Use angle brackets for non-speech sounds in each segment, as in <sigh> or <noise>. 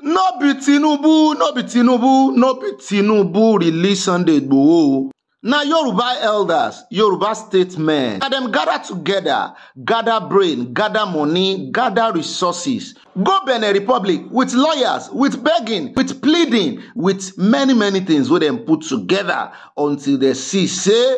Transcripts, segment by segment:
no be tinubu no be tinubu no be tinubu release sunday igboho na yoruba elders yoruba statesmen na dem gather together gather brain gather money gather resources go benin republic with lawyers with begging with pleading with many many things wey dem put together until dem see say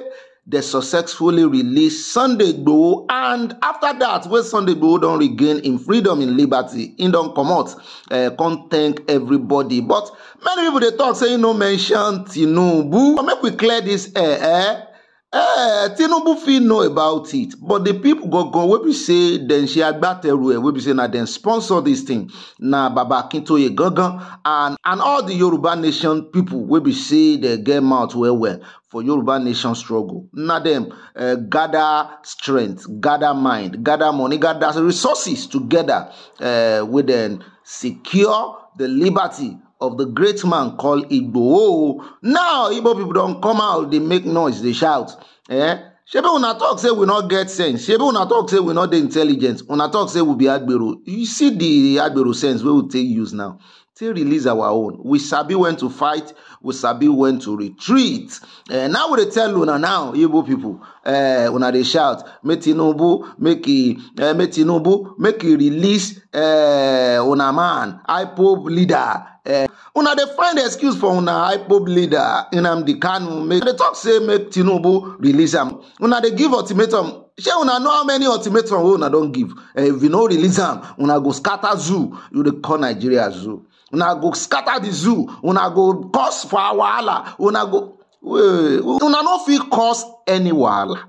they successfully released Sunday Igboho and after that when Sunday Igboho don't regain in freedom in liberty im don comot uh, come thank everybody but many people they talk say e no mention Tinubu but make we clear this air eh, eh? eh, tinubu fit know about it but the people go go. We be say dem ṣe agbátẹrù ẹ wey be say na then sponsor this thing na baba akintoye gangan and and all the yoruba nation people. We be say they get mouth well well for yoruba nation struggle na them uh, eh, gather strength gather mind gather money gather resources together uh, wey dem secure the liberty of the great man called Igboho. Oh, now, Igbo people don't come out, they make noise, they shout. Eh? Shebe una talk say we not get sense. Shebe una talk say we not the intelligence. Una talk say we be Agbero. You see the Agbero sense we will take use now still release our own we sabi when to fight we sabi when to retreat And eh, now we dey tell una now igbo people, uh, una they shout make tinubu make e uh, make tinubu make e release uh, una man ipob leader Uh, una they find excuse for una ipob leader nnamdi kanu make talk say make tinubu release am una they give ultimatum shey una know how many ultimatum wey una don't give uh, if you no release am una go scatter zoo you dey call nigeria zoo una go scatter the zoo una go cause for wahala una go una no fit cause any wahala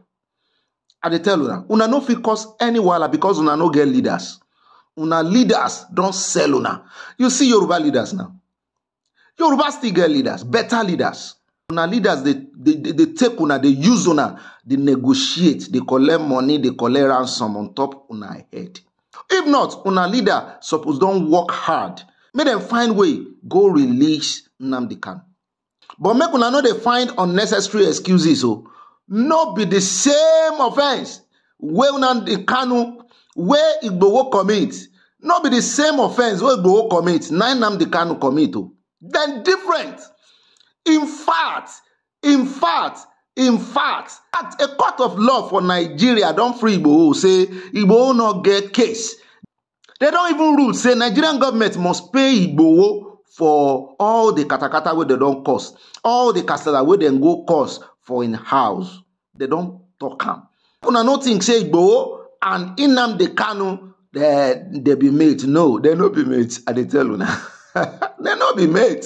i dey tell una una no fit cause any wahala because una no get leaders una leaders don sell una you see yoruba leaders now yoruba still get leaders better leaders una leaders dey take una dey use una dey negotiate dey collect money dey collect ransom on top una head if not una leader suppose don work hard make dem find way go release nnamdi kanu but make una no dey find unnecessary excuses o oh. no be the same offence wey nnamdi kanu wey igbowo commit no be the same offence wey igbowo commit na nnamdi kanu commit o oh. dem different in fact in fact in fact at a court of law for nigeria don free igbowo say igbowo no get case They don't even rule say Nigerian government must pay Igbowo for all the katakata wey dem don cause, all the kasala wey dem go cause for im house. They don talk am. Una no think say Igbowo and Nnamdi Kanu dey dey be mate. No, dem no be mate. I dey tell una. dem <laughs> no be mate.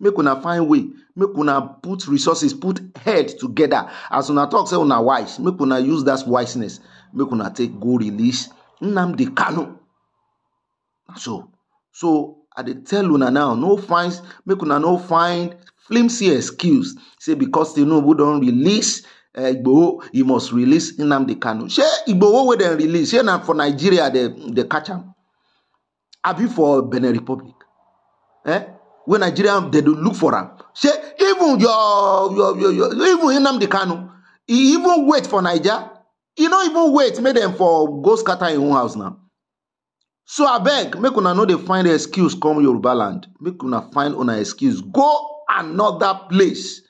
Make una find way. Make una put resources, put head together. As una talk say una wise, make una use that wiseness. Make una take go release Nnamdi Kanu so so i dey tell una now no find make una no find flimsy excuse say because tinubu don release uh, igboho he must release nnamdi kanu shey igboho wey dem release shey na for nigeria dem dey catch am abi for benin republic eh? wey nigeria dem dey look for am shey even your your your, your even nnamdi kanu e even wait for naija e no even wait make dem for go scatter im own house now so abeg make una no dey find excuse come yoruba land make una find una excuse go another place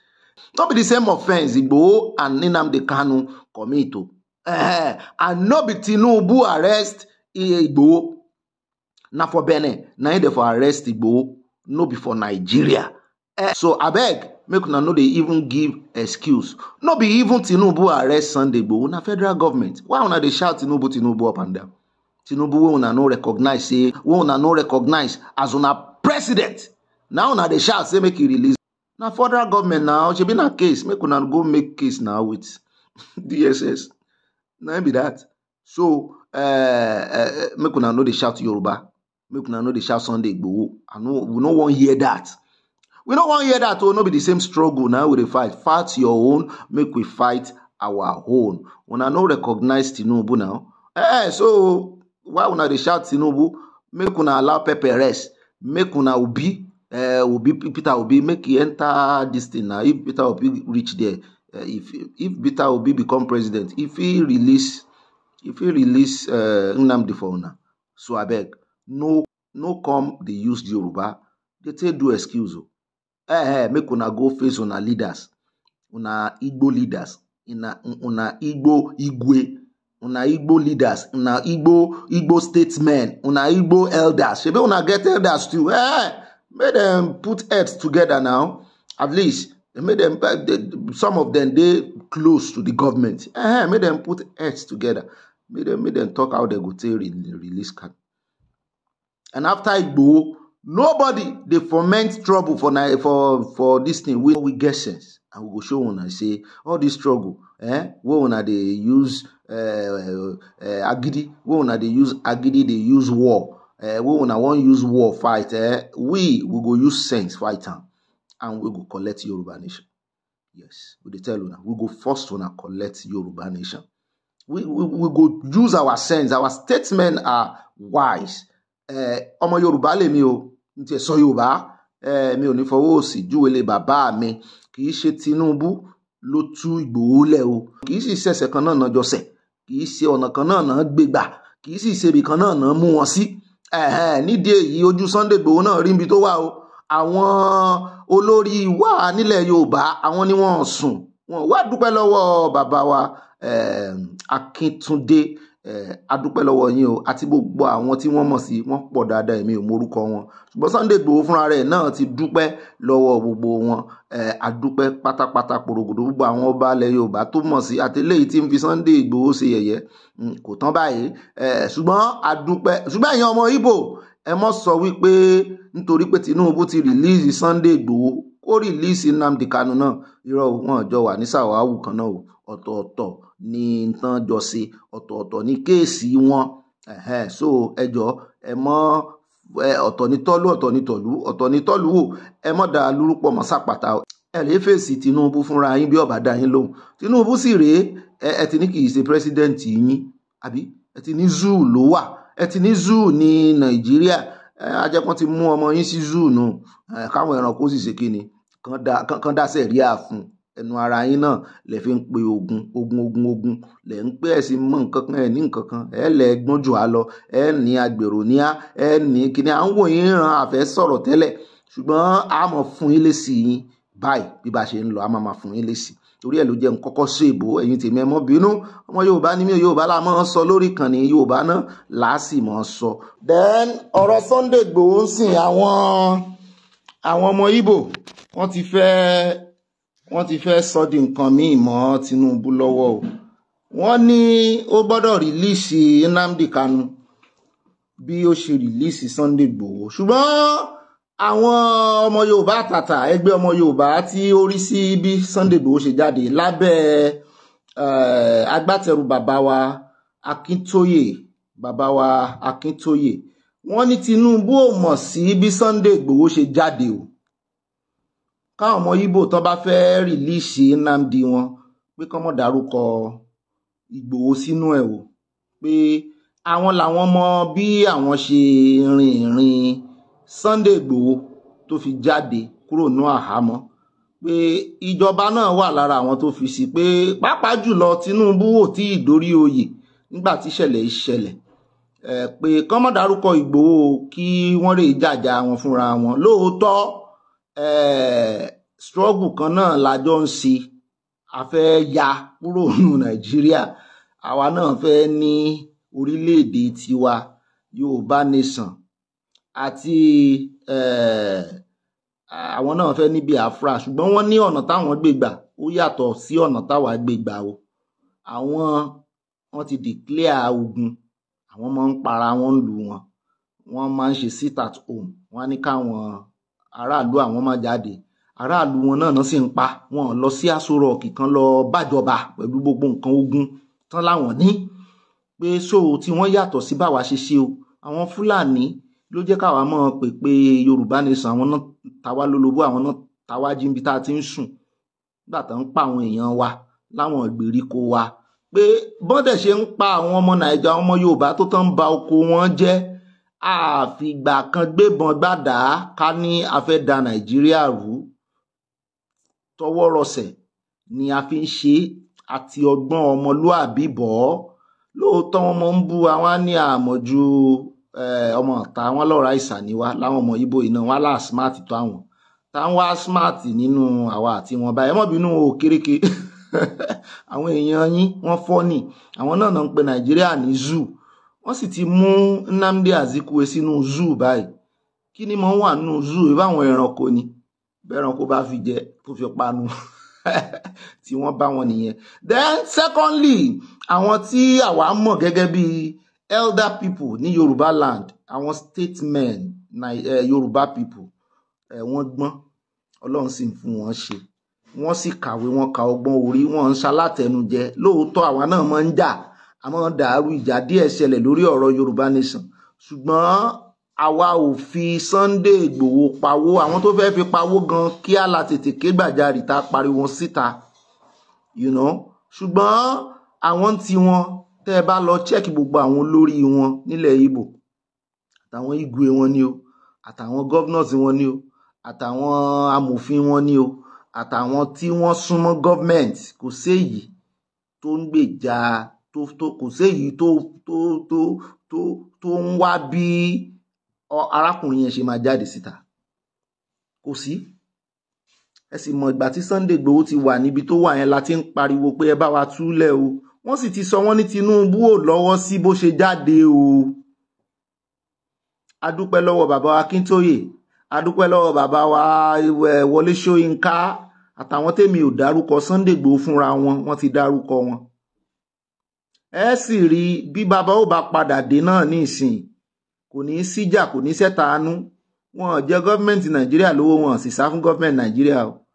no be the same offence igboho and nnamdi kanu commit o eh, and no be tinubu arrest igboho na for benin na im dey for arrest igboho no be for nigeria eh, so abeg make una no dey even give excuse no be even tinubu arrest sunday igboho na federal government why una dey shout tinubu tinubu up and down tinubu wey una no recognize say wey una no recognize as una president na una dey shout say make e release na federal government na shebi na case make una go make case now with dss <laughs> na be that so uh, uh, make una no dey shout yoruba make una no dey shout sunday igbowo i no we no wan hear that we no wan hear that o oh, no be the same struggle na we dey fight fight your own make we fight our own una no recognize tinubu now eh, eh so why una dey shout tinubu make una allow pepper rest make una obi uh, obi peter obi make e enter dis thing na if peter obi reach there uh, if if peter obi become president if he release if he release uh, nnamdi for una so abeg no no come dey use the yoruba dey take do excuse o eh, eh, make una go face una leaders una igbo leaders una, una igbo igwe una igbo leaders una igbo igbo statesmen una igbo elders shebe una get elders too eh make dem put heads together now at least make dem eh, some of dem dey close to the government eh make dem put heads together make dem make dem talk how dem go take release card and after igbowo nobody dey foment trouble for na for for this thing We we get sense and we go show una say all this struggle eh wey una dey use Eh, eh, agidi wey una dey use agidi dey use war eh, wey una wan use war fight we we go use sense fight am and we go collect yoruba nation yes we dey tell una we go first una collect yoruba nation we we we go use our sense our statement are wise ọmọ yorùbá lèmi o n tiẹ̀ sọ yorùbá mi ò ní fọwọ́ òsì júwèlé bàbá mi kì í ṣe tinubu ló tú ìgbòho lẹ̀ o kì í sì ṣẹ̀ṣẹ̀ kan náà nàjọsẹ̀ kì í ṣe ọ̀nà kan náà náà gbégbà kì í sì ṣe ibì kan náà náà mú wọn sí nídìí èyí ojú Sunday Igboho náà rí ibi tó wà o àwọn olórí wa nílẹ̀ Yorùbá àwọn ni wọ́n sùn wọn wá dúpẹ́ lọ́wọ́ bàbá wa Akíntúndé adúpẹ́ lọ́wọ́ yín o àti gbogbo àwọn tí wọ́n mọ̀ sí wọ́n pọ̀ dáadáa èmi ò morúkọ wọn ṣùgbọ́n Sunday Igboho fúnra rẹ̀ náà ti dúpẹ́ lọ́wọ́ gbogbo wọn adúpẹ́ pátápátá porogodo gbogbo àwọn ọba alẹ́ Yorùbá tó mọ̀ sí àtẹlẹ́yìí tí ń fi Sunday Igboho ṣe yẹ̀yẹ́ hmm, kò tán báyìí ṣùgbọ́n adúpẹ́ ṣùgbọ́n ẹ̀yin ọmọ Ìgbò ẹ mọ̀ sọ wípé nítorí pé Tinubu ti rìlíìsì Sunday Igboho ó rìlíìsì Nnamdi Kanu náà irọ́ wọn jọ wà ní sàwáwù kan náà ọ̀tọ̀ọ̀tọ̀ ní tán jọ ṣe ọ̀tọ̀ọ̀tọ̀ ní kéèsì wọn so ẹ jọ ẹ mọ́ ọ̀tọ̀ ní tọ́lú ọ̀tọ̀ ní tọ̀lú ọ̀tọ̀ ní tọ́lú wò ẹ mọ́ dà lúrúpọ̀ mọ́ sàpàtà ẹ lè fèsì Tinubu fúnra yín bí ọba dá yín lóhùn Tinubu sì rèé ẹ ti ní kì í ṣe pírẹsidẹ́ǹtì yín àbí ẹ ti ní zoo ló wà ẹ ti ní zoo ní Nàìjíríà ajẹ́pọ́n ti mú ọmọ yín sí zoo nù káwọn ẹranko sì ṣe kí ni kan dá sẹ̀ríà fún un ẹnu ara yín náà lẹ fi ń pe ogun ogun ogun ogun lẹ ń pé ẹ̀sìn mọ nǹkan kan ẹ ní nǹkan kan ẹ lẹ gbọ́n jù á lọ ẹ ní agbèrò ní á ní kíní à ń wò yín ràn àfẹ́ sọ̀rọ̀ tẹ́lẹ̀ ṣùgbọ́n a mọ̀ fún yín lésì yín báyìí bí bá ṣe ń lọ a máa ma fún yín lésì torí ẹ̀ ló jẹ́ nkọ́kọ́ sí èbó ẹ̀yin tèmi ẹ mọ́ bínú ọmọ yorùbá ni mí yorùbá la máa sọ lórí ìkànnì yorùbá náà làásì máa sọ. then ọ̀rọ̀ Sunday Igboho ń sìn àwọn àwọn ọmọ Ìgbò wọ́n ti fẹ́ẹ́ wọ́n ti fẹ́ sọ di nǹkan míì mọ́ Tinubu lọ́wọ́ o wọ́n ní ó gbọ́dọ̀ rìlíìsì Nnamdi Kanu bí ó ṣe rìlíìsì Sunday Igboho ṣùgbọ́n àwọn ọmọ Yorùbá àtàtà ẹgbẹ́ ọmọ Yorùbá tí ó rí sí bí Sunday Igboho ṣe jáde lábẹ́ eh, agbátẹrù bàbá wa Akíntóyè bàbá wa Akíntóyè wọ́n ní Tinubu ò mọ̀ sí bí Sunday Igboho ṣe jáde o káwọn ọmọ Ìgbò tó bá fẹ́ rìlíìsì Nnamdi wọn pé kọ́ mọ̀ dárúkọ Ìgbòho sínú ẹ̀ o pé àwọn làwọn mọ bí àwọn ṣe rìn ìrìn Sunday Ìgbòho tó fi jáde kúrò ní àhámọ́ pé ìjọba náà wà lára àwọn tó fi sí pé pàápàá jùlọ Tinubu ò tí ì dórí oyè nígbà tí ìṣẹ̀lẹ̀ ìṣẹ̀lẹ̀ pé kọ́mọ̀dárúkọ Ìgbòho kí wọ́n rè jàjà wọn fúnra wọn lóòótọ́ Eh, struggle kan náà lájọ ń ṣe a fẹ́ ya kúrò <laughs> nù nàìjíríà àwa náà fẹ́ ní orílẹ̀-èdè tiwa yorùbá nation àti eh, àwọn náà fẹ́ ní afra. ṣùgbọ́n wọ́n ní ọ̀nà táwọn gbé gbà ó yàtọ̀ sí ọ̀nà táwa gbé gbà o àwọn wọ́n ti declare ogun àwọn máa ń para wọn lù wọn wọ́n máa ń ṣe sit at home wọ́n á ní káwọn aráàlú àwọn máa jáde aráàlú wọn náà náà sì ń pa wọn lọ sí Aṣọ Rock kan lọ bàjọba pẹ̀lú gbogbo nǹkan ogun tán láwọn ní pé so tí wọ́n yàtọ̀ sí báwa ṣe ṣe o àwọn Fúlàní ló jẹ́ káwa mọ̀ pé pé Yorùbá nation àwọn náà tàwa lólobó àwọn náà tàwa jíbi tá a ti ń sùn nígbà tá ń pa àwọn èèyàn wa láwọn ìgbèríko wa pé bọ́dẹ̀ ṣe ń pa àwọn ọmọ Nàìjíríà ọmọ Yorùbá tó tán ba oko wọn jẹ́ àfìgbà kan gbébọn gbàdá ká ní a fẹ́ da nàìjíríà rú tọwọ́rọsẹ̀ ni a fi ń ṣe àti ọgbọ́n ọmọlúàbí bọ̀ ọ́ lóòótọ́ wọn mọ ń bu àwọn ní àmọ̀jú ọmọ ọ̀tá wọn lọ́ra ìsàní láwọn ọmọ ibo iná wọn lá smart tó àwọn táwọn wá smart nínú àwa àti wọn báyìí ẹmọ bínú o kéréke <laughs> àwọn èèyàn yín wọn fọ́ ni àwọn náà náà ń pe nàìjíríà ní zoo wọ́n sì ti mú Nnamdi Azikiwe sínú zoo báyìí kí ni mo ń wà nínú zoo ìbáwọn ẹranko ni bẹ́ẹ̀ranko bá fi jẹ tó fi panu <laughs> tí wọ́n bá wọn nìyẹn then secondly àwọn tí àwa mọ̀ gẹ́gẹ́ bí elder people ní Yorùbá land àwọn statesmen na uh, Yorùbá people uh, wọ́n gbọ́n Ọlọ́run sì ń fún wọn ṣe wọ́n sì kàwé wọ́n ka ọgbọ́n orí wọ́n ń ṣalátẹnujẹ lóòótọ́ àwa náà máa ń jà àmọ́ dàrú ìjà díẹ̀ ṣẹlẹ̀ lórí ọ̀rọ̀ Yorùbá Nation ṣùgbọ́n àwa ò fi Sunday Ìgbòho pawó àwọn tó fẹ́ẹ́ fi pawó gan kíá la tètè ké gbàjarì ta pariwo síta you know ṣùgbọ́n àwọn tí wọn tẹ́ ẹ bá lọ check gbogbo àwọn olórí wọn nílẹ̀ Ìgbò àtàwọn igwe wọn ni o àtàwọn governors wọn ni o àtàwọn amòfin wọn ni o àtàwọn tí wọ́n súnmọ́ government kò séyìí tó ń gbèjà tó tó kò séyìí tó tó tó tó tó ń wá bí arákùnrin yẹn ṣe máa jáde síta kò sí ẹ sì mọ ìgbà tí Sunday Igboho ti wà níbi tó wà yẹn la ń pariwo pé ẹ bá wa túlẹ̀ o wọ́n sì ti sọ wọ́n ní Tinubu ò lọ́wọ́ sí bó ṣe jáde o adúpẹ́ lọ́wọ́ bàbá wa Kíntóyè adúpẹ́ lọ́wọ́ bàbá wa Wọlé Ṣóyínká àtàwọn tèmi ò dárúkọ Sunday Igboho fúnra wọn wọ́n ti dárúkọ wọn ẹ sì rí bí bàbá ò bá padà dé náà ní ìsìn kò ní í síjà kò ní í anú wọn jẹ gọ́ọ̀mẹ̀ntì nàìjíríà lówó wọn sì sá fún gọ́ọ̀mẹ̀ntì nàìjíríà o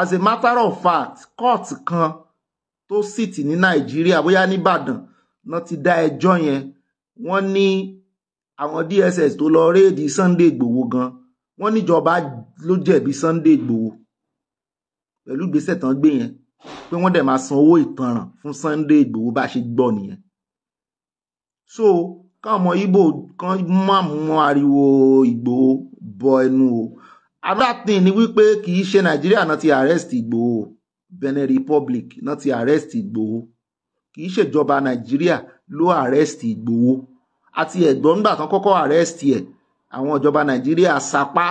as a matter of fact court kan tó sìtì ní nàìjíríà bóyá nìbàdàn náà ti dá ẹjọ́ yẹn wọ́n ní àwọn DSS tó lọ réèdì Sunday Igboho gan wọ́n níjọba ló jẹ̀bi Sunday Igboho pẹ̀lú ìgbésẹ̀ tán gbé yẹn pé wọ́n dẹ̀ máa san owó ìtanràn fún Sunday Ìgbòho bá ṣe gbọ́ nìyẹn so káwọn ọmọ Ìgbò kan má mú ariwo Ìgbòho bọ ẹnu o another thing ni wípé kì í ṣe Nàìjíríà náà ti arrest Ìgbòho Benin Republic náà ti arrest Ìgbòho kì í ṣèjọba Nàìjíríà ló arrest Ìgbòho àti ẹ̀gbọ́n nígbà kan kọ́kọ́ arrest ẹ̀ àwọn ìjọba Nàìjíríà sapá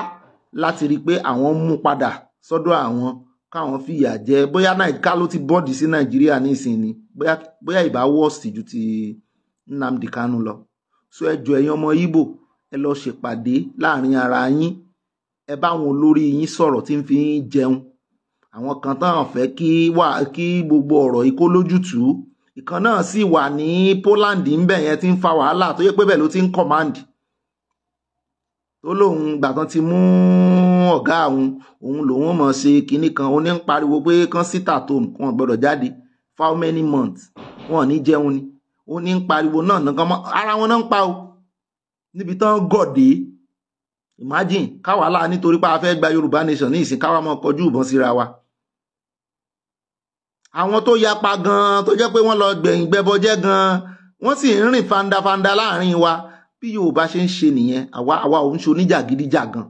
láti rí i pé àwọn mú padà sọ́dọ̀ àwọn. So káwọn fìyà jẹ bóyá nàìjíríà ló ti bọ́ọ̀dì sí nàìjíríà nísìnyí bóyá ìbá wọ́ọ̀sì ju ti Nnamdi Kanu lọ so ẹjọ ẹ̀yin ọmọ Ìgbò ẹ lọ ṣèpàdé láàrin ara yín ẹ báwọn olórí yín sọ̀rọ̀ tí ń fi yín jẹun àwọn kan táwọn fẹ́ kí wà kí gbogbo ọ̀rọ̀ yìí kó lójútùú ìkan náà sì wà ní Poland ńbẹ̀ yẹn ti ń fa wàhálà tó yẹ pé bẹ́ẹ̀ ló ti ń command tó lóun gbà kan ti mú ọ̀gá òun òun lòun mọ̀ ṣe kinní kan òun ní ń pariwo pé kán síta tó wọn gbọ́dọ̀ jáde for how many months wọn ní jẹun ni ó ní ń pariwo náà nǹkan mọ́ ara wọn náà ń pa o níbi tán gọ̀dé imagine káwàlà nítorí pé a fẹ́ gba Yorùbá nation ní ìsìn káwà mọ́ kọjú ìbọn síra wa àwọn tó yapa gan tó jẹ́ pé wọ́n lọ gbẹ̀yìn gbẹbọjẹ́ gan wọ́n sì ń rìn fandafanda láàrin wa bí Yorùbá ṣe ń ṣe nìyẹn àwa àwa òun ṣe oníjàgídíjàgan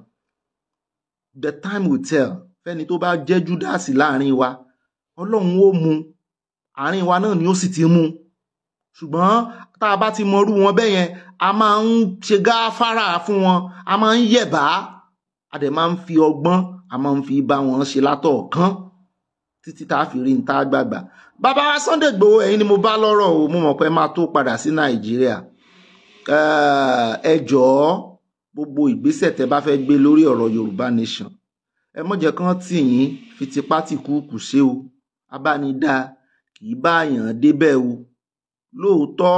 the time will tell fẹ́ni tó bá jẹ́ Júdásì láàrin wa Ọlọ́run ó mú àárín wa náà ni ó sì ti mú ṣùgbọ́n tá a bá ti mọrú wọn bẹ́ẹ̀ yẹn a máa ń ṣe gáfárà fún wọn a máa ń yẹ̀bá a dẹ̀ máa ń fi ọgbọ́n a máa ń fi bá wọn ṣe látọ̀ọ̀kan títí tá a fi rí ní tá a gbàgbà bàbá Sunday Igboho ẹ̀yin ni mo bá lọ́rọ̀ o mo mọ̀ pé máa tó padà sí Nàìjíríà. Eh, ẹ jọ̀ọ́ gbogbo ìgbésẹ̀ tẹ́ bá fẹ́ gbé lórí ọ̀rọ̀ Yorùbá Nation ẹ mọ̀jẹ̀ kán tì yín fi tipá tì kúùkù ṣe o abánidá kì í bá àyàn débẹ̀ o lóòótọ́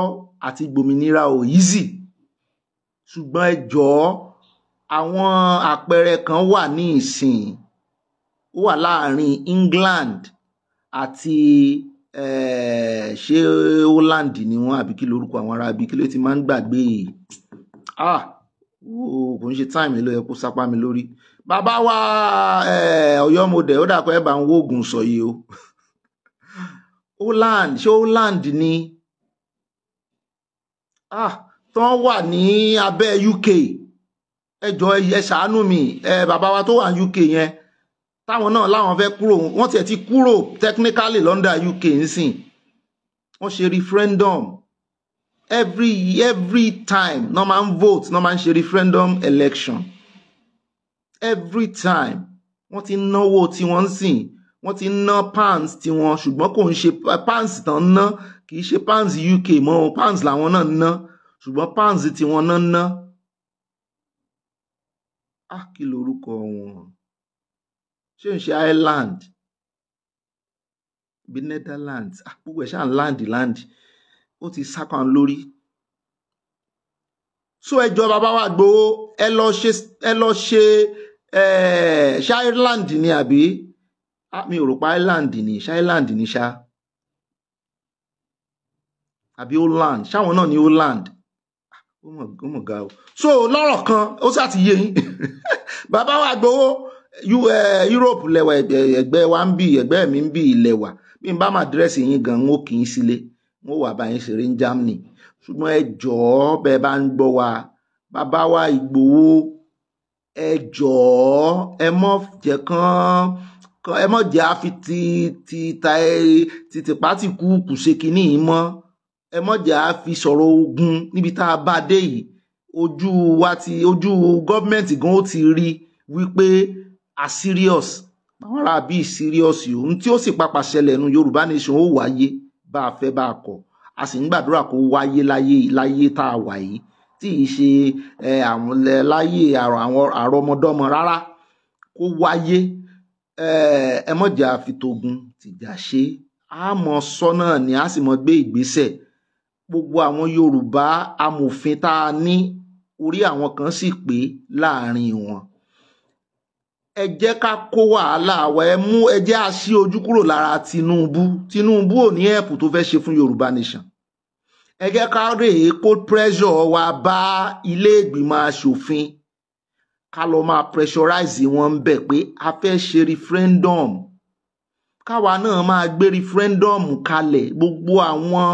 àti gbòmìnira ò easy ṣùgbọ́n ẹ jọ̀ọ́ àwọn àpẹẹrẹ kan wà ní ìsìn ó wà láàrin England àti Eh, ṣé Holland ni wọ́n àbí kí lorúkọ àwọn ará bí kí ló ti máa ń gbàgbé ah kò ń ṣe time ló yẹ kó sápá mi lórí bàbá wa eh, ọ̀yọ́mọdé ó dàpọ̀ ẹ̀ bá ń wóògùn sọ yìí o Holland ṣé Holland ni ah tán wà ní abẹ́ UK ẹ jọ̀ọ́ ẹ ṣàánú mi eh, bàbá wa tó wà ní UK yẹn táwọn náà láwọn fẹ́ kúrò wọ́n tiẹ̀ ti kúrò technically London UK nsìn wọ́n ṣe referendum every every time náà máa ń vote náà máa ń ṣe referendum election every time wọ́n ti náwó tí wọ́n ń sìn wọ́n ti ná pounds tiwọn ṣùgbọ́n kò ń ṣe pounds tán ná kì í ṣe pounds UK mọ́ o pounds làwọn náà ná ṣùgbọ́n pounds tiwọn náà ná. á ah, kí lorúkọ wọn ṣé ń ṣe Ireland bí Netherlands ah, gbogbo ẹ̀ ṣáà ń land land ó ti sákan lórí so ẹjọ bàbá wa gbowó ẹ lọ ṣe eh, ṣá Ireland ni àbí mi ò rò pa Ireland ni ṣá Ireland ni ṣá àbí Holland ṣáwọn náà ni Holland ah, ó mọ̀ ga o so lọ́rọ̀ kan ó sá ti yé yín <laughs> bàbá wa gbowó Eh, Europe lẹwà ẹgbẹ́ wa ń bì ẹgbẹ́ mi ń bì lẹwà bí n bá mà dírẹ́sì yín gan n ó kì í sílé n ó wà bá yín ṣeré ní Germany ṣùgbọ́n ẹ jọ̀ọ́ bẹ́ẹ̀ bá ń gbọ́ wa bàbá wa Ìgbòho ẹ jọ̀ọ́ ẹ mọ̀ jẹ́ kán ẹ mọ̀ jẹ́ àfi ti ti ta ẹ ti tìpá ti kú kùsè kínní yìí mọ́ ẹ mọ̀ jẹ́ àfi sọ̀rọ̀ ogun níbi tá a bá dé yìí ojú wa ti ojú gọ́ọ̀mẹ̀ntì gan ó ti rí wípé asirius àwọn ará bíi serious yìí ohun tí ó sì papà ṣẹlẹ̀ nu yorùbá nation ó wáyé bá a fẹ́ bá a kọ̀ a sì ń gbàdúrà kó wáyé láyé láyé tá a wà yìí tí ì ṣe àwọn láyé àwọn àrọmọdọ́mọ rárá kó wáyé ẹ fìtògùn tìjà ṣe á mọ sọ ni a sì mọ gbé ìgbésẹ̀ gbogbo àwọn yorùbá amòfin tá a ní orí àwọn kan sì pé láàrin wọn ẹ jẹ́ ká kó wàhálà wa ẹ mú ẹ jẹ́ a ṣí ojú kúrò lára Tinubu Tinubu ò ní ẹ̀pù tó fẹ́ ṣe fún Yorùbá nation ẹ jẹ́ ká rèé kó pressure wa bá ilé ìgbìmọ̀ asòfin ká lọ máa pressurize wọn ń bẹ̀ pé a fẹ́ ṣe referendum káwa náà máa gbé referendum kalẹ̀ gbogbo àwọn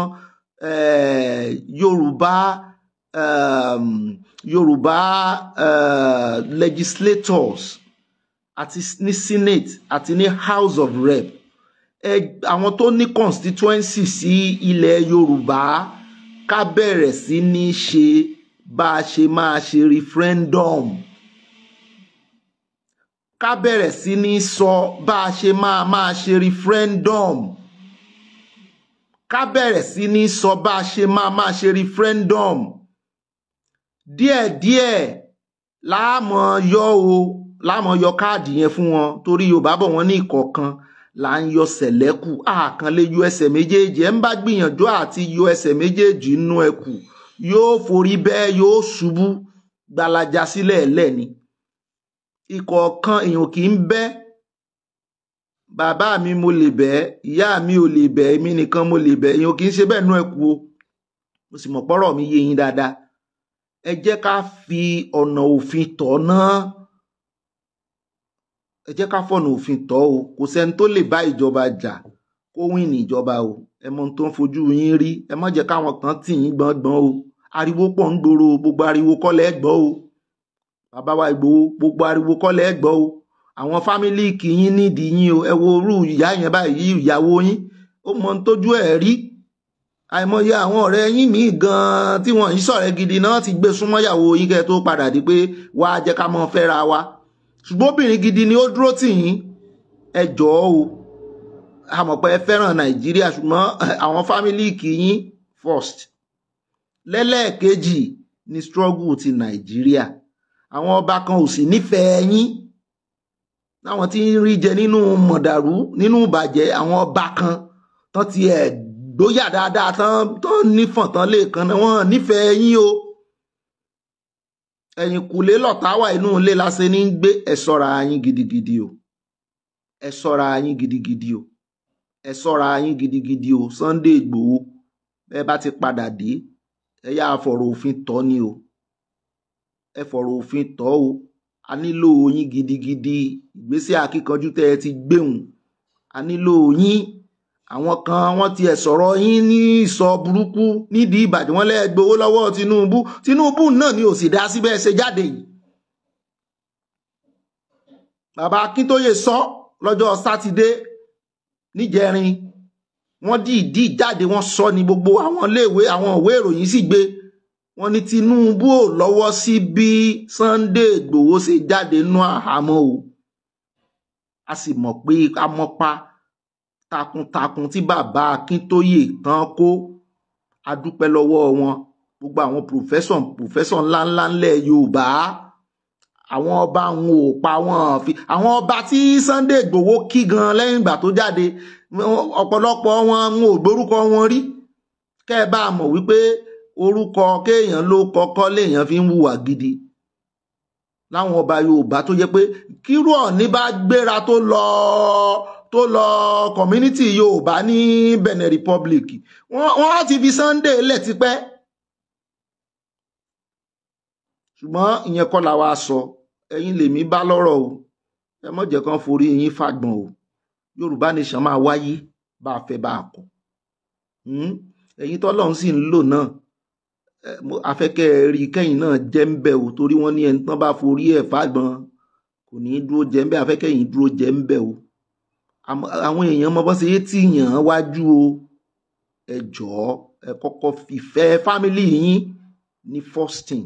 eh, Yorùbá um, Yorùbá eh, legislators àti ní senate àti ní house of rep ẹ àwọn tó ní constituency sí ilẹ̀ yorùbá ká bẹ̀rẹ̀ sí ní ṣe bá a ṣe máa ṣe referendum ká bẹ̀rẹ̀ sí ní sọ bá a ṣe máa máa ṣe referendum ká bẹ̀rẹ̀ sí ní sọ bá a ṣe máa máa ṣe referendum díẹ̀díẹ̀ láàmọ̀ yọ o láàmú yọ káàdì yẹn fún wọn torí yorùbá bọ̀ wọ́n ní ìkọ̀ọ̀kan là ń yọ sẹ̀lẹ́kù àkàn lè yọ ẹsẹ̀ méjèèjì ẹ̀ ń bá gbìyànjú àti yọ ẹsẹ̀ méjèèjì nú ẹkù yóò forí bẹ́ẹ̀ yóò ṣubú gbalaja sílẹ̀ lẹ́ni ìkọ̀ọ̀kan èèyàn kì í bẹ́ bàbá mi mo lè bẹ́ ìyá mi ò lè bẹ́ èmi nìkan mo lè bẹ́ èèyàn kì í ṣe bẹ́ẹ̀ nú ẹkù o mo sì mọ̀ pọ́rọ̀ mi yé yín dáadáa ẹ jẹ́ ká fi ọ̀nà òfin tọ̀ náà ẹ jẹ́ ká fọ̀nà òfin tọ́ o kò sẹ́ni tó lè bá ìjọba jà kó wín ní ìjọba o ẹ mọ ohun tó ń fojú yín rí ẹ má jẹ́ káwọn kan tì yín gbọ̀ngbọ̀n o ariwo pọ̀ ń gbòòrò gbogbo ariwo kọ́ lẹ́ gbọ́ o bàbá wa Ìgbòho gbogbo ariwo kọ́ lẹ́ gbọ́ o àwọn fámílì kì yín nídìí yín o ẹ wo irú ìyá yẹn báyìí ìyàwó yín ó mọ ohun tójú ẹ̀ rí àìmọye àwọn ọ̀rẹ́ yín míì gan-an tí wọ́n ń ṣọ̀rẹ́ gidi náà ti gbé súnmọ́ ìyàwó yín kẹ́ tó padà di pé wàá jẹ́ ká mọ́ fẹ́ra wa ṣùgbọ́n obìnrin gidi ni ó dúró tì yín ẹ jọ̀ọ́ o a mọ̀ pé ẹ fẹ́ràn nàìjíríà ṣùgbọ́n eh, àwọn fámìlì kì first lẹ́lẹ́ẹ̀kejì ni struggle ti nàìjíríà àwọn ọba kan ò sì nífẹ̀ẹ́ yín láwọn tí ń rí jẹ nínú mọ̀dàrú nínú ìbàjẹ́ àwọn ọba kan tán ti ẹ̀ gbóyà dáadáa tán tán nífọ̀n tán lè kan náà wọ́n nífẹ̀ẹ́ yín o ẹ̀yìn kùlé lọ̀táwà inú ilé lásẹ̀ ní ń gbé ẹ yín gidigidi o ẹ ṣọ́ra yín gidigidi o ẹ ṣọ́ra yín gidigidi o Sunday Ìgbòho ẹ bá ti padà dé ẹ yá fọ̀rọ̀ òfin tọ́ ni o ẹ fọ̀rọ̀ òfin tọ́ o a nílò yín gidigidi ìgbésẹ̀ akíkanjú tẹ́ ẹ ti gbéhùn a nílò yín àwọn kan wọ́n tiẹ̀ sọ̀rọ̀ yín ní ìsọ burúkú nídìí ìbàdàn wọn lẹ́ẹ̀ gbowó lọ́wọ́ Tinubu Tinubu náà ni ò sì dá síbẹ̀ ṣe jáde yìí. bàbá Akíntóyè sọ lọ́jọ́ sátidé níjẹrin wọ́n dìídì jáde wọ́n sọ ní gbogbo àwọn iléèwé àwọn òwe ìròyìn sì gbé wọ́n ní Tinubu ò lọ́wọ́ sí bí Sunday Ìgbòho ṣe jáde nú àhámọ́ o a sì mọ̀ pé amọ́pa takuntakun tí bàbá Akíntóyè kan kó adúpẹ́ lọ́wọ́ wọn gbogbo àwọn pòfẹ́sọ̀ pòfẹ́sọ̀ ńláńlá ńlẹ̀ Yorùbá àwọn ọba wọn ò pa wọn fi àwọn ọba tí Sunday Igboho kí gan lẹ́yìn ìgbà tó jáde ọ̀pọ̀lọpọ̀ wọn wọn ò gbórúkọ wọn rí kẹ́ ẹ bá mọ̀ wípé orúkọ kéèyàn ló kọ́kọ́ léèyàn fi ń hùwà gidi láwọn ọba Yorùbá tó jẹ́ pé kírò ní bá gbéra tó lọ tó lọ community yorùbá ní benin republic wọ́n ti fi sunday lẹ̀ tipẹ́ ṣùgbọ́n ìyẹn kọ́ la wá sọ ẹ̀yin lèmi bá lọ́rọ̀ o ẹ má jẹ́ kán forí yín fàgbọ̀n o yorùbá nation máa wáyé bá a fẹ́ bá a kọ̀ hmm? ẹ̀yin tọ́lọ́run sì ń lò náà afẹ́kẹ́ rí kẹ́yìn náà jẹ́ ń bẹ̀ o torí wọ́n ní ẹni tán bá forí ẹ̀ fàgbọ̀n kò ní í dúró jẹ́ ń bẹ̀ dúró jẹ́ ń bẹ̀ o àwọn èèyàn mọ bọ́ sí tí yàn án wájú o ẹ jọ̀ọ́ ẹ kọ́kọ́ fìfẹ́ fámìlì yín ní fọ́stìn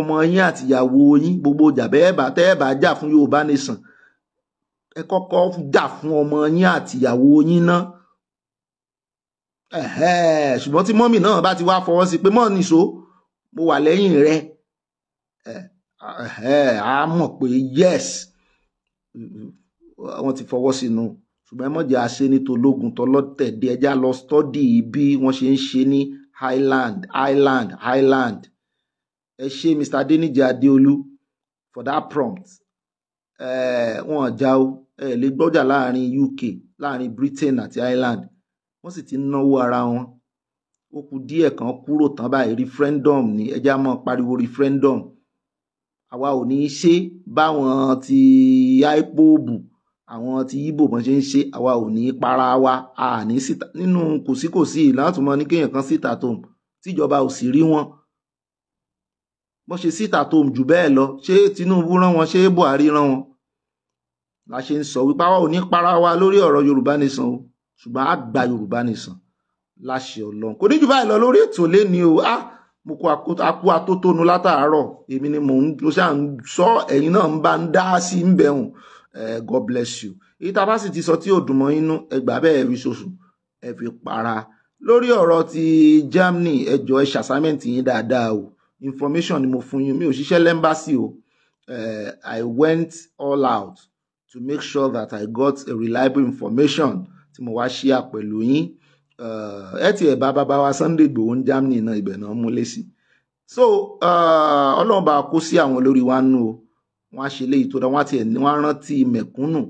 ọmọ yín àtìyàwó yín gbogbo jàbẹ́ẹ̀bà tẹ́ẹ̀bà jà fún Yorùbá nation ẹ kọ́kọ́ jà fún ọmọ yín àtìyàwó yín náà ṣùgbọ́n tí mọ́mì náà bá ti wá fọwọ́ sí pé mọ́ nìṣó mo wà lẹ́yìn rẹ a mọ̀ pé yes wọ́n ti fọwọ́ sínú ṣùgbọ́n ẹ mọ̀jẹ̀ àṣẹ ní tológun tọlọ́tẹ̀ dé ẹjá lọ stọ́dì bí wọ́n ṣe ń ṣe ní Highland Highland Highland ẹ ṣe Mr Adeniji Adeolu for that prompt wọn ọjà o ẹ lè gbọ́jà láàrin UK láàrin Britain àti Ireland wọ́n sì ti náwó ara wọn ó kù díẹ̀ kan kúrò tán báyìí referendum ni ẹja mọ́ pariwo referendum àwa ò ní í ṣe báwọn ti IPOB àwọn ti Ìgbò bọ́n ṣe ń ṣe àwa ò ní para wa a ní síta nínú kòsíkòsí látùmọ̀ ní kéèyàn kan síta tó tíjọba ò sì rí wọn bọ́n ṣe síta tó jù bẹ́ẹ̀ lọ ṣé Tinubu rán wọn ṣé Buhari rán wọn la ṣe ń sọ wípé àwa ò ní para wa lórí ọ̀rọ̀ Yorùbá nìsan o ṣùgbọ́n a gba Yorùbá nìsan láṣẹ Ọlọ́run kò ní jù báyìí lọ lórí ètò lẹ́ni o ah mo kó akú atótónu látàárọ̀ èmi ni mò ṣáà ń sọ ẹ̀yin náà ń bá ń dá sí ń bẹ̀rùn Eh, god bless you ìta bá sì ti sọ tí ò dùn mọ́ inú ẹgbàá bẹ́ẹ̀ fi ṣoṣù fi para lórí ọ̀rọ̀ ti Germany ẹjọ́ ẹ ṣàṣàmẹ́ǹtì yín dáadáa o information ni mo fún yín mi ò ṣiṣẹ́ lẹ́mbàsì o eh, I went all out to make sure that I got a reliable information tí mo wá ṣíà pẹ̀lú yín eh, ẹ ti ẹ̀ bá bàbá wa Sunday Igboho ní Germany náà ibẹ̀ náà múlé sí so ọlọ́run bá kó sí àwọn olórí wa nù o wọ́n á ṣe léyìí tó dáa wọ́n á tiẹ̀ ní wọ́n á rántí mẹ̀kúnnù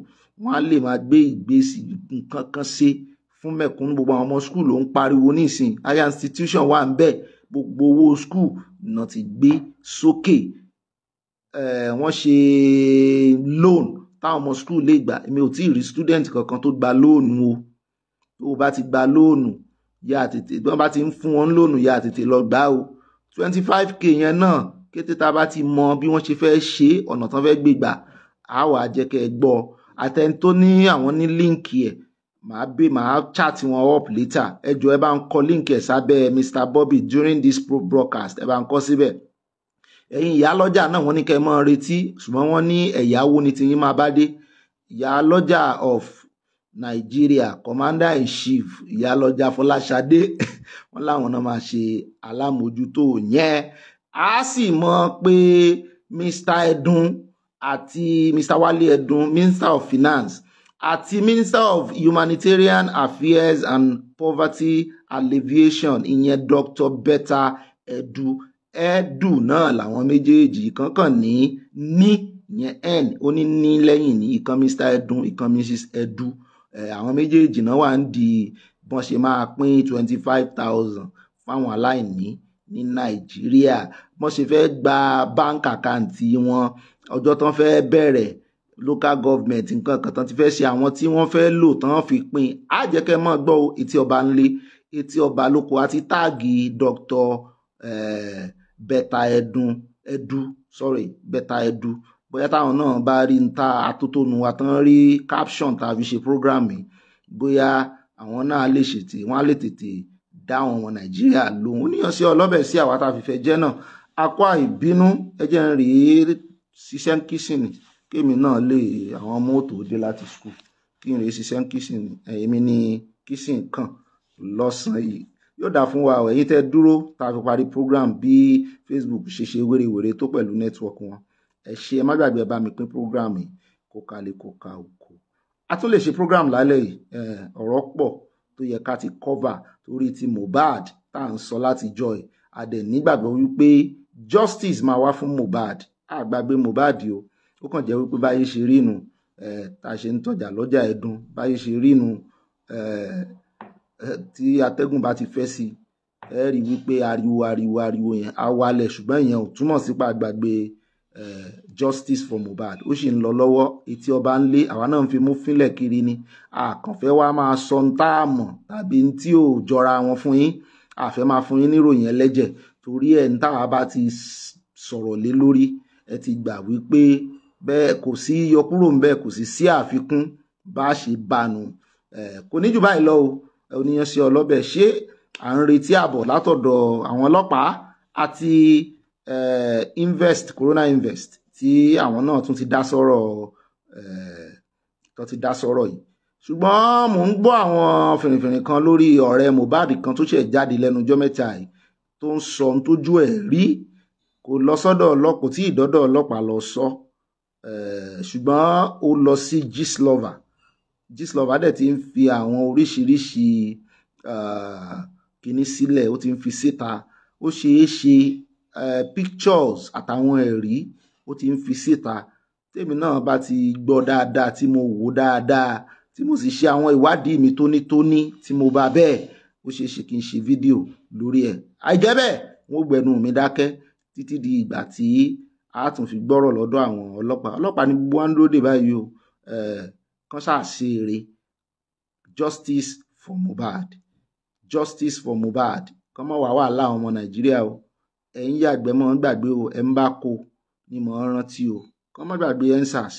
wọ́n á lè máa gbé ìgbésí nǹkan kan ṣe fún mẹ̀kúnnù gbogbo àwọn ọmọ skul ló ń pariwo nísìn higher institution wà ń bẹ gbogbo owó skul náà ti gbé sókè eh, wọ́n ṣe loan táwọn ọmọ skul lè gbà èmi ò tí ì rí student kankan tó gba lóònù o tó o bá ti gba lóònù yá àtètè bí wọ́n bá ti ń fún wọn lóònù yá àtètè lọ gbà o twenty five k yẹn náà kété tá a bá ti mọ bí wọ́n ṣe fẹ́ ṣe ọ̀nà tán fẹ́ gbégbà á wà á jẹ́ kẹ́ ẹ gbọ́ àtẹni tó ní àwọn ní líǹkì ẹ̀ màá bè màá chat wọn up later ẹ jọ ẹ bá ń kọ líǹkì ẹ̀ sábẹ́ Mr Bobby during this broadcast ẹ bá ń kọ síbẹ̀ ẹ̀yin ìyálọ́jà náà wọ́n ní kẹ́ ẹ máa retí ṣùgbọ́n wọ́n ní ẹ̀yáwó ni tiyín máa bá dé ìyálọ́jà of Nigeria commander in chief ìyálọ́jà Fọláṣadé <laughs> wọ́n láwọn náà máa ṣe alámòjútó yẹn a sì mọ̀ pé mr edun àti mr wale edun minister of finance àti minister of humanitarian affairs and poverty alleviation ìyẹn dr betta edu edu náà làwọn méjèèjì kankan ní ní ìyẹn n ó ní ní lẹ́yìn ní ìkan mr edun ìkan mrs edu àwọn méjèèjì náà wà ń di bọ́n ṣe máa pín twenty five thousand fáwọn aláìní ní nàìjíríà wọ́n ṣe fẹ́ gba bank account. wọn ọjọ́ tán fẹ́ bẹ̀rẹ̀ local government nǹkan kan tán ti fẹ́ ṣe àwọn tí wọ́n fẹ́ lò tán fi pín á jẹ́ kẹ́ mọ́ gbọ́ etí ọba ńlé etí ọba lóko àti táàgì dr eh, bẹ́tà ẹ̀dùn sorry bẹ́tà ẹ̀dù bóyá táwọn náà bá rí n ta atótónu wa tán rí caption tá a fi ṣe program yìí bóyá àwọn náà lè ṣètè wọ́n á lè tètè dá àwọn ọmọ nàìjíríà lóhùn oníyànṣe ọlọ́bẹ̀ sí àwa tá a fìfẹ́ jẹ́ náà akwa ìbínú ẹjẹ́ ń rèé ṣiṣẹ́ ń kíṣìnì kémi náà lè àwọn ọmọ òtò dé láti skul kí n rèé ṣiṣẹ́ ń kíṣìnì èmi ní kíṣìn kan lọ́sàn yìí yóò dáa fún wa ẹ̀yin tẹ́ dúró tá a fi parí program bí facebook ṣe ṣe wérewère tó pẹ̀lú network wọn ẹ ṣe ẹ má gbàgbé ẹ bá mi pín program yìí kó kalẹ̀ kó ka òkò a tún lè ṣe program lálẹ́ yìí ọ̀rọ̀ pọ̀ tó yẹ ká ti cover torí ti Mohbad tá à ń sọ láti joy adẹ nígbàgbọ́ wípé justice máa wá fún Mohbad àgbàgbé Mohbad o ó kàn jẹ́ wípé báyé ṣe rí nu tá a ṣe ń tọjà lọ́jà ẹ̀dùn báyé ṣe rí nu tí atẹ́gùn bá ti fẹ́ sí ẹ rí wípé ariwo ariwo ariwo yẹn á wálẹ̀ ṣùgbọ́n ìyẹn ò túmọ̀ sípa àgbàgbé Eh, justice for Mohbad ó sì ń lọ lọ́wọ́ etí ọba ń lé àwa náà ń fi mú fínlẹ̀ kiri ni àkànfẹ́ wa máa sọ ń tá a mọ̀ tàbí ń tí ò jọra wọn fún yín àfẹ́ máa fún yín níròyìn ẹlẹ́jẹ̀ torí ẹ̀ ń táwa bá ti sọ̀rọ̀ lé lórí ẹ ti gbà wípé bẹ́ẹ̀ kò sí yọkúrò ń bẹ́ẹ̀ kò sì sí àfikún bá ṣe bánu eh, kò ní jù báyìí lọ o oníyanṣẹ́ ọlọ́bẹ̀ ṣé à ń retí àbọ̀ látọ̀dọ̀ àwọn ọlọ́pàá àti Eh, invest corona invest tí àwọn náà tún ti dá sọ̀rọ̀ eh, tó ti dá sọ̀rọ̀ yìí ṣùgbọ́n mò ń gbọ́ àwọn fìrìfìrì kan lórí ọ̀rẹ́ Mohbad kan tó ṣẹ̀ jáde lẹ́nu ọjọ́ mẹ́ta yìí tó ń sọ ohun tójú ẹ̀ rí kò lọ sọ́dọ̀ ọlọ́pàá tí ìdọ́dọ̀ ọlọ́pàá lọ sọ eh, ṣùgbọ́n ó lọ sí Gistlover Gistlover dẹ̀ ti ń fi àwọn oríṣiríṣi ah, kìíní sílẹ̀ ó ti ń fi síta ó ṣeé ṣe Eh, pictures àtàwọn ẹ̀rí ó ti ń fi síta tèmi náà bá ti gbọ́ dáadáa tí mo wò dáadáa tí mo sì ṣe àwọn ìwádìí mi tónítóní tí mo bá bẹ́ẹ̀ ó ṣeé ṣe kí n ṣe fídíò lórí ẹ̀ àìjẹ́ bẹ́ẹ̀ wọ́n gbẹnu mi dákẹ́ títí di ìgbà tí a tún fi gbọ́rọ̀ lọ́dọ̀ àwọn ọlọ́pàá ọlọ́pàá ní gbogbo wa ń dúró báyìí o eh, kán ṣàṣe justice for Mohbad justice for Mohbad kán mọ̀ wá wàhálà ọmọ Nàìjíríà o ẹ̀ ń yàgbẹ́ mọ́ gbàgbé o ẹ̀ ń bá ko ni mò ń rántí o kọ́ mọ́ gbàgbé ensars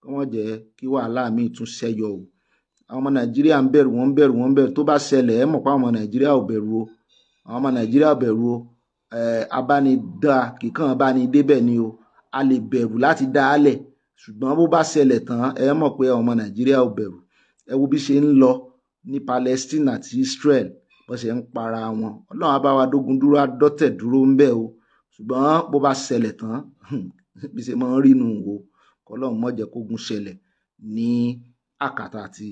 kọ́ mọ́ jẹ́ kí wàhálà mi tún ṣẹyọ o àwọn ọmọ nàìjíríà ń bẹ̀rù wọ́n ń bẹ̀rù wọ́n ń bẹ̀rù tó bá ṣẹlẹ̀ ẹ̀ mọ̀ pé àwọn ọmọ nàìjíríà ò bẹ̀rù o àwọn ọmọ nàìjíríà ò bẹ̀rù o abánidá kíkàn abánidébẹ̀ ni o a lè bẹ̀rù láti dá a lẹ̀ ṣùgbọ́n bó bá ṣẹlẹ̀ tán ẹ mọ̀ pé ọmọ nàìjíríà ò bẹ̀rù ẹ wo bí ṣe ń lọ ní Palestine àti Israel bọ́n ṣe ń para wọn ọlọ́run á bá wa dógun dúró adọ́tẹ̀ dúró ń bẹ̀ o ṣùgbọ́n bó bá ṣẹlẹ̀ tán <laughs> bí ṣe máa ń rínu o kọlọ́run má jẹ́ kógun ṣẹlẹ̀ ní àkàtà àti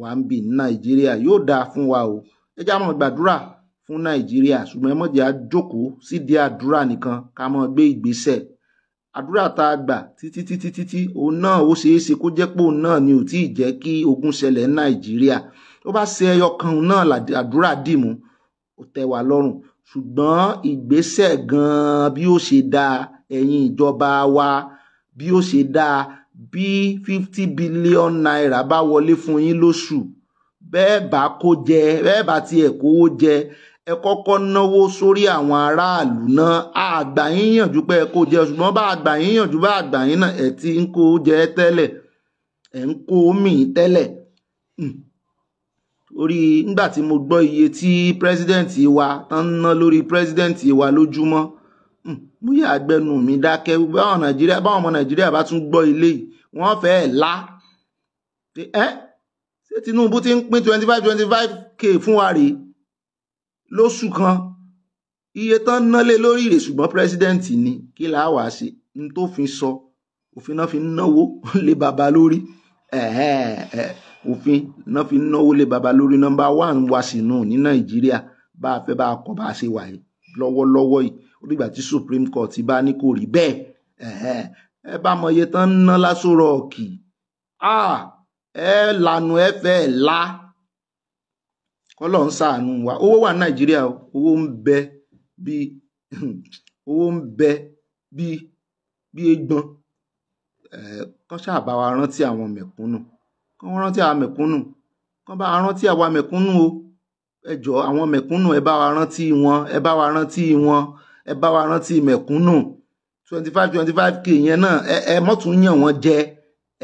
wàǹbì ní nàìjíríà yóò dáa fún wa o ẹ já mọ́ gbàdúrà fún nàìjíríà ṣùgbọ́n ẹ má jẹ́ á jókòó sídìí àdúrà nìkan ká mọ́ gbé ìgbésẹ̀ àdúrà tá a gbà títí títí títí òun náà ó ṣeé ṣe kó jẹ́ pé òun náà ni ò tí jẹ́ kí ogun ṣẹlẹ̀ ní nàìjíríà tó bá ṣe ẹyọ kan náà àdúrà dìmú ó tẹ́ wa lọ́rùn ṣùgbọ́n ìgbésẹ̀ gan-an bí ó ṣe dáa ẹ̀yin ìjọba wa bí ó ṣe dáa bí fifty billion naira bá wọlé fún yín lóṣù bẹ́ẹ̀ bá kó jẹ bẹ́ẹ̀ bá tiẹ̀ kówó jẹ ẹ kọ́kọ́ náwó sórí àwọn aráàlú náà àgbà yín yànjú pé ẹ kó jẹ ṣùgbọ́n bá àgbà yín yànjú bá àgbà yín náà ẹ ti ń kó jẹ tẹ́lẹ̀ ẹ ń kó mì tẹ́lẹ̀. Mm orí ngbà tí mo gbọ́ iye tí president wa tán ń ná lórí president wa lójúmọ́ mo hmm, yà gbẹnu mi dákẹ́ báwọn nàìjíríà báwọn ọmọ nàìjíríà bá tún gbọ́ ilé yìí wọ́n fẹ́ẹ́ lá ẹ ṣé Tinubu ti ń pín twenty five twenty five k fún wa rèé lóṣù kan iye tán nálé lórí rẹ̀ ṣùgbọ́n president ni kí là á wá sí n tó fi sọ òfin náà fi náwó <laughs> lé baba lórí. eh òfin náà fi náwó lé baba lórí nọ́mbà one wa sínú ní nàìjíríà bá a fẹ́ bá a kọ́ bá a ṣe wà yìí lọ́wọ́lọ́wọ́ yìí ó tí supreme court bá ní kò rí bẹ́ẹ̀ ẹ bá mọ iye tán ń ná lásán rọọkì ẹ lànà ẹ fẹ́ la kọlọ ń ṣàánú wa owó wà ní nàìjíríà owó ń bẹ bí <laughs> owó ń bẹ bí bí egbọn ẹ ṣáà bá wa rántí àwọn mẹ̀kúnnù kán wọ́n rántí àwa mẹ̀kúnnù kán bá wa rántí àwa mẹ̀kúnnù o ẹ jọ àwọn mẹ̀kúnnù ẹ bá wa rántí wọn ẹ bá wa rántí wọn ẹ bá wa rántí mẹ̀kúnnù twenty five twenty five k yẹn náà ẹ ẹ mọ́tún yàn wọ́n jẹ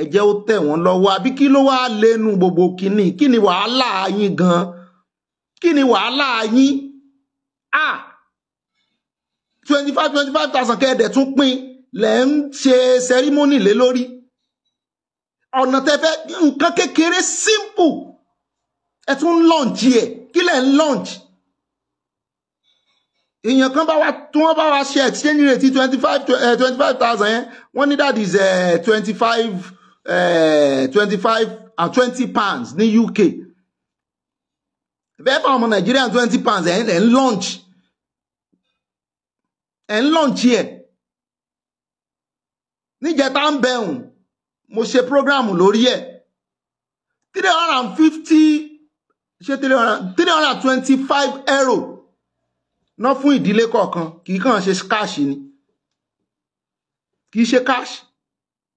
ẹ jẹ́ ó tẹ̀ wọ́n lọ́wọ́ àbí kí ló wá lẹ́nu gbogbo kínní kí ni wàhálà yín gan kí ni wàhálà yín ah twenty five twenty five thousand kẹ́ẹ̀dẹ̀ tún pín lẹ́ ń ṣe sẹ́rímónì lé lórí ọ̀nà tẹ́fẹ́ nǹkan kékeré simple ẹ tún ń launch ẹ̀ kí lẹ̀ ń launch èèyàn kan bá wa tí wọ́n bá wa ṣe exchange rate twenty five twenty eh, five thousand yẹn wọ́n ní that is twenty eh, five twenty eh, five and ah, twenty pounds ní UK bẹ́ẹ̀ fún ọmọ Nàìjíríà twenty pounds ẹ̀ ń launch ẹ̀ ń launch ẹ̀ níjẹta ń bẹ̀rùn mo ṣe program lórí ẹ̀ three hundred and fifty ṣé three hundred and twenty five euro ná fún ìdílé kọ̀ọ̀kan kì í kàn ṣe cash ni kì í ṣe cash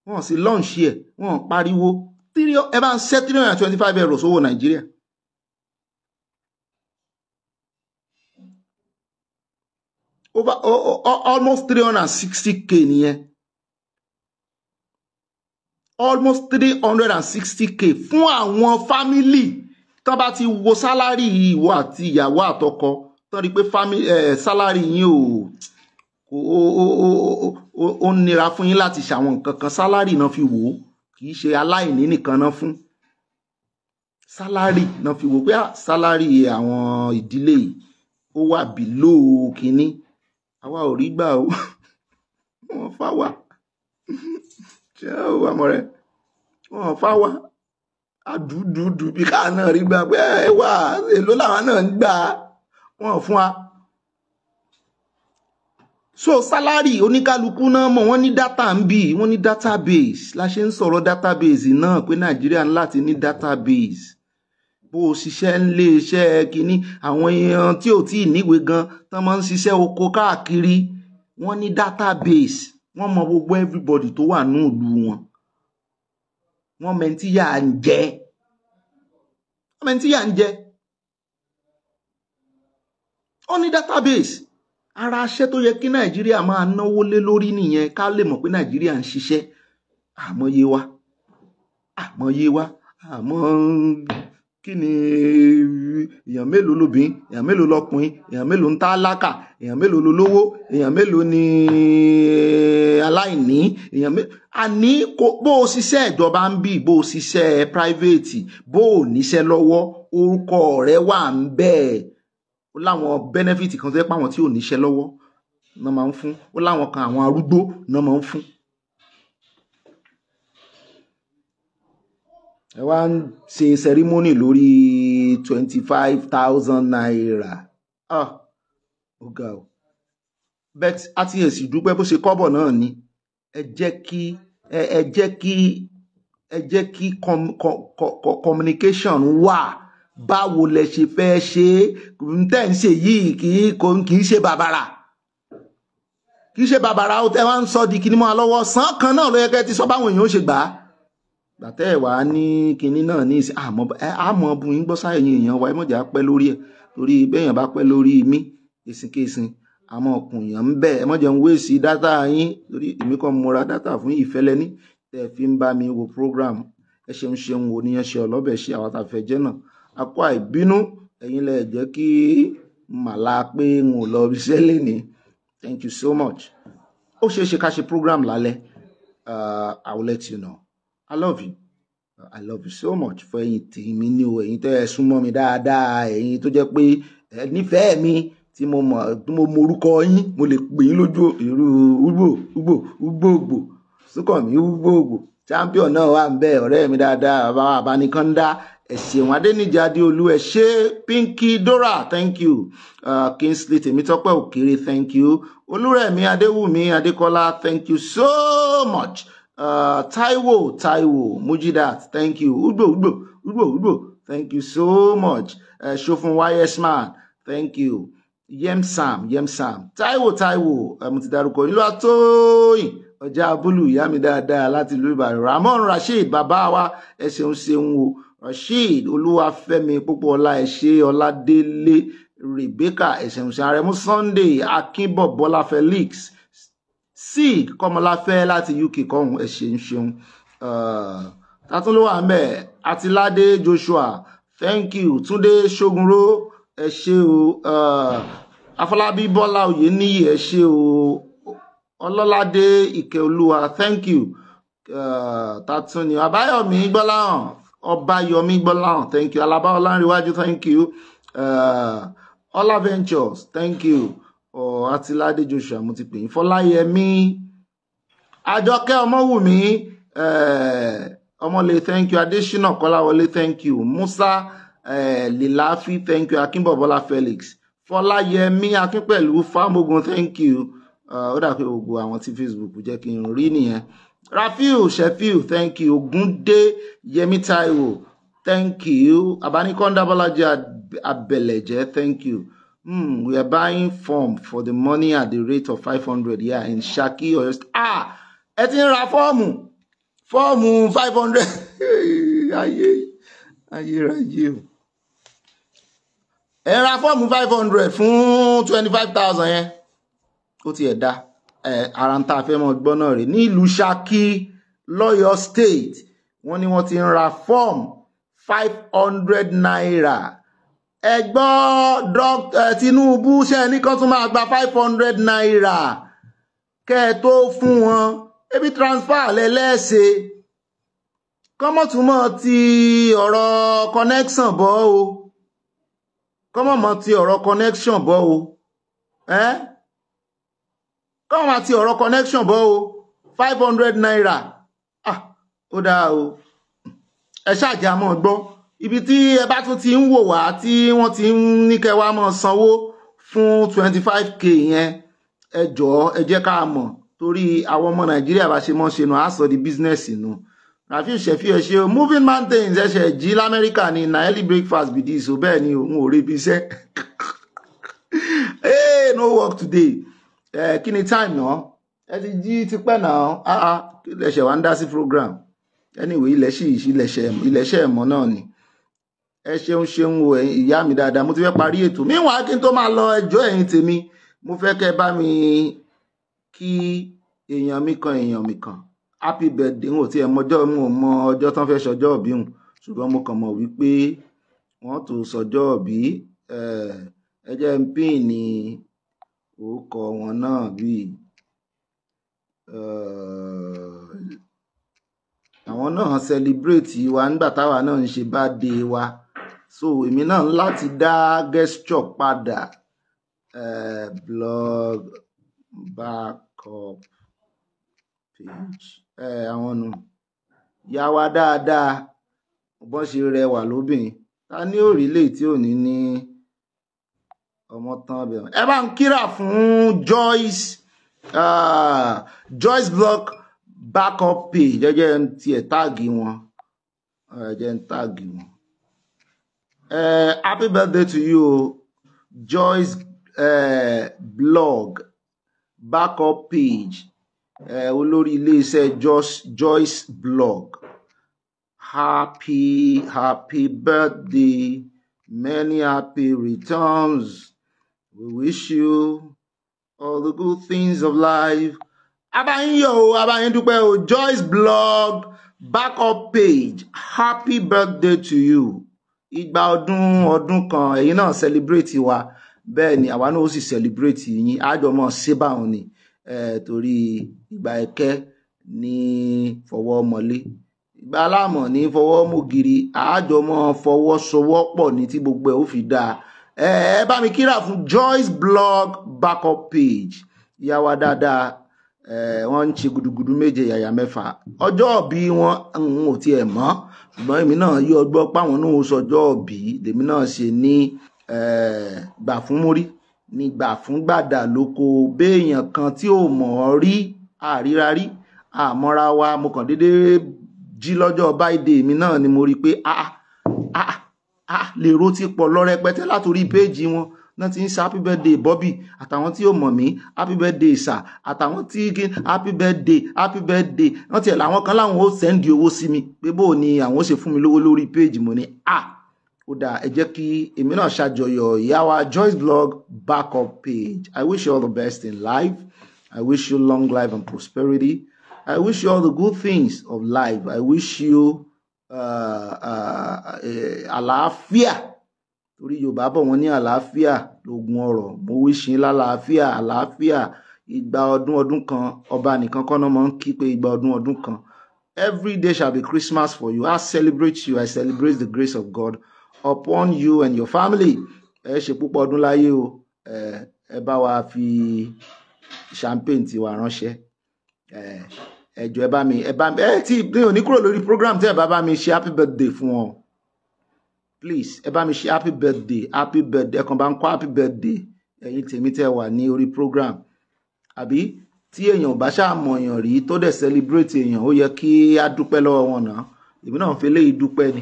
wọn sì lọ́ǹṣì ẹ̀ wọn pariwo ẹ bá ń ṣẹ́ three hundred and twenty five euro sówó nàìjíríà. over almost three hundred and sixty k nìyẹn almost three hundred and sixty k fún àwọn fámìlì tó bá ti wo sálárì ìwọ àti ìyàwó àtọkọ tó rí pé eh, sálárì yín ò ó nira fún yín láti ṣàwọn nǹkan kan sálárì náà fi wò ó kì í ṣe aláìní nìkan náà fún sálárì náà fi wò pé ah, sálárì àwọn ìdílé yìí ó wà bìlóò kínní àwa ò rí gbà ó <laughs> wọ́n fáwà ṣé o àmọ́ rẹ̀ wọ́n fá wa àdúdúdú bí káà náà rí gbà pé ẹ wà èló làwọn náà ń gbà wọ́n fún wa. so sálárì oníkálukú náà mọ̀ wọ́n ní dátà ń bì wọ́n ní database la ṣe ń sọ̀rọ̀ database náà pé nàìjíríà ń láti ní database bó o ṣiṣẹ́ ń lé iṣẹ́ kínní àwọn èèyàn tí ò tí ì níwèé gan tán máa ń ṣiṣẹ́ oko káàkiri wọ́n ní database wọ́n mọ gbogbo everybody tó wà ní ìlú wọn wọ́n mọ tí yà ń jẹ wọ́n mọ tí yà ń jẹ ó ní database ara aṣẹ́ tó yẹ kí nàìjíríà máa náwó lé lórí nìyẹn ká lè mọ̀ pé nàìjíríà ń ṣiṣẹ́ àmọye wa àmọye wa àmọ́ kí ni èèyàn mélòó lóbìn èèyàn mélòó lọkùnrin èèyàn mélòó ń tálákà èèyàn mélòó lolówó èèyàn mélòó ni eh, aláìní èèyàn mélòó àní bó o ṣiṣẹ́ ìjọba ń bì bó o ṣiṣẹ́ private bó o níṣẹ́ lọ́wọ́ orúkọ rẹ wà ń bẹ́ẹ̀ ó láwọn benefit kan tó yẹ pé àwọn tí ò níṣẹ́ lọ́wọ́ náà máa ń fún ó láwọn kan àwọn arúgbó náà máa ń fún ẹ wá ń ṣe sẹrímónì lórí twenty five thousand naira ah ó ga o bet àti èsì dúpẹ́ bó ṣe kọ́bọ̀ náà ni ẹ jẹ́ kí ẹ jẹ́ kí ẹ jẹ́ kí communication wà báwo lẹ ṣe fẹ́ ṣe ń tẹ̀ ń ṣe yìí kì í ṣe bàbàrà kì í ṣe bàbàrà ó tẹ́ wá ń sọ di kìnnìmọ́ àlọ́wọ́ sàn kan náà ló yẹ kẹ́ ti sọ báwọn èèyàn ó ṣe gbà á gbàtẹ́ ẹ̀ wá ní kinní náà ní ìsìn àmọ́ bu yín gbọ́ sáyẹn èèyàn wa ẹ mọ̀jà pẹ́ lórí ẹ̀ torí bẹ́ẹ̀yàn bá pẹ́ lórí mi ìsìnkéṣin àmọ́ ọkùnrin ń bẹ̀ ẹ mọ̀jà ń wéèsì dátà yín torí èmi kàn múra dátà fún ìfẹ́lẹ́ tẹ̀ fi ń bá mi wo program ẹ ṣeun ṣeun wo ni ẹ ṣe ọlọ́bẹ̀ ṣe àwọn àtàfẹ́jẹ́ náà akọ àìbínú ẹ̀yin lẹ jẹ́ kí màlá pé n lọ iṣẹ́ lénìí thank you so much ó ṣeé program lálẹ́ uh, I will let you know. I love you. I love you so much fún ẹ̀yin tèmi ní o ẹ̀yin tó ẹ súnmọ́ mi dáadáa ẹ̀yin tó jẹ́ pé ẹ nífẹ̀ẹ́ mi tí mo mọ̀ tí mo mọ orúkọ yín mo lè pè yín lójú irú ugbò ugbò ugbòògbò Súnkànmí ugbòògbò champion náà wà ń bẹ ọ̀rẹ́ mi dáadáa bàbá àbánikàndá ẹ ṣeun adẹnijẹ adéolú ẹ ṣe pinky dora thank you uh, kingsley tèmítọ́pẹ́ òkèrè thank you olúrẹ̀mí adéwùmí adékọ́lá thank you so much. Uh, Taiwo, Taiwo, Mujidat, thank you. Ugbo, Ugbo, Ugbo, Ugbo, thank you so much. Uh, YS man, thank you. Yemsam, Yemsam. Taiwo, Taiwo, uh, mo ti dárúkọ yín. Olúwatóyìn, ọjà abúlù, ìyá mi dáadáa láti ìlú Ìbàdàn. Ramon Rasheed, bàbá wa, ẹ ṣeun ṣeun o. Rasheed, Olúwafẹ́mi, Pópóọlá, ẹ ṣé, Ọládélé, Rebecca, ẹ ṣeun ṣeun. Àrẹ̀mú Sunday, Akínbọ̀, Bọ́lá Felix sig kọmọláfẹ́ láti uk kọhún ẹ ṣeun ṣeun uh, tatún ló wà ń joshua thank you túndé ṣogunró ẹ ṣe o uh, afọlábí bọ́lá òye níyì ẹ ṣe o ọlọ́ládé ìkẹ́olúwa thank you uh, tatún ni àbáyọ̀mí gbọ́láhàn ọbáyọ̀mí gbọ́láhàn thank you alábá ọlárìnwájú thank you ọlá uh, ventures thank you. Àtiládé Joshua mo ti pè yín Fọláyẹmí Àjọkẹ́ Ọmọwùmí eh, ọmọlè thank you Adésínà Kọ́láwọlé thank you Musa eh, Lilafi thank you Akínbọ̀bọ́lá Felix Fọláyẹmí Akínpẹ̀lú Fámogun thank you eh, ó dà pé gbogbo àwọn tí Facebook jẹ́ kí n rí nìyẹn Rafiu Shefiu thank you Ògúndé yemi Táíwò thank you Abanikonda Bọ́lájí Abẹ̀lẹ̀jẹ́ thank you. Mm, we are buying form for the money at the rate of 500 yeah in Shaki or just ah ẹ ti ń ra fọ́ọ̀mù fọ́ọ̀mù 500 Aye, aye, aye, aye. ra fọ́ọ̀mù 500 25,000 yẹn Oti eda? Eh, dá ara ń tá a Shaki lọ́yọ̀ state wọ́n ní wọ́n ti ń ra 500 naira ẹgbọ́ Tinubu ṣe ní kan tún máa gba five hundred naira kẹ́ ẹ tó fún wọn ebi transfer lẹ́lẹ́ẹ̀ṣe kọ́mọ̀túmọ̀ ti ọ̀rọ̀ connection bọ́ o kọ́mọ̀mọ̀ ti ọ̀rọ̀ connection bọ́ o ẹ́ kọ́mọ̀mọ̀ ti ọ̀rọ̀ connection bọ́ o five hundred naira ah ó dáa o ẹ ṣáàjà mọ́ gbọ́ ibi tí ẹ bá tún ti ń wò wá tí wọ́n ti ń ní kẹ́ wá máa sanwó fún twenty five k yẹn ẹ jọ̀ọ́ ẹ jẹ́ ká mọ̀ torí àwọn ọmọ nàìjíríà bá ṣe mọ́ ṣe nù á di bísínẹ́sì nù Rafi shefi ẹ ṣe o moving mountains ẹṣẹ jí lamẹ́ríkà ní naeli breakfast bìdí ìṣó bẹ́ẹ̀ ni òun ò rebi iṣẹ́ <laughs> hey no work today ẹ kí ni time náà ẹ ti jí tipẹ́ náà ah ah ilẹ̀ṣẹ̀ wa ń dá sí program anyway ilẹ̀ṣẹ̀ ìṣí ilẹ̀ṣẹ̀ ẹ̀mọ́ náà ni ẹ ṣeun ṣeun o ẹ̀yin ìyá mi dáadáa mo ti fẹ́ parí ètò míwàá kí n tó máa lọ ẹjọ́ ẹ̀yin tèmi mo fẹ́ kẹ́ bá mi kí èèyàn mi kan èèyàn mi kan happy birthday n ò tiẹ̀ mọjọ́ n ò mọ ọjọ́ tán fẹ́ sọjọ́ òbí hùn ṣùgbọ́n mo kàn mọ̀ wípé wọ́n tó sọjọ́ òbí ẹ jẹ́ ń pín ní orúkọ wọn náà bíi àwọn náà celebrate wa nígbà táwa náà ń ṣe birthday wa so èmi náà ń láti dá gesture padà uh, blog backup page eh, àwọn uh, nu yà wá dáadáa bọ́n ṣe rẹwà lóbìnrin ta ní òrìlè tí ò ní ní ọmọ tán ọbẹ̀ ẹ bá ń kíra fún Joyce uh, Joyce blog backup page jẹ́jẹ́ ń tiẹ̀ táàgì wọn jẹ́ ń táàgì wọn. Uh, happy birthday to you, Joyce uh, blog backup page uh, olórí release Joyce, Joyce blog happy happy birthday many happy returns we wish you all the good things of life abayinyo o abayindupẹ Joyce blog backup page happy birthday to you. ìgbà ọdún ọdún kan ẹ̀yin náà celebrate wa bẹ́ẹ̀ ni àwa náà ó sì celebrate yín àjọmọ́ síbàwọn ni torí ìgbà ẹ̀kẹ́ ní fọwọ́ mọ́lé ìgbà aláàmọ̀ ní fọwọ́ mọ́gìrì àjọmọ́ fọwọ́sowọ́pọ̀ ní tí gbogbo ẹ̀ ó fi dáa ẹ bá mi kíra fún Joyce blog backup page ìyá wa dáadáa wọ́n ń ṣe gudugudu méje yàyà mẹ́fà ọjọ́ bí wọ́n ò tiẹ̀ mọ́ ṣùgbọ́n èmi náà yí ọgbọ́n páwọn náà sọjọ́ òbí lèmi náà ṣe ní gbà fún mórí ní gbà fún gbàdà lóko béèyàn kan tí ò mọ̀ ọ́ rí àríra àmọ́ra wa mo kàn déédé jí lọ́jọ́ báìdè mi náà ni mo rí i pé ah, ah ah ah lèrò ti pọ̀ lọ látòrí péèjì wọn náà ti ń ṣe happy birthday Bobby àtàwọn tí ó mọ̀ mí happy birthday sà àtàwọn tí kí happy birthday happy birthday wọ́n tiẹ̀ làwọn kan láwọn ó sẹ́ndì owó sí mi pé bó ni àwọn ó ṣe fún mi lówó lórí péèjì mo ní à ó dà ẹ jẹ́ kí èmi náà ṣàjọyọ̀ ìyá wa Joyce blog backup page I wish you all the best in life I wish you long life and prosperity I wish you all the good things of life I wish you àlàáfíà. Uh, uh, uh, àlàáfíà torí yorùbá bọ̀ wọ́n ní àlàáfíà lóògùn ọ̀rọ̀ mo wíṣin lálàáfíà àlàáfíà ìgbà ọdún ọdún kan ọba nìkan kọ́nà máa ń kí pé ìgbà ọdún ọdún kan every day shall be Christmas for you I celebrate you I celebrate the grace of God upon you and your family ẹ ṣe púpọ̀ ọdún láyé o ẹ bá wa fi champagne tiwa ránṣẹ́ ẹ jọ̀ọ́ ẹ bá mi ẹ bá mi ẹ ti. mi ò ní kúrò lórí program tẹ́ ẹ bá bá mi ṣe happy birthday fún ọ please ẹ bá mi ṣe happy birthday happy birthday ẹ̀kan bá ń kọ́ happy birthday ẹ̀yin tèmi tẹ́ wà ní orí program àbí tí èèyàn bá ṣàmọ̀ èèyàn rí tó dẹ̀ celebrate èèyàn ó yẹ kí á dúpẹ́ lọ́wọ́ wọn náà èmi náà fi eléyìí dúpẹ́ ni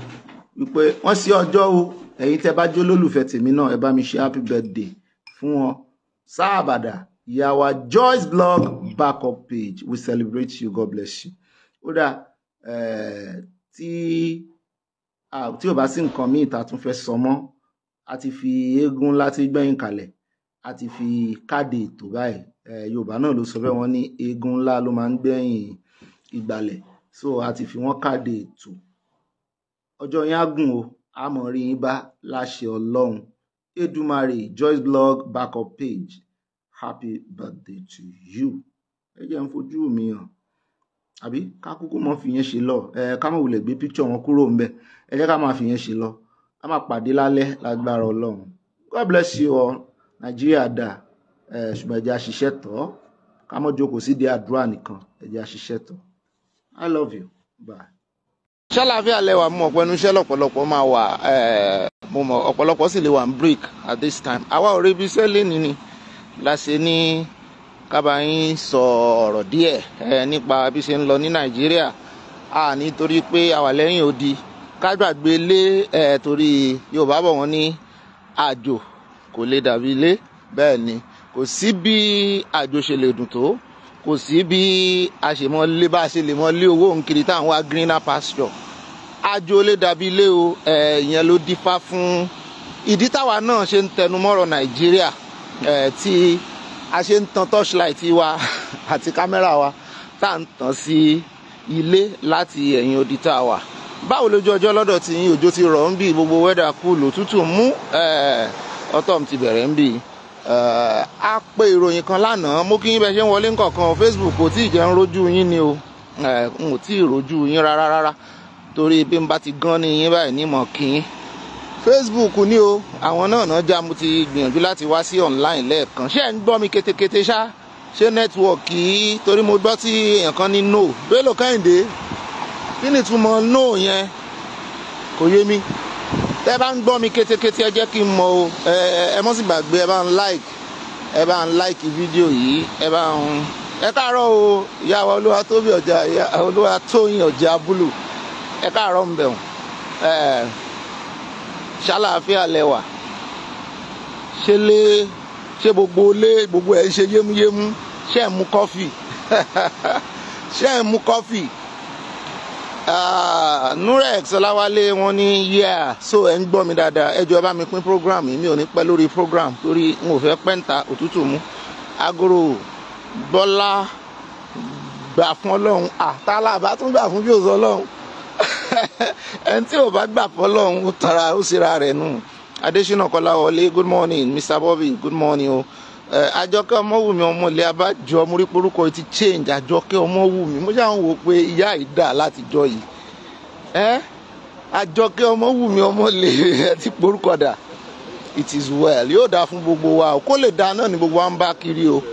wípé wọ́n sí ọjọ́ o ẹ̀yin tẹ́ bá jó lólùfẹ́ tèmi náà ẹ bá mi ṣe happy birthday fún wọn sáàbàdà yàwá Joyce blog backup page we celebrate you God bless you ó dà eh, tí. Uh, tí ò bá sí nǹkan míì tá a tún fẹ́ sọ mọ́ a ti fi eégún láti gbẹ̀yìn kalẹ̀ a ti fi káàdì ètò báyìí yorùbá náà ló sọ bẹ́ẹ̀ wọ́n ní eégún ńlá ló máa ń gbẹ̀yìn ìgbàlẹ̀ so a ti fi wọ́n káàdì ètò ọjọ́ yẹn á gùn o a mọ̀ rí yín bá láṣẹ ọlọ́run Edumare Joyce blog backup page happy birthday to you ẹ jẹ́ ń fojú mi hàn àbí ká kúkú mọ́ fi yẹn ṣe lọ ká má wulẹ̀ gbé píkṣọ̀ wọn kúrò ńbẹ̀ ẹ ká máa fìyẹn ṣe lọ a máa pàdé lálẹ́ lágbára ọlọ́run god bless you all nàìjíríà dà ẹ ṣùgbọ́n ẹ jẹ́ àṣìṣe tọ́ ká mọ́ jókòó sídìí àdúrà nìkan ẹ jẹ́ àṣìṣe tọ́ i love you bye ṣàlàáfíà lẹwà mú ọpẹ inúṣẹ́ lọ́pọ̀lọpọ̀ máa wà mo mọ ọ̀pọ̀lọpọ̀ sì lè wà break at this time àwa ò rebi iṣẹ́ lẹni ni la ṣe ní kábàáyín sọ ọ̀rọ̀ díẹ̀ nípa bí ṣe ń lọ ní nàìjíríà a nítorí pé àwa lẹ́yìn ká gbàgbé ilé ẹ̀ torí yorùbá bọ̀ wọ́n ní àjò kò lè dàbí ilé bẹ́ẹ̀ ni kò sí bí àjò ṣe lè dùn tó kò sí bí a ṣe mọ lé bá a ṣe lè mọ lé owó nkiri tá wá greener pasture àjò lè dàbí ilé o ẹ̀ ìyẹn ló dífá fún ìdí táwa náà ṣe ń tẹnumọ́rọ̀ nàìjíríà ẹ̀ tí a ṣe ń tan torchlight wa <laughs> àti kámẹ́rà wa tá à ń tàn sí ilé láti ẹ̀yìn odi tá báwo lójú ọjọ́ lọ́dọ̀ tí yín òjò ti rọ̀ ń bì gbogbo wẹ́dà kúlù òtútù mú eh, autumn ti bẹ̀rẹ̀ ń bì eh, a pe ìròyìn kan lánàá mo kí yín bẹ ṣe ń wọlé nǹkankan Facebook kò tí ì jẹ́ ń rojú yín ni o eh, n ò tí ì rojú yín rárá rárá torí bí n bá ti gán ni yín báyìí nímọ̀ kí yín Facebook ni o àwọn náà náà já mo ti gbìyànjú láti wá sí online lẹ́ẹ̀kan ṣé ẹ̀ ń gbọ́ mi ketekete ṣá ṣé nẹ́tíwọ̀kì torí mo gbọ́ tí èèyàn ní no Bello Kẹ́hìndé kí ni ìtumọ̀ no yẹn kò yé mi tẹ́ bá ń gbọ́ mi kétékété ẹ jẹ́ kí n mọ̀ o ẹ mọ́ sì gbàgbé ẹ bá ń like ẹ bá ń like fídíò yìí ẹ bá ń ẹ káàárọ̀ o ìyá wa olúwa tóbi ọjà ìyá olúwa tóyin ọjà búlù ẹ káàárọ̀ ń bẹ̀rùn ẹ ṣàlàáfíà lẹwà ṣe ṣe gbogbo lé gbogbo ẹ ṣe yémúyémú ṣe ń mu kọfì ṣe ń mu kọfì. Ah, nurex ọláwálé wọn ní yíyà so ẹ ń gbọ́ mi dáadáa ẹ jọ̀ọ́ ẹ bá mi pín program yìí mi ò ní pẹ́ lórí program torí n ò fẹ́ pẹ́ǹta òtútù mú agoro bọ́lá gbà fún ọlọ́run àtàlà bá tún gbà fún bí òsọ ọlọ́run <laughs> ẹni tí ò bá gbà fún ọlọ́run ó tara ó ṣera rẹ̀ nù adésínà kọláwọlé good morning mr bobby good morning o. Oh àjọkẹ́ ọmọwùmí ọmọlẹ abájọ mo rí porúkọ ti change àjọkẹ́ ọmọwùmí mo ṣáà ń wò pé ìyá ìdá látijọ́ yìí ẹ àjọkẹ́ ọmọwùmí ọmọlẹ ẹ ti porúkọ dà it is well yóò dáa fún gbogbo wa kó lè dáa náà ni gbogbo wa ń bá kiri o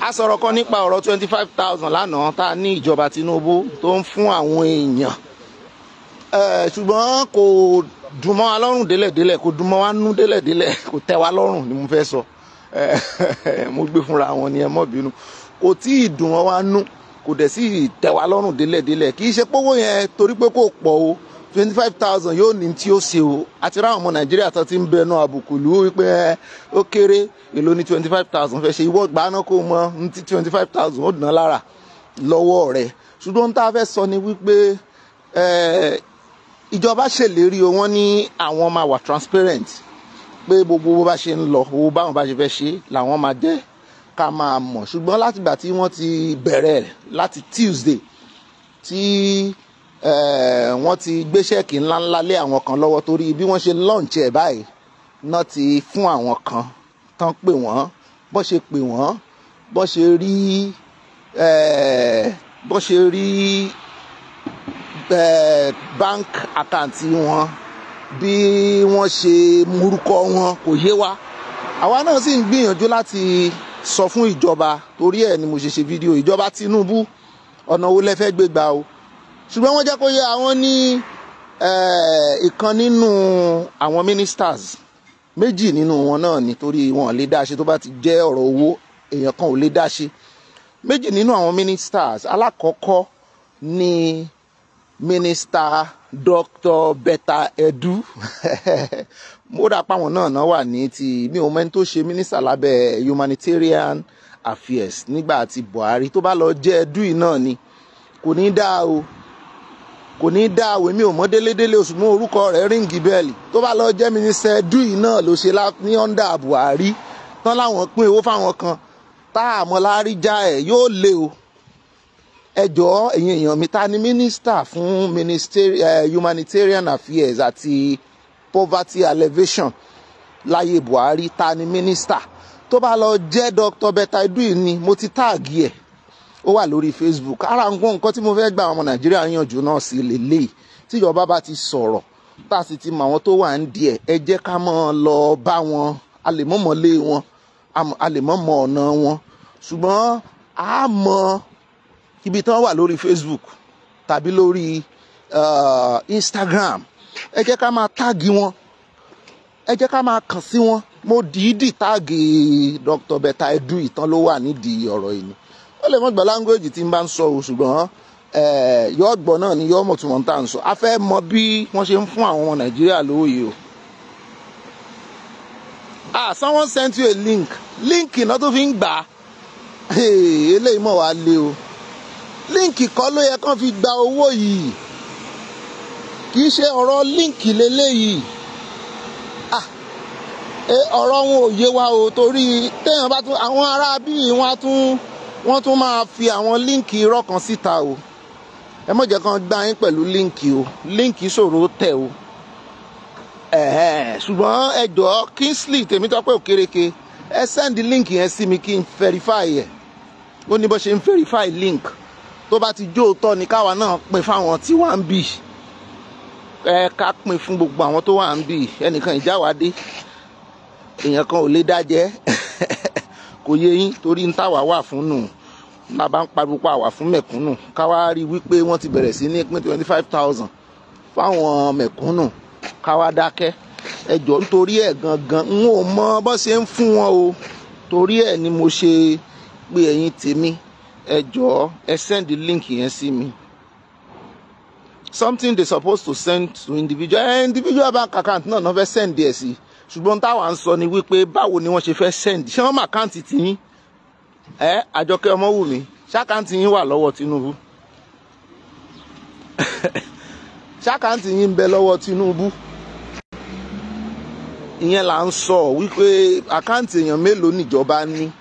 a sọ̀rọ̀ kan nípa ọ̀rọ̀ twenty five thousand lánàá tá a ní ìjọba Tinubu tó ń fún àwọn èèyàn ṣùgbọ́n kò dùn mọ́ wa lọ́rùn délẹ̀délẹ̀ kò dùn mọ́ wa nú délẹ̀délẹ̀ kò tẹ́ wa lọ́rùn ni mo fẹ́ sọ eh, <laughs> mo gbé fúnra wọn ni ẹ mọ̀ bínú kò tí ì dùn wa nú kò dẹ̀ sí tẹ́ wa lọ́rùn délẹ̀délẹ̀ kì í ṣe pówó yẹn torí pé kò pọ̀ o twenty five thousand yóò ní tí ó ṣe o àti ráwọn ọmọ nàìjíríà tó ti ń bẹ náà àbùkù lù ú wípé ó kéré èló ní twenty five thousand fẹ́ ṣe ìwọ gbaná kó mọ ní ti twenty five thousand ó dùn án lára lọ́wọ́ rẹ̀ ṣùgbọ́n tá a fẹ́ sọ ni wípé eh, ìjọba ṣèlérí o wọ́n ní àwọn máa wà transparent pé gbogbo bó bá ṣe ń lọ owó báwọn bá ṣe fẹ́ ṣe làwọn máa jẹ́ ká máa mọ̀ ṣùgbọ́n látìgbà tí wọ́n ti bẹ̀rẹ̀ láti Tuesday tí wọ́n ti gbé ṣẹ́ẹ̀kì ńláńlá lé àwọn kan lọ́wọ́ torí bí wọ́n ṣe launch ẹ̀ báyìí náà ti fún àwọn kan tán pè wọ́n bọ́ ṣe pè wọ́n bọ́ ṣe rí bọ́ ṣe rí Eh, bank account wọn bí wọ́n ṣe múrúkọ wọn kò yé wa àwa náà sì ń gbìyànjú láti sọ fún ìjọba torí ẹ̀ ni mo ṣe ṣe fídíò ìjọba Tinubu ọ̀nà wo lẹ fẹ́ gbé gbà o ṣùgbọ́n wọ́n jẹ́ kó yé àwọn ní eh, ìkan nínú àwọn ministers méjì nínú wọn náà nítorí wọn ò lè dá ṣe tó bá ti jẹ́ ọ̀rọ̀ owó èèyàn kan ò lè dá méjì nínú àwọn ministers alákọ̀ọ́kọ́ ni mínísítà dr beta edu <laughs> mo dà páwọn náà náà wà ní ti mi ò mẹ́ni tó ṣe mínísítà lábẹ́ humanitarian affairs nígbà tí buhari tó bá lọ jẹ́ edu yìí náà ni kò ní dáa o kò ní dáa o èmi ò mọ délédélé oṣù mú orúkọ rẹ̀ ríǹgì bẹ́ẹ̀lì tó bá lọ jẹ́ mínísítà edu yìí náà ló ṣe ní ọ́ndà buhari tán láwọn pín owó fáwọn kan tá àmọ́ lárí já ẹ̀ yóò le o ẹ jọ̀ọ́ ẹ̀yin èèyàn mi ta ni minister fún eh, humanitarian affairs àti poverty alleviation láyé Buhari ta ni minister. tó bá lọ jẹ́ Dr. Betaidui ni mo ti táàgì ẹ̀ ó wà lórí Facebook ara nǹkan nǹkan tí mo fẹ́ gba àwọn ọmọ Nàìjíríà yanjú náà sí lélẹ́yìí tíjọba bá ti sọ̀rọ̀ tá a sì ti mọ àwọn tó wà ń díẹ̀ ẹ jẹ́ ká mọ́ ọ lọ bá wọn a lè mọ̀ mọ́lé wọn a lè mọ̀ mọ̀ ọ̀nà wọn ṣùgbọ́n a mọ̀ ibi tí wọ́n wà lórí Facebook tàbí lórí uh, Instagram ẹ jẹ́ ká máa táàgì wọn ẹ jẹ́ ká máa kàn sí wọn mo dìídì táàgì Dr. Betta Edu ìtàn ló wà nídìí ọ̀rọ̀ yìí ó lè mọ̀ gbọ́ láńgóèjì tí n bá ń sọ o ṣùgbọ́n eh, yọ ọgbọ́n náà ni yọ ọmọ tí wọ́n tà ń sọ a fẹ́ mọ bí wọ́n ṣe ń fún àwọn ọmọ Nàìjíríà lóòyè o. ah someone sent you a link link náà tó fi ń gbà á eléyìí mọ̀ wá lé o líǹkì kọ́ ló yẹ kán fi gba owó yìí kì í ṣe ọ̀rọ̀ líǹkì lélẹ́yìí ah, ọ̀rọ̀ wọn ò yé wa o torí téèyàn bá tún àwọn ará bíi wọn tún wọ́n tún máa fi àwọn líǹkì irọ́ kan síta o ẹ mọ̀ jẹ́ kan gbá yín pẹ̀lú líǹkì o líǹkì ṣòro tẹ̀ o ṣùgbọ́n ẹ Kingsley Tèmítọ́pẹ́ Òkereke ẹ sẹ́ndí líǹkì yẹn sí mi kí n fẹ́rifáì ẹ̀ ó ní bó ṣe ń fẹ́rifáì líǹkì tó bá ti jó tọ́ ni káwa náà pín fáwọn tí wà ń bì ẹ ká pín fún gbogbo àwọn tó wà ń bì ẹnìkan ìjáwádé èèyàn kan ò lè dájẹ́ <laughs> kò yé yín torí ń táwa wà fún nù náà bá ń pariwo àwà fún mẹ̀kúnnù káwa rí wípé wọ́n ti bẹ̀rẹ̀ sí ní pín twenty five thousand fáwọn mẹ̀kúnnù káwa dákẹ́ ẹjọ́ nítorí ẹ̀ gangan n ò mọ bó ṣe ń fún wọn o torí ẹ̀ ni mo ṣe pé ẹ̀yin tèmi ẹ jọ̀ọ́ ẹ send the link yẹn sí mi something they supposed to send to individual eh, individual bank account náà náà fẹ́ send ẹ̀ sí ṣùgbọ́n táwa ń sọ ni wípé báwo ni wọ́n ṣe fẹ́ send ṣé wọ́n mọ àkáǹtì tìyín ẹ àjọkẹ́ ọmọwùmí ṣàkáǹtì yín wà lọ́wọ́ Tinubu <laughs> ṣàkáǹtì yín ń bẹ lọ́wọ́ Tinubu ìyẹn là ń sọ wípé àkáǹtì èèyàn mélòó níjọba ní. Ni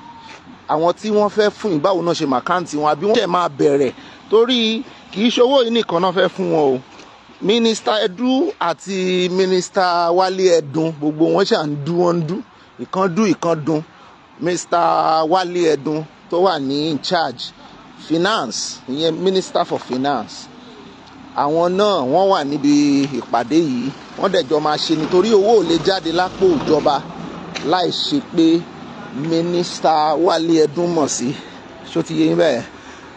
àwọn tí wọ́n fẹ́ fún yín báwo náà ṣe mà káǹtì wọn àbí wọ́n ṣẹ̀ máa bẹ̀rẹ̀ torí kì í ṣowó yìí nìkan náà fẹ́ fún wọn o mínísítà Edu àti mínísítà Wálé Ẹdun gbogbo wọn ṣà ń dú wọn ń dú ìkan dú ìkan dun mr Wálé Ẹdun tó wà ní in charge finance ìyẹn minister for finance àwọn náà wọ́n wà níbi ìpàdé yìí wọ́n dẹ̀jọ́ máa ṣe nítorí owó ò lè jáde lápò ìjọba láì ṣe pé Minister Wálé Ẹdùn mọ̀ sí ṣó ti yé yín bẹ́ẹ̀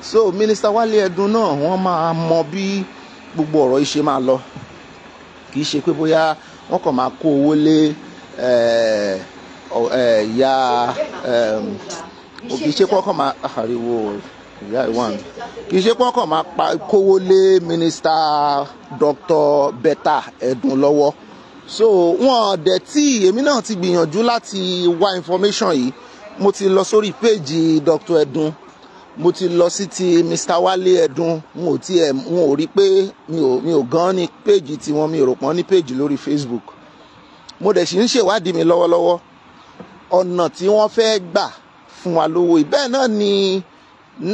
so Minister Wálé Ẹdùn náà wọ́n máa mọ bí gbogbo ọ̀rọ̀ yìí ṣe máa lọ kì í ṣe pé bóyá wọ́n kàn máa kó owó lé eh, eh, ìyá ehm, kì í ṣe pé kàn máa ariwo ìyá ìwọ̀n kì í ṣe pé kàn máa kówó lé mínísítà Dr. Betta Ẹdùn lọ́wọ́ so wọn dẹ̀ tí èmi náà ti gbìyànjú láti wá information yìí mo ti lọ sórí péèjì Dr. Edun mo ti lọ sí ti Mr. Wale Edun mo ti ẹ̀ mo ò rí pé mi ò mi ò gan ní péèjì tiwọn mi ò rò pọ́n ní péèjì lórí Facebook mo dẹ̀ sì ń ṣèwádìí mi lọ́wọ́lọ́wọ́ ọ̀nà tí wọ́n fẹ́ gbà fún wa lówó ìbẹ́ẹ̀ náà ni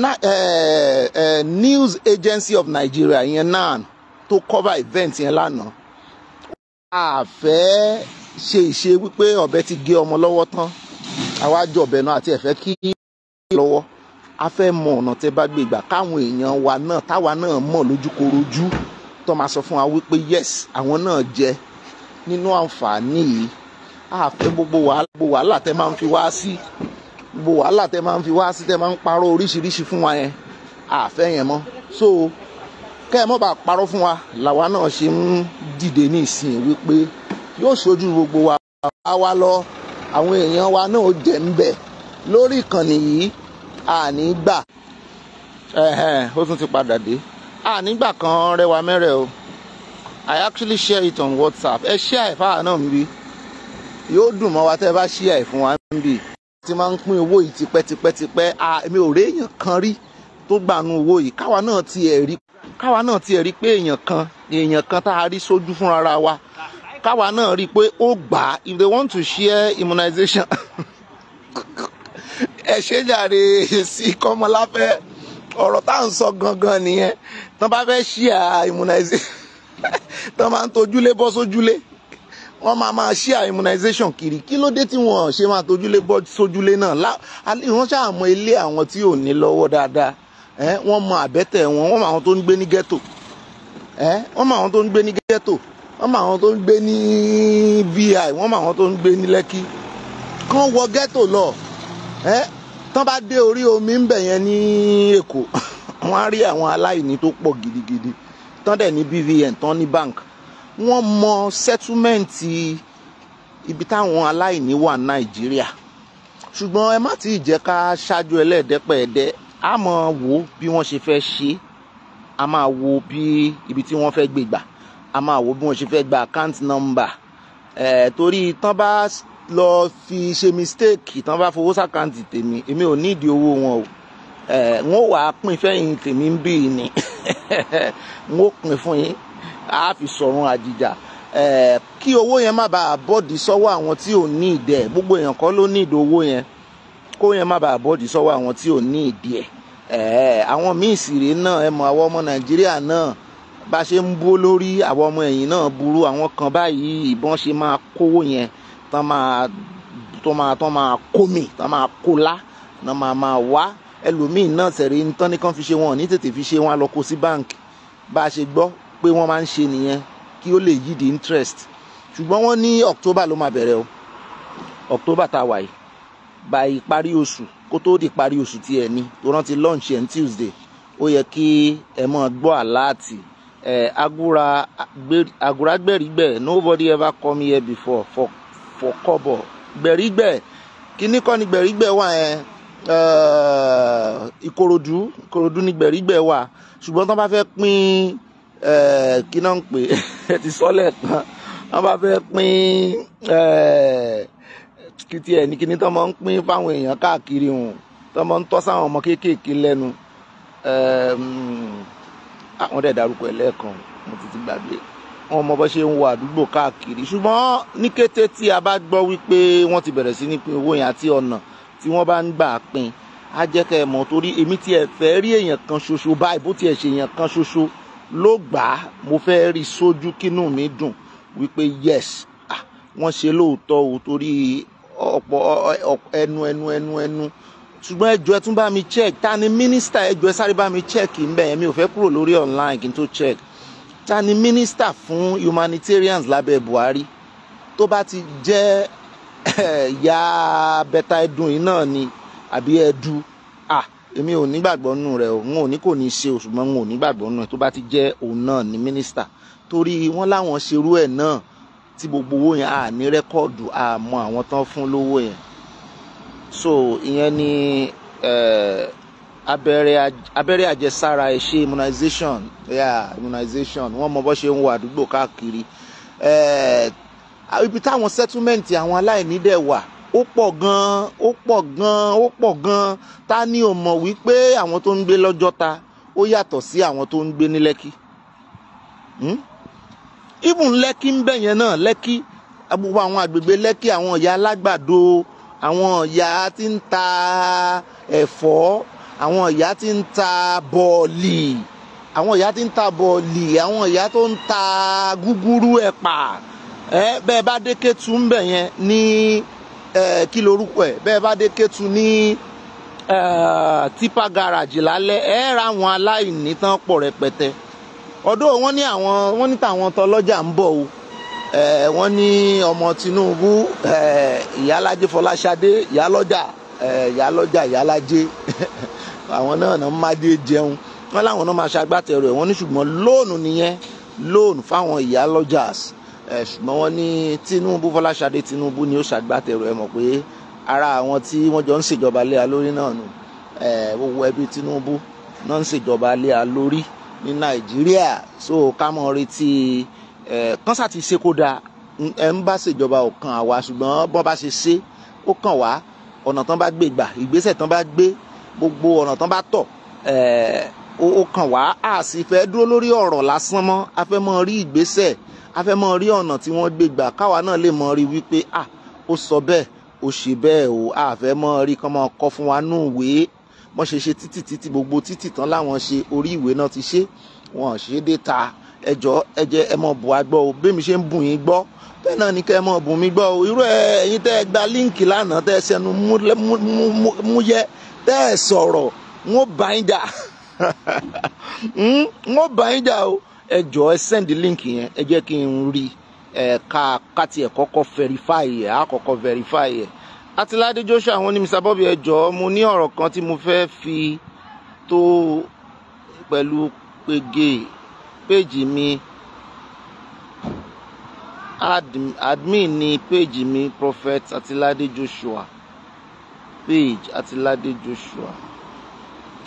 na, eh, eh, News Agency of Nigeria yẹn náà tó cover event yẹn lánàá a fẹ́ ṣe ìṣe wípé ọ̀bẹ ti gé ọmọ lọ́wọ́ tán àwa jọ náà àti ẹ̀fẹ́ kí lọ́wọ́ a fẹ́ mọ ọ̀nà tẹ́ bá gbé gbà káwọn èèyàn wa náà táwa náà mọ̀ lójúkorojú tó máa sọ fún wa wípé yes àwọn náà jẹ nínú àǹfààní yìí a fẹ́ gbogbo wàhálà tẹ́ máa ń fi wá sí gbogbo wàhálà tẹ́ máa ń fi wá sí tẹ́ máa ń parọ́ oríṣiríṣi fún wa yẹn a fẹ́ yẹn mọ́ so kẹ́ ẹ mọ́ bá parọ́ fún wa làwa náà ṣe ń dìde ní ìsìn wípé yóò ṣojú gbogbo wa wá lọ àwọn èèyàn wa náà jẹ́ ń bẹ̀ lórí ìkànnì yìí àní gbà ó tún ti padà dé àní gbà kan rẹwà mẹ́rẹ̀ o I actually share it on WhatsApp ẹ share ẹ̀ fáwọn náà ń bí yóò dùn mọ́ wa tẹ́ ẹ bá share ẹ̀ fún wa ń ti máa ń pín owó yìí tipẹ́tipẹ́tipẹ́ èmi ò rí èèyàn kan rí tó gbànú owó yìí káwa náà ti ẹ̀ rí káwa náà tiẹ̀ rí pé èèyàn kan èèyàn kan tá a rí sójú fúnra wa káwa náà rí pé ó gbà á if they want to share immunization <laughs> ẹ ṣe jàre sí kọ́mọláfẹ́ ọ̀rọ̀ tá à ń sọ gangan nìyẹn tán bá fẹ́ share immunization <laughs> tán máa ń tojúlé bọ́ sójúlé wọ́n máa máa share immunization kiri kí ló dé tí wọ́n ṣe máa tojúlé bọ́ sójúlé náà ìránṣẹ́ àmọ́ ilé àwọn tí ò ní lọ́wọ́ dáadáa wọ́n mọ àbẹ́tẹ̀ wọn wọ́n mọ àwọn tó ń gbé ní ghetto wọ́n mọ àwọn tó ń gbé ní ghetto wọ́n mọ àwọn tó ń gbé ní vi wọ́n mọ àwọn tó ń gbé ní lẹ́kí kán wọ ghetto lọ tán bá dé orí omi ń bẹ̀ yẹn ní èkó <laughs> wọ́n á rí àwọn aláìní tó pọ̀ gidigidi tán dẹ̀ ní BVN tán ní bank wọ́n mọ sẹ́túmẹ̀ǹtì ibi táwọn aláìní wà nàìjíríà ṣùgbọ́n ẹ má ti jẹ́ ká ṣáájú ẹlẹ́ẹ̀dẹ́pẹ̀ẹ́dẹ́ a máa wo bí wọ́n ṣe fẹ́ ṣe a máa wo bí ibi tí wọ́n fẹ́ gbé gbà a máa wo bí wọ́n ṣe fẹ́ gba account number ẹ̀ torí tán bá lọ fi ṣe mistake tán bá fowó sàkáǹtì tèmi èmi ò nídìí owó wọn o ẹ̀ n ó wàá pín fẹ́yìn tèmi ń bì ní <laughs> n ó pín fún yín a fi sọ̀run àjìjà ẹ̀ kí owó yẹn má bàa bọ́ọ̀dì sọ́wọ́ àwọn tí ò ní ìdẹ̀ gbogbo èèyàn kọ́ ló ní ìdí owó yẹn kó yẹn má bàa bọ́ọ̀dì sọ́wọ́ àwọn tí ò ní ìdí ẹ̀ ẹ̀ẹ́ àwọn míì sì rèé náà ẹ mọ̀ àwọn ọmọ nàìjíríà náà bá ṣe ń bó lórí àwọn ọmọ ẹ̀yìn náà burú àwọn kan báyìí ìbọn ṣe máa kówó yẹn tán máa tán máa tán máa kó mi tán máa kó lá tán máa máa wá ẹlòmíì náà sẹ̀rí tán ní kán fi ṣe wọn ní tètè fi ṣe wọn á lọ kó sí báǹkì bá a ṣe gbọ́ pé wọ́n máa ń ṣe nìyẹn kí ó lè yí di interest ṣùgbọ́n wọ́n ní October ló máa bẹ̀rẹ̀ o October tá a wà yìí by ìparí oṣù kó tó di ìparí oṣù tí ẹ ní tó rántí launch ẹ̀ ní Tuesday ó yẹ kí ẹ mọ̀ gbọ́ àláàtì ẹ agura agura gbẹ̀rígbẹ̀ nobody ever come here before for for kobo gbẹ̀rígbẹ̀ kíní kọ́ ni gbẹ̀rígbẹ̀ wà yẹn Ìkòròdú Ìkòròdú ni gbẹ̀rígbẹ̀ wà ṣùgbọ́n tó bá fẹ́ pín kí náà ń pè <laughs> ẹ ti sọ́lẹ̀ kan wọ́n bá fẹ́ pín kí tiẹ̀ ní kíní tó máa ń pín fáwọn èèyàn káàkiri hùn tó máa ń tọ́ sáwọn ọmọ kéékèèké lẹ́nu àwọn dẹ̀ darúkọ ẹ̀ lẹ́ẹ̀kan mo ti ti gbàgbé wọn ọmọ bó ṣe ń wọ àdúgbò káàkiri ṣùgbọ́n ní kété tí a bá gbọ́ wípé wọ́n ti bẹ̀rẹ̀ sí ní pín owó yẹn àti ọ̀nà tí wọ́n bá ń gbà pín á jẹ́ kẹ́ ẹ mọ̀ torí èmi tiẹ̀ fẹ́ rí èèyàn kan ṣoṣo báyìí bó tiẹ̀ ṣe èèyàn kan ṣoṣo ló gbà á mo fẹ́ rí sójú kínú mi dùn wípé yes wọ́n ṣe lóòótọ́ o torí ọ̀pọ̀ ẹnu ẹnu ẹnu ẹnu ṣùgbọ́n ẹjọ́ ẹ tún bá mi check ta ni mínísítà ẹjọ́ ẹ sáré bá mi check ńbẹ̀ yẹn mi ò fẹ́ kúrò lórí online kí n tó check ta ni minister fún humanitarians lábẹ́ Buhari tó bá ti jẹ́ eh, ìyá bẹ́tà ẹdùn yìí náà ni àbí ẹdù ah èmi ò nígbàgbọ́ nù rẹ̀ o n ò ní kò ní ṣe o ṣùgbọ́n n ò nígbàgbọ́ nù rẹ̀ tó bá ti jẹ́ òun náà ni mínísítà torí wọ́n láwọn ṣerú ẹ̀ náà tí gbogbo owó yẹn a ní rẹ́kọ̀dù a mọ àwọn tán fún lówó yẹn so ìyẹn ni abẹ́rẹ́ àjẹsára ẹ̀ṣẹ́ immunization yeah, immunization wọ́n mọ bó ṣe ń wọ àdúgbò káàkiri ibi táwọn settlement àwọn aláìní dẹ̀ wà ó pọ̀ gan-an ó pọ̀ gan-an ó pọ̀ gan-an ta ni ò mọ̀ wípé àwọn tó ń gbé lọ́jọ́ta ó yàtọ̀ sí àwọn tó ń gbé ní lẹ́kì. Hmm? even lẹ́kí ń bẹ̀ yẹn náà lẹ́kí gbogbo àwọn àgbègbè lẹ́kí àwọn ìyá alágbàdo àwọn ìyá tí ń ta ẹ̀fọ́ àwọn ìyá tí ń ta bọ̀ọ̀lì àwọn ìyá tí ń ta bọ̀ọ̀lì àwọn ìyá tó ń ta gúgúrú ẹ̀pà ẹ bẹ́ẹ̀ bá dé Kétu ń bẹ̀ yẹn ní kí lorúkọ ẹ̀ bẹ́ẹ̀ bá dé Kétu ní tipa garage lálẹ́ ẹ ra àwọn aláìní tán pọ̀ rẹpẹtẹ ọdọ wọn ní àwọn wọn ní tàwọn tọlọ́jà ń bọ̀ o wọ́n ní ọmọ Tinubu ìyálàjẹ Fọláṣadé ìyálọ́jà ìyálọ́jà ìyálàjẹ <laughs> àwọn náà náà má dé jẹun wọ́n láwọn náà máa ṣagbátẹrù ẹ̀ wọ́n ní ṣùgbọ́n lóònù nìyẹn lóònù fáwọn ìyálọ́jàs ṣùgbọ́n wọ́n ní Tinubu Fọláṣadé Tinubu ni ó ṣagbátẹrù ẹ̀ mọ̀ pé ara àwọn tí wọ́n jọ ń ṣèjọba lé a lórí náà nù gbogbo ẹbí Tinubu náà ń ṣèjọba lé lórí ní nàìjíríà so ká mọ retí ẹ kánsá ti ṣe kó dáa ẹ ń bá ṣèjọba ò kan àwa ṣùgbọ́n bọ́n bá ṣe ṣe ó kàn wá ọ̀nà tán bá gbé gbà ìgbésẹ̀ tán bá gbé gbogbo ọ̀nà tán bá tọ̀ ẹ ó kàn wá a sì fẹ́ dúró lórí ọ̀rọ̀ lásán mọ́ a fẹ́ mọ rí ìgbésẹ̀ a fẹ́ mọ rí ọ̀nà tí wọ́n gbé gbà káwa náà lè mọ rí wípé ah ó sọ bẹ́ẹ̀ ó ṣe bẹ́ẹ̀ o a fẹ́ mọ rí kán mọ kọ́ fún wa nù wèé wọ́n ṣe ṣe títì títì gbogbo títì tán láwọn ṣe orí ìwé náà ti ṣe wọ́n ṣe dé ta ẹjọ́ ẹjẹ ẹ mọ̀ bù wá gbọ́ o bẹ́ẹ̀ mi ṣe ń bù yín gbọ́ bẹ́ẹ̀ náà ni kẹ́ ẹ mọ̀ bù mí gbọ́ o irú ẹ̀yin tẹ́ ẹ gba líǹkì lánàá tẹ́ ẹ sẹ́nu múyẹ tẹ́ ẹ sọ̀rọ̀ n ó bá yín jà <laughs> hmm? n ó bá yín jà o ẹjọ́ ẹ sẹ́ndì líǹkì yẹn ẹ jẹ́ kí n rí ẹ̀ ká kọ́kọ́ verify ẹ̀ á kọ́kọ́ verify ẹ̀ Atiládé Joshua wọ́n ní Mr Bobby ẹ jọ̀ọ́ mo ní ọ̀rọ̀ kan tí mo fẹ́ fi tó pẹ̀lú pege péjì mi admin ni péjì mi prophet Atiládé Joshua page Atiládé Joshua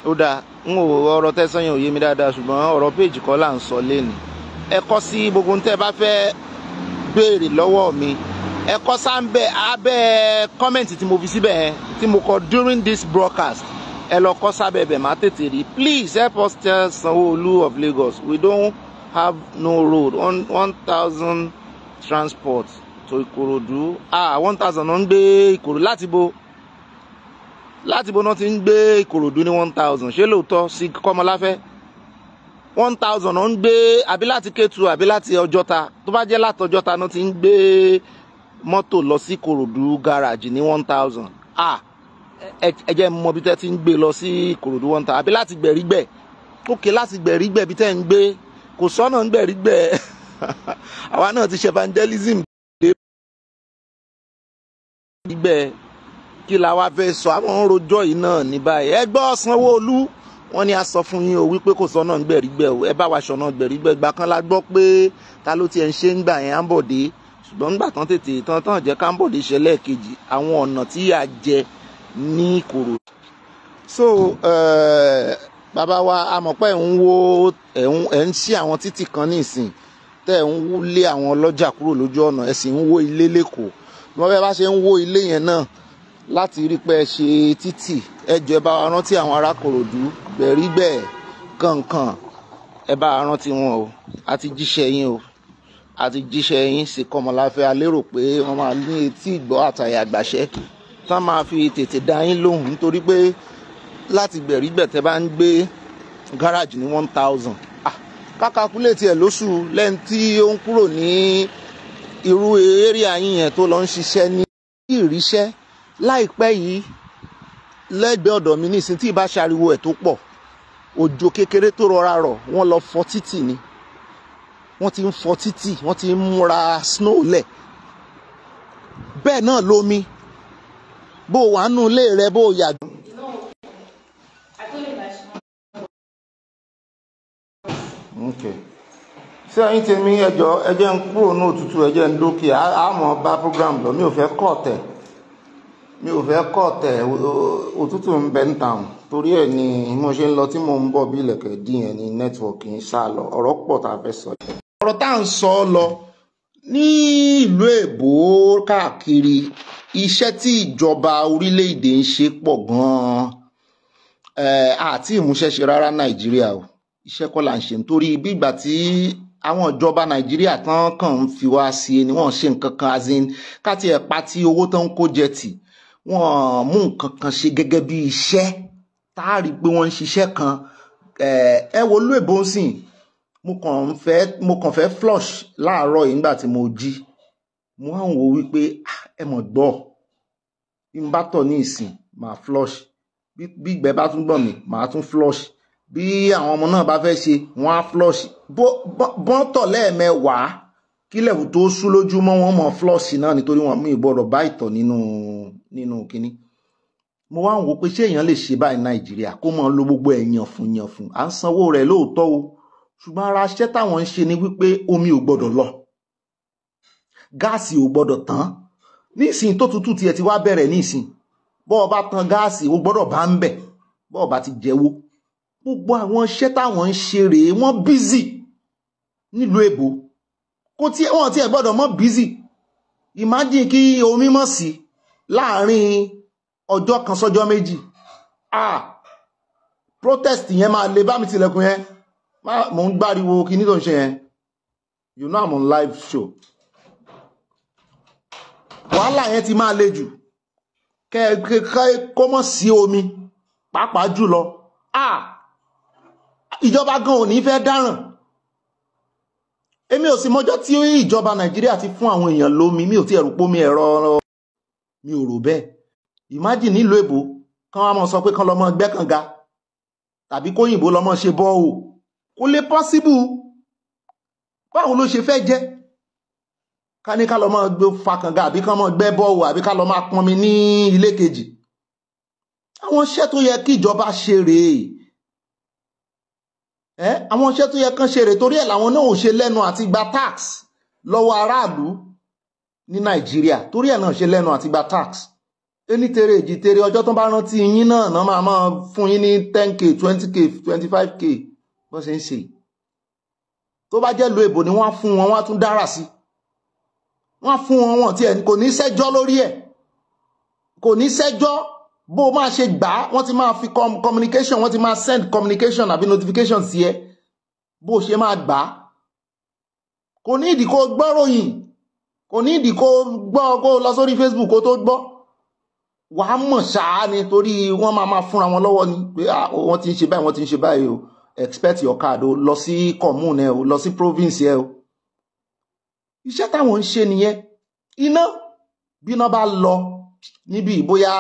ó dáa n ò ọ̀rọ̀ tẹsán yẹn ò yé mi dáadáa ṣùgbọ́n ọ̀rọ̀ péjì kọ́ là ń sọ lẹ́nu ẹ kọ sí gbogbo ohun bá fẹ́ béèrè lọ́wọ́ mi ẹ kọ sáńbẹ abẹ́ kọmẹǹtì tí mo fi síbẹ̀ yẹn tí mo kọ during this broadcast ẹ lọ kọ sábẹ́ bẹ má tètè rí please help us tell Sanwó-Olú of Lagos we don't have no road one one thousand transport to Ikorodu ah one thousand náà ń gbé Ikorodu láti bo láti bo náà ti ń gbé Ikorodu ní one thousand ṣé lóòótọ́ sí Kọ́mọláfẹ́ one thousand náà ń gbé àbí láti Kétu àbí láti Ọjọ́ta tó bá jẹ́ láti Ọjọ́ta náà ti ń gbé mọ́tò lọ sí Ìkòròdú gáràjì ní one thousand ah ẹ jẹ́ mọ bí tẹ́ ti ń gbé lọ sí Ìkòròdú one thousand àbí láti gbẹ̀rígbẹ̀ òkè láti gbẹ̀rígbẹ̀ bí tẹ́ ń gbé kò sọ́nà ń gbẹ̀rígbẹ̀ <laughs> àwa náà ti ṣe evangelism dé gbẹ̀ kí la wá fẹ́ sọ àwọn òròjọ́ yìí náà ní báyìí ẹ gbọ́ Sanwó-Olú wọ́n ní a sọ fún yín o wípé kò sọ́nà ń gbẹ̀rígbẹ̀ o ẹ bá wa ṣọ̀nà gbẹ̀rígbẹ̀ gbà kan la gbọ́ pé ta ló tiẹ̀ ń ṣe ń gbà yẹn á ń bọ̀ dé ṣùgbọ́n nígbà tán tètè tán tán jẹ́ kámbòdè ṣe lẹ́ẹ̀kejì àwọn ọ̀nà tí a jẹ ní ìkorò. so bàbá wa amọ̀pẹ́ ń wo ẹ̀ ń ṣí àwọn títì kan ní ìsìn tẹ́ ẹ̀ ń lé àwọn ọlọ́jà kúrò lójú ọ̀nà ẹ̀ sì ń wó ilé lẹ́kọ̀ọ́ bí wọ́n fẹ́ bá ṣe ń wó ilé yẹn náà láti rí pé ẹ ṣe títì ẹ jọ ẹ bá wa rántí àwọn ará bẹ̀rí bẹ́ẹ̀ kankan ẹ bá wa rántí wọn o àti jíṣẹ́ yín o àti jíṣẹ́ yín sí kọ́mọláfẹ́ alérò pé wọ́n máa ní etí ìgbọ́ àtàyà àgbàṣẹ́ tá máa fi tètè dá yín lóhùn nítorí pé láti gbẹ̀rígbẹ̀ tẹ́ bá ń gbé gáràjì ní one thousand kákàkúlẹ̀ tiẹ̀ lóṣù lẹ́yìn tí ó ń kúrò ní irú area yín yẹn tó lọ ń ṣiṣẹ́ ní ìríṣẹ́ láìpẹ́ yìí lẹ́gbẹ̀ẹ́ ọ̀dọ̀ mi nísìnyí tí ìbá ṣariwo ẹ̀ tó pọ̀ òjò kékeré tó rọra rọ̀ wọ́n lọ fọ́ títì ni wọ́n ti ń fọ títì wọ́n ti ń múra snow lẹ̀ bẹ́ẹ̀ náà lomi bó o wà nù ilé rẹ bó o yàgbọ́. okay ṣé ẹ̀yin tèmi ẹjọ́ ẹjẹ́ ń kúrò ní òtútù ẹjẹ́ ń dókè àmọ́ bá program lọ mi ò fẹ́ kọ́ ọ̀tẹ̀ mi ò fẹ́ kọ́ ọ̀tẹ̀ òtútù ń bẹ ń tàn torí ẹ̀ ni mo ṣe ń lọ tí mo ń bọ̀ bí ilẹ̀kẹ̀ dín yẹn ni nẹ́tíwọ̀kì ń sá lọ ọ̀rọ̀ pọ̀ tá a fẹ́ sọ ọ̀rọ̀ tá à ń sọ lọ ní ìlú èbó káàkiri iṣẹ́ tí ìjọba orílẹ̀-èdè ń ṣe pọ̀ gan-an àti ìmúṣẹ́ṣe rárá nàìjíríà o iṣẹ́ kọ́ là ń ṣe nítorí bí ìgbà tí àwọn ìjọba nàìjíríà tán kàn ń fi wá sí i ni ṣe nǹkan kan azin káti ẹ̀ pa tí owó tán ń kó jẹ tì wọ́n mú nǹkan kan ṣe gẹ́gẹ́ bí iṣẹ́ tá a rí i pé wọ́n ń ṣiṣẹ́ kan ẹ wo lóòbó sìn mo kàn fẹ́ mo kàn fẹ́ flush láàárọ̀ yìí nígbà tí mo jí mo wá ń wo wípé ah, ẹ mọ̀ gbọ́ bí n bá tọ̀ ní ìsìn màá flush bí ìgbẹ́ bá tún gbọ̀n mi màá tún flush bí àwọn ọmọ náà bá fẹ́ ṣe wọ́n á flush bọ́n tọ̀ lẹ́ẹ̀mẹwàá kílẹ̀ tó sú lójúmọ́ wọn mọ̀ flush náà nítorí wọn mú ìbọ̀rọ̀ bá ìtọ̀ nínú nínú kínní mo wá ń wo pé ṣé èèyàn lè ṣe báyìí Nàìjíríà kó mọ̀ lo gbogbo ẹ̀ yànfùnyànfùn à ń sanwó rẹ̀ lóòótọ́ o ṣùgbọ́n ara iṣẹ́ táwọn ń ṣe ni wípé omi ò gbọ́dọ̀ lọ gáàsì ò gbọ́dọ̀ tán nísìn tó tutù tiẹ̀ ti wá bẹ̀rẹ̀ nísìn bọ́ ọba tan gáàsì ó gbọ́dọ̀ bá ń bẹ̀ bọ́ ọba ti jẹ́wó gbogbo àwọn iṣẹ́ táwọn ń ṣe rèé wọ́n bízì nílùú èbó kó tí wọ́n tiẹ̀ gbọ́dọ̀ mọ́ bízì imagine kí omi mọ̀ sí láàrin ọjọ́ kan sọ́jọ́ méjì ah protest yẹn máa le bá mi tilẹ̀kùn yẹn mo ń gbáriwo kí ní tó ń ṣe yẹn you know I'm on live show wàhálà yẹn ti máa le jù kó mọ̀ sí omi pàápàá jùlọ ah! ìjọba gan ò ní fẹ́ dáràn èmi ò sì mọjọ́ tí ìjọba nàìjíríà ti fún àwọn èèyàn lómi mi ò ti ẹ̀rù pómi ẹ̀rọ mi ò rò bẹ́ẹ̀ ìmájì nílùú èbó kán wá mọ̀ sọ pé kán lọ́mọ gbẹ́kànga tàbí kóyìnbó lọ́mọ ṣe bọ́ọ̀ kò lè pọ́síbù báwo ló ṣe fẹ́ jẹ́ ká ní ká lọ máa gbé fakànga àbí ká máa gbẹ́ bọ́ọ̀wù àbí ká lọ máa pọnmi ní ilé kejì àwọn iṣẹ́ tó yẹ kí ìjọba ṣe rèé àwọn iṣẹ́ tó yẹ kán ṣe rèé torí ẹ̀ làwọn náà ò ṣe lẹ́nu àti gba tax lọ́wọ́ aráàlú ní nàìjíríà torí ẹ̀ náà ṣe lẹ́nu àti gba tax ẹni tere èjì tere ọjọ́ tó bá rántí yín náà náà máa máa fún yín ní ten k twenty k twenty five k bó ṣe ń ṣe yìí tó bá jẹ́ lu èbò ni wọ́n á fún wọn wọ́n á tún dára sí wọ́n á fún wọn wọn tiẹ̀ kò ní sẹ́jọ́ lórí ẹ̀ kò ní sẹ́jọ́ bó o máa ṣe gbà á wọ́n ti máa fi communication wọ́n ti máa send communication àbí notification sí ẹ bó o ṣe máa gbà á kò ní ìdí kó gbọ́ròyìn kò ní ìdí kó gbọ́ kó lọ sórí Facebook kó tó gbọ́ wàá mọ̀ ṣáá ni torí wọ́n máa máa fúnra wọn lọ́wọ́ ni pé ah, wọ́n ti ń ṣe báyìí wọ́n ti ń ṣe báyìí o expect your card o lọ sí commune ẹ o lọ sí province ẹ o iṣẹ́ táwọn ń ṣe nìyẹn iná bíná bá lọ níbi bóyá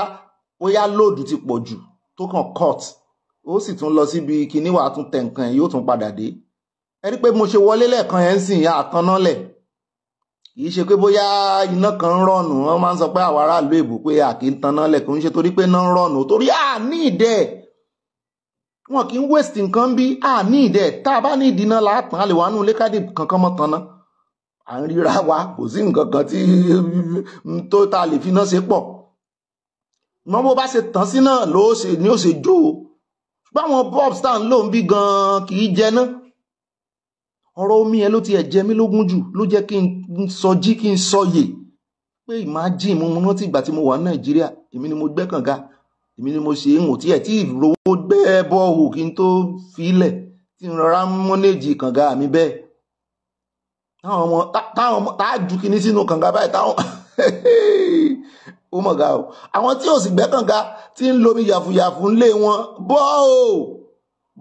bóyá lóòdù ti pọ̀ jù tó kàn cut ó sì tún lọ síbi kíní wàá tún tẹ̀ nǹkan yóò tún padà dé ẹ rí i pé mo ṣe wọlé lẹ́ẹ̀kan yẹn ń sìn ya àtànnálẹ̀ kìí ṣe pé bóyá iná kan ń rọ̀nù wọ́n máa ń sọ pé àwọn aráàlú èbò pé àkì ń kò ń ṣe torí pé iná ń rọ̀nù torí àní ìdẹ́ẹ̀ wọn kì í waste nǹkan bí a ní ìdẹ tá a bá ní ìdínà láàtàn àlè wà nù lẹ́kàdé kankan mọ́ tanná à ń ríra wa kò sí nǹkan kan tí tó ta lè fi náà ṣe pọ̀ mọ bó bá ṣe tàn sí náà ló ṣe ni ó ṣe jó o báwọn bobs tá à ń ń bí gan-an kì í jẹ náà ọ̀rọ̀ omi yẹn ló ti ẹ̀ jẹ mí lógún jù ló jẹ́ kí n sọ jí kí n sọ yè pé imagine mo rántí ìgbà tí mo wà ní Nàìjíríà èmi ni mo gbẹ́ èmi ni mo ṣe ń wò tí ẹ̀ tí ìrówó gbẹ́ bọ́ọ̀hù kí n tó filẹ̀ tí n rọra mọ́nẹ́jì kànga mi bẹ́ẹ̀ táwọn ọmọ táwọn ọmọ tá a ju kinní sínú kànga báyìí táwọn <laughs> ó mọ̀ ga o àwọn tí ò sì gbẹ́ kànga tí ń lomi yàfùyàfù ńlé wọn bọ́ọ̀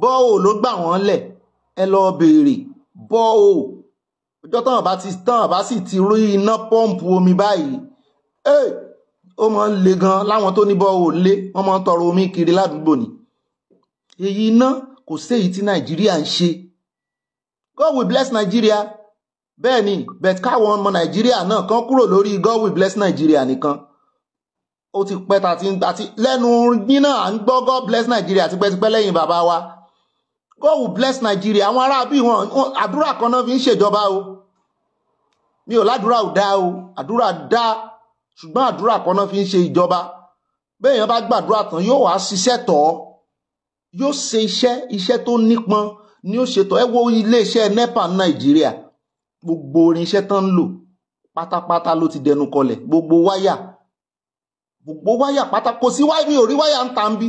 bọ́ọ̀ ló gbà wọ́n lẹ̀ ẹ lọ béèrè bọ́ọ̀ ọjọ́ táwọn bá sì ti rí iná pọ́ǹpù omi báyìí ó máa ń le gan láwọn tó ní bọ́ọ̀ lé wọ́n máa ń tọrọ omi kiri ládùúgbò ni èyí iná kò séyìí tí nàìjíríà ń ṣe God will bless Nigeria bẹ́ẹ̀ ni bẹ́ẹ̀ káwọn ọmọ nàìjíríà náà kan kúrò lórí God will bless Nigeria nìkan ó ti pẹ́ tàti àti lẹ́nu yín náà à ń gbọ́ God bless Nigeria tipẹ́tipẹ́ lẹ́yìn bàbá wa God will bless Nigeria àwọn aráàbí wọn àdúrà kan náà fi ń ṣèjọba o mi ò ládùúrà ò dáa o àdúrà dáa ṣùgbọ́n àdúrà kan náà fi ń ṣe ìjọba béèyàn bá gbàdúrà tán yóò wá ṣiṣẹ́ tọ̀ yóò ṣe iṣẹ́ iṣẹ́ tó nípọn ni ó ṣètò ẹ wo iléeṣẹ́ nepa nàìjíríà gbogbo irinṣẹ́ tán ń lò pátápátá ló ti dẹnu kọlẹ̀ gbogbo wáyà gbogbo wáyà pátá kò sí wáyà mi ò rí wáyà ń ta bí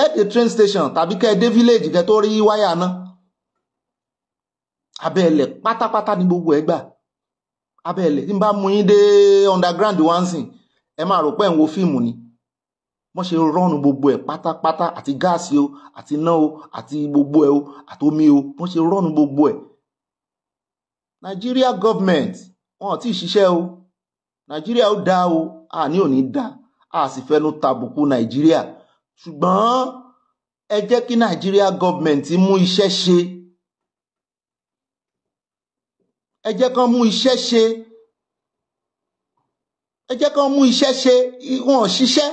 ẹ dé train station tàbí kẹ dé village kẹ tó rí wáyà náà abẹ́ ẹlẹ̀ pátápátá ni gbogbo ẹ gbà abẹ́ẹ̀lẹ̀ tí n bá mú yín dé underground one ń sìn ẹ máa rò pé ẹ̀ ń wo fíìmù ni wọ́n ṣe rọ́ọ̀nù gbogbo ẹ̀ pátápátá àti gáàsì o àti iná o àti gbogbo ẹ̀ o àti omi o wọ́n ṣe rọ́ọ̀nù gbogbo ẹ̀ Nigeria government wọn ò tí ì ṣiṣẹ́ o Nigeria ó dáa o àní ò ní dáa a sì fẹnu tàbùkù Nigeria ṣùgbọ́n ẹ jẹ́ kí Nigeria government mú iṣẹ́ ṣe ẹ jẹ́ kán mú iṣẹ́ ṣe ẹ jẹ́ mú iṣẹ́ ṣe wọn ṣiṣẹ́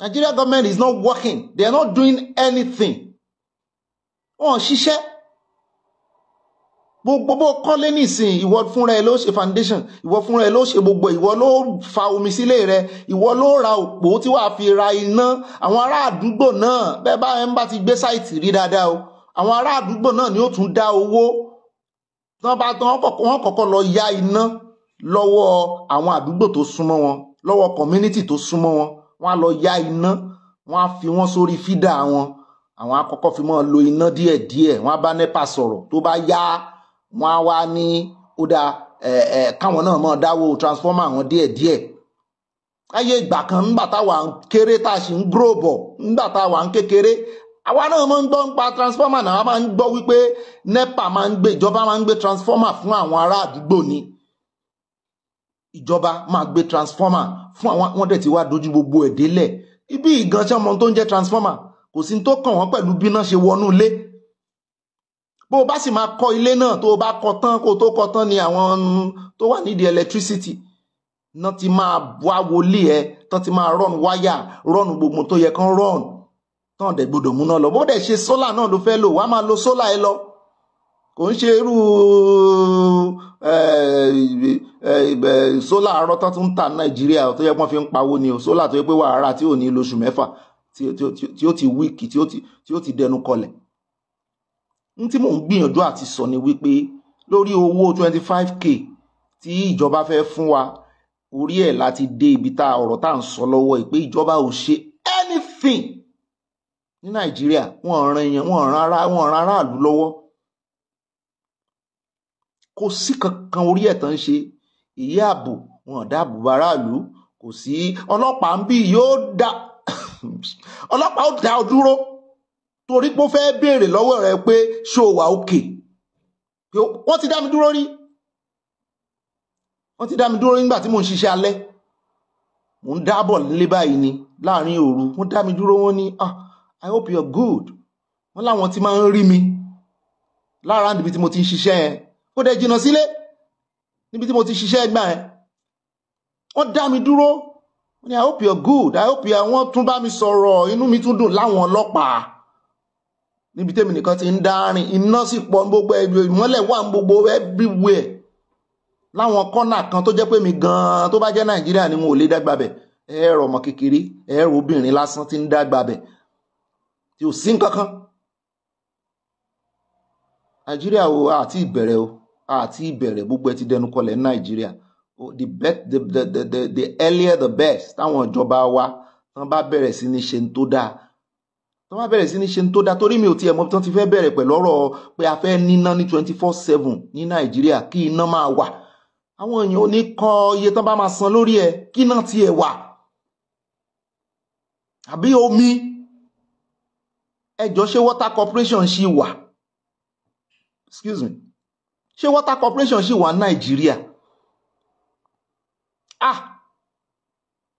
Nigeria government is not working they are not doing anything wọn ò ṣiṣẹ́ gbogbo bó kọ́lé nìsín ìwọ fúnra ẹ ló ṣe foundation ìwọ fúnra ẹ ló ṣe gbogbo ìwọ ló fa omi sílé rẹ ìwọ ló ra òpó tí wàá fi ra iná àwọn ará àdúgbò náà bẹ́ẹ̀ bá ẹ ń bá ti gbé sáìtì rí dáadáa o àwọn ará àdúgbò náà ni ó tún dá owó tán bá tán wọ́n kọ́kọ́ lọ ya iná lọ́wọ́ àwọn àdúgbò tó súnmọ́ wọn lọ́wọ́ community tó súnmọ́ wọn wọ́n á lọ ya iná wọ́n á fi wọ́n sórí fídà wọn àwọn akọ́kọ́ fi mọ́ lo iná díẹ̀díẹ̀ wọ́n á bá nepa sọ̀rọ̀ tó bá yá wọ́n á wá ní ó dáa ẹ̀ ẹ̀ káwọn náà mọ̀ dáwó transformer wọn díẹ̀díẹ̀ ayé ìgbà kan ńgbà táwa ń kéré tá a sì ń gúròbọ̀ ńgbà táwa ń kékeré àwa náà máa ń gbọ́ ń pa transformer náà a máa ń gbọ́ wípé nepa máa ń gbé ìjọba máa ń gbé transformer fún àwọn ará àdúgbò ni ìjọba máa gbé transformer fún àwọn wọn dẹ̀ ti wá dojú gbogbo ẹ̀ délẹ̀ ibi ìganṣẹ́ ọmọ tó ń jẹ́ transformer kò sí tó kàn wọ́n pẹ̀lú bí náà ṣe wọnú ilé bó o bá sì máa kọ́ ilé náà tó o bá kọ́ tán kó o tó kọ́ tán ni àwọn tó wà nídìí electricity náà ti máa wá wọlé ẹ tán ti máa run. wáyà rọ́ọ̀nù gbogbo tó yẹ kán rọ́ọ̀nù náà dẹ̀ gbọ́dọ̀ múná lọ bó dẹ̀ ṣe sólà náà ló fẹ́ lò wàá máa lo sólà ẹ lọ kò ń ṣe irú sólà arọ tó tún tà nàìjíríà tó yẹ kó fi ń pawó ni o sólà tó yẹ pé wàá rà tí ò ní lóṣù mẹ́fà tí ó ti wíìkì tí ó ti dẹnu kọlẹ̀ n tí mò ń gbìyànjú àti sọ ni wípé lórí owó twenty k tí ìjọba fẹ́ fún wa orí ẹ̀ láti dé ibi tá ọ̀rọ̀ tá à ń sọ lọ́wọ́ ìpé ìjọba ò ṣe anything ní nàìjíríà wọn ò ran èèyàn wọn ò ran ara wọn ò ran aráàlú lọ́wọ́ kò sí kankan orí ẹ̀ tán ṣe ìyá ààbò wọn ò dáàbò bo aráàlú kò sí ọlọ́pàá ń bí yóò dá <coughs> ọlọ́pàá ó dá ọ dúró torí pé ó fẹ́ béèrè lọ́wọ́ rẹ pé ṣó wà òkè wọ́n ti dá mi dúró rí wọ́n ti dá mi dúró nígbà tí mò ń ṣiṣẹ́ alẹ́ mò ń dábọ̀ nílé báyìí ni láàrin òru wọ́n dá mi dúró wọ́n ní ah I hope you are good wọ́n láwọn ti máa ń rí mi lára níbi tí mo ti ń ṣiṣẹ́ yẹn ó dẹ̀ jìnnà sílé níbi tí mo ti ṣiṣẹ́ gbà yẹn wọ́n dá mi dúró wọ́n ní I hope you are good I hope you are wọ́n tún bá mi sọ̀rọ̀ inú mi tún dùn láwọn ọlọ́pàá níbi tẹ́mi nìkan ti ń dá rìn iná sì pọ̀ ní gbogbo ẹ̀bí ìmọ́lẹ̀ wà ní gbogbo everywhere láwọn kọ́nà kan tó jẹ́ pé mi gan-an tó bá jẹ́ Nàìjíríà ni mo ò lè dàgbà bẹ̀ ẹ̀rọ ọmọ kékeré ẹ̀rọ obìnrin lásán ti ń dàgbà bẹ̀ tí ò sí nǹkankan nàìjíríà o àti ìbẹ̀rẹ̀ o àti ìbẹ̀rẹ̀ gbogbo ẹ ti dẹnu kọlẹ̀ ní nàìjíríà the best the the the the earlier the best táwọn ìjọba wa tán bá bẹ̀rẹ̀ sí ní ṣe ń tó dáa tán bá bẹ̀rẹ̀ sí ní ṣe tó dáa torí mi ò tiẹ̀ mọ̀ tán ti fẹ́ bẹ̀rẹ̀ pẹ̀lú ọ̀rọ̀ pé a fẹ́ níná ní twenty four seven ní nàìjíríà kí iná máa wà àwọn èèyàn ò ní kọ iye tán bá máa san lórí ẹ kí iná tiẹ̀ wà àbí omi ẹjọ́ ṣé water corporation ṣì wà excuse me ṣé water corporation ṣì wà nàìjíríà ah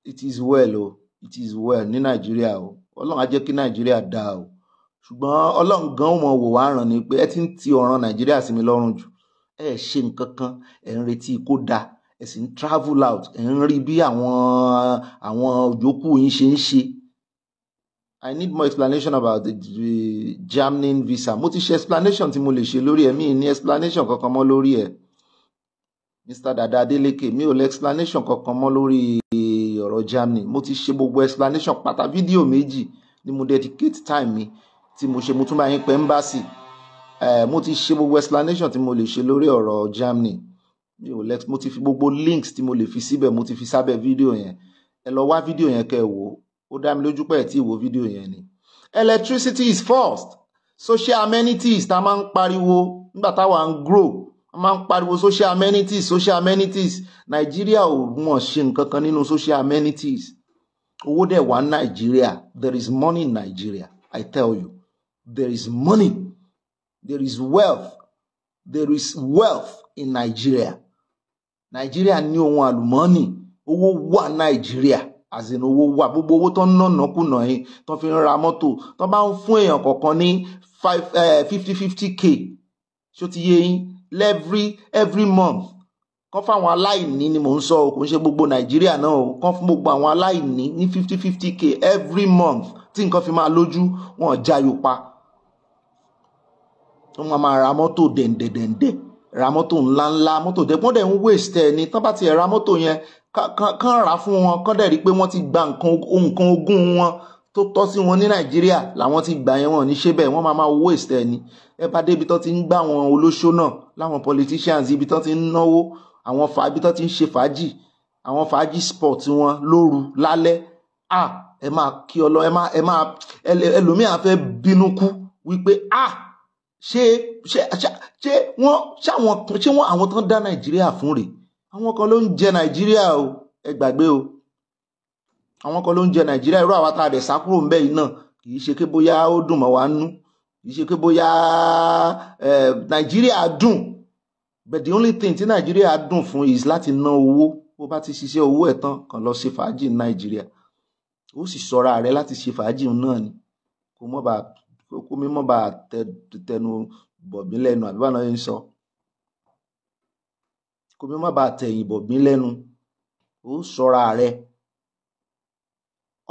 it is well o it is well ní nàìjíríà o ọlọ́run á jẹ́ kí nàìjíríà dáa o ṣùgbọ́n ọlọ́run gan mọ̀ wò wá ràn ní pé ẹ ti ń ti ọ̀ràn nàìjíríà sí mi lọ́rùn jù ẹ ṣe nǹkan kan ẹ ń retí kó dáa ẹ sì ń travel out ẹ ń rí bí àwọn àwọn òjòkú yín ṣe ń ṣe I need more explanation about the, the Germany visa. Mo ti ṣe explanation tí mo lè ṣe lórí ẹ̀ mi ní explanation kankan mọ́ lórí ẹ̀. Mr. Dada Adeleke mi ò lè explanation kankan mọ́ lórí ọ̀rọ̀ Germany. Mo ti ṣe gbogbo explanation pata video meji ni mo dedicate time mi tí mo ṣe mo tún bá yín pé embassy. Eh, mo ti ṣe gbogbo explanation tí mo lè ṣe lórí ọ̀rọ̀ Germany. Mi ò lè mo ti fi gbogbo links tí mo lè fi síbẹ̀ mo ti fi sábẹ́ video yẹn. Ẹ lọ wá fídíò yẹn kẹ́ ẹ ó dá mi lójú pé ẹ ti fídíò yẹn ni electricity is first social amenities tá a máa ń pariwo nígbà táwa ń grow a máa ń pariwo social amenities social amenities nàìjíríà ò mọ̀ ṣe nǹkan kan nínú social amenities owó dẹ̀ wà nàìjíríà there is money in Nigeria I tell you there is money there is wealth there is wealth in Nigeria Nigeria ní ohun àlùmọ́ọ́nì owó wà Nigeria àzìnà owó wà gbogbo owó tó ń nànà kùnà yín tó fi ń ra mọ́tò tó bá ń fún èèyàn kọ̀ọ̀kan ní eh, fifty fifty k ṣó ti yé yín every every month kán fáwọn aláìní ni mò ń sọ kò ń ṣe gbogbo nàìjíríà náà o kán fún gbogbo àwọn aláìní ní fifty fifty k every month tí nǹkan fi máa lójú wọn jayò pa wọn máa ra mọ́tò dẹ̀ǹdẹ̀dẹ̀ǹdẹ̀ ra mọ́tò ńláńlá mọ́tò dẹ̀ wọ́n dẹ̀ ń waste ẹ̀ ni bá ti ra mọ́tò yẹn kán rà fún wọn kán dẹ̀ rí pé wọ́n ti gba nǹkan ogún wọn tó tọ́ sí wọn ní nàìjíríà làwọn ti gbà yẹn wọn ní ṣe bẹ́ẹ̀ wọ́n máa máa waste ẹni ẹ bá débi tó ti ń gbà wọn olóṣó náà láwọn politicians ibi tó ti ń náwó àwọn fa ibi tó ti ń ṣe fàájì àwọn fàájì sport wọn lóru lálẹ́ à ẹ máa kí ọlọ ẹ máa ẹ máa ẹlòmíì á fẹ́ bínú kú wípé à ṣé ṣé ṣé wọ́n ṣé àwọn tó ń dá nàìjíríà fún rèé àwọn kan ló ń jẹ nàìjíríà o ẹ gbàgbé o àwọn kan ló ń jẹ nàìjíríà irú àwa tá a dẹ̀ sá kúrò ń bẹ́ yìí náà kì í ṣe pé bóyá ó dùn mọ́ wa nú kì í ṣe pé bóyá nàìjíríà dùn but the only thing tí nàìjíríà dùn fún is láti ná owó bó bá ti ṣiṣẹ́ owó ẹ̀ tán kàn lọ ṣe fàájì ní nàìjíríà ó sì sọra rẹ láti ṣe fàájì náà ni kó mọ́ bá kó mi mọ́ bá tẹnu bọ̀bí lẹ́nu àbí bá náà ń sọ kómi má bàa tẹ̀yìn bọ̀gbín lẹ́nu ó ṣọ́ra rẹ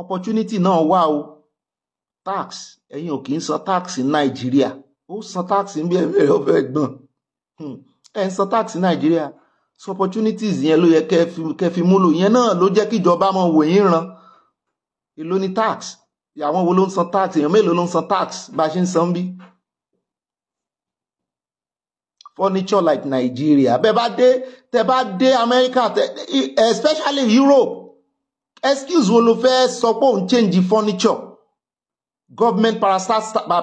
opportunity náà wà o tax ẹ̀yin ò kì í san tax ní nàìjíríà ó san tax ń bí ẹ̀mí rẹ̀ ó fẹ́ gbọ̀n hmm, ń san tax ní nàìjíríà so opportunities yẹn ló yẹ kẹ́ fi múlò yẹn náà ló jẹ́ kí ìjọba mọ wòyín ran èló ni tax àwọn wo ló ń san tax èèyàn mélòó ló ń san tax bá a ṣe ń san bí furniture like Nigeria bẹ́ẹ̀ bá dé tẹ́ bá dé America especially Europe excuse wo ló fẹ́ sọ pé òun change furniture government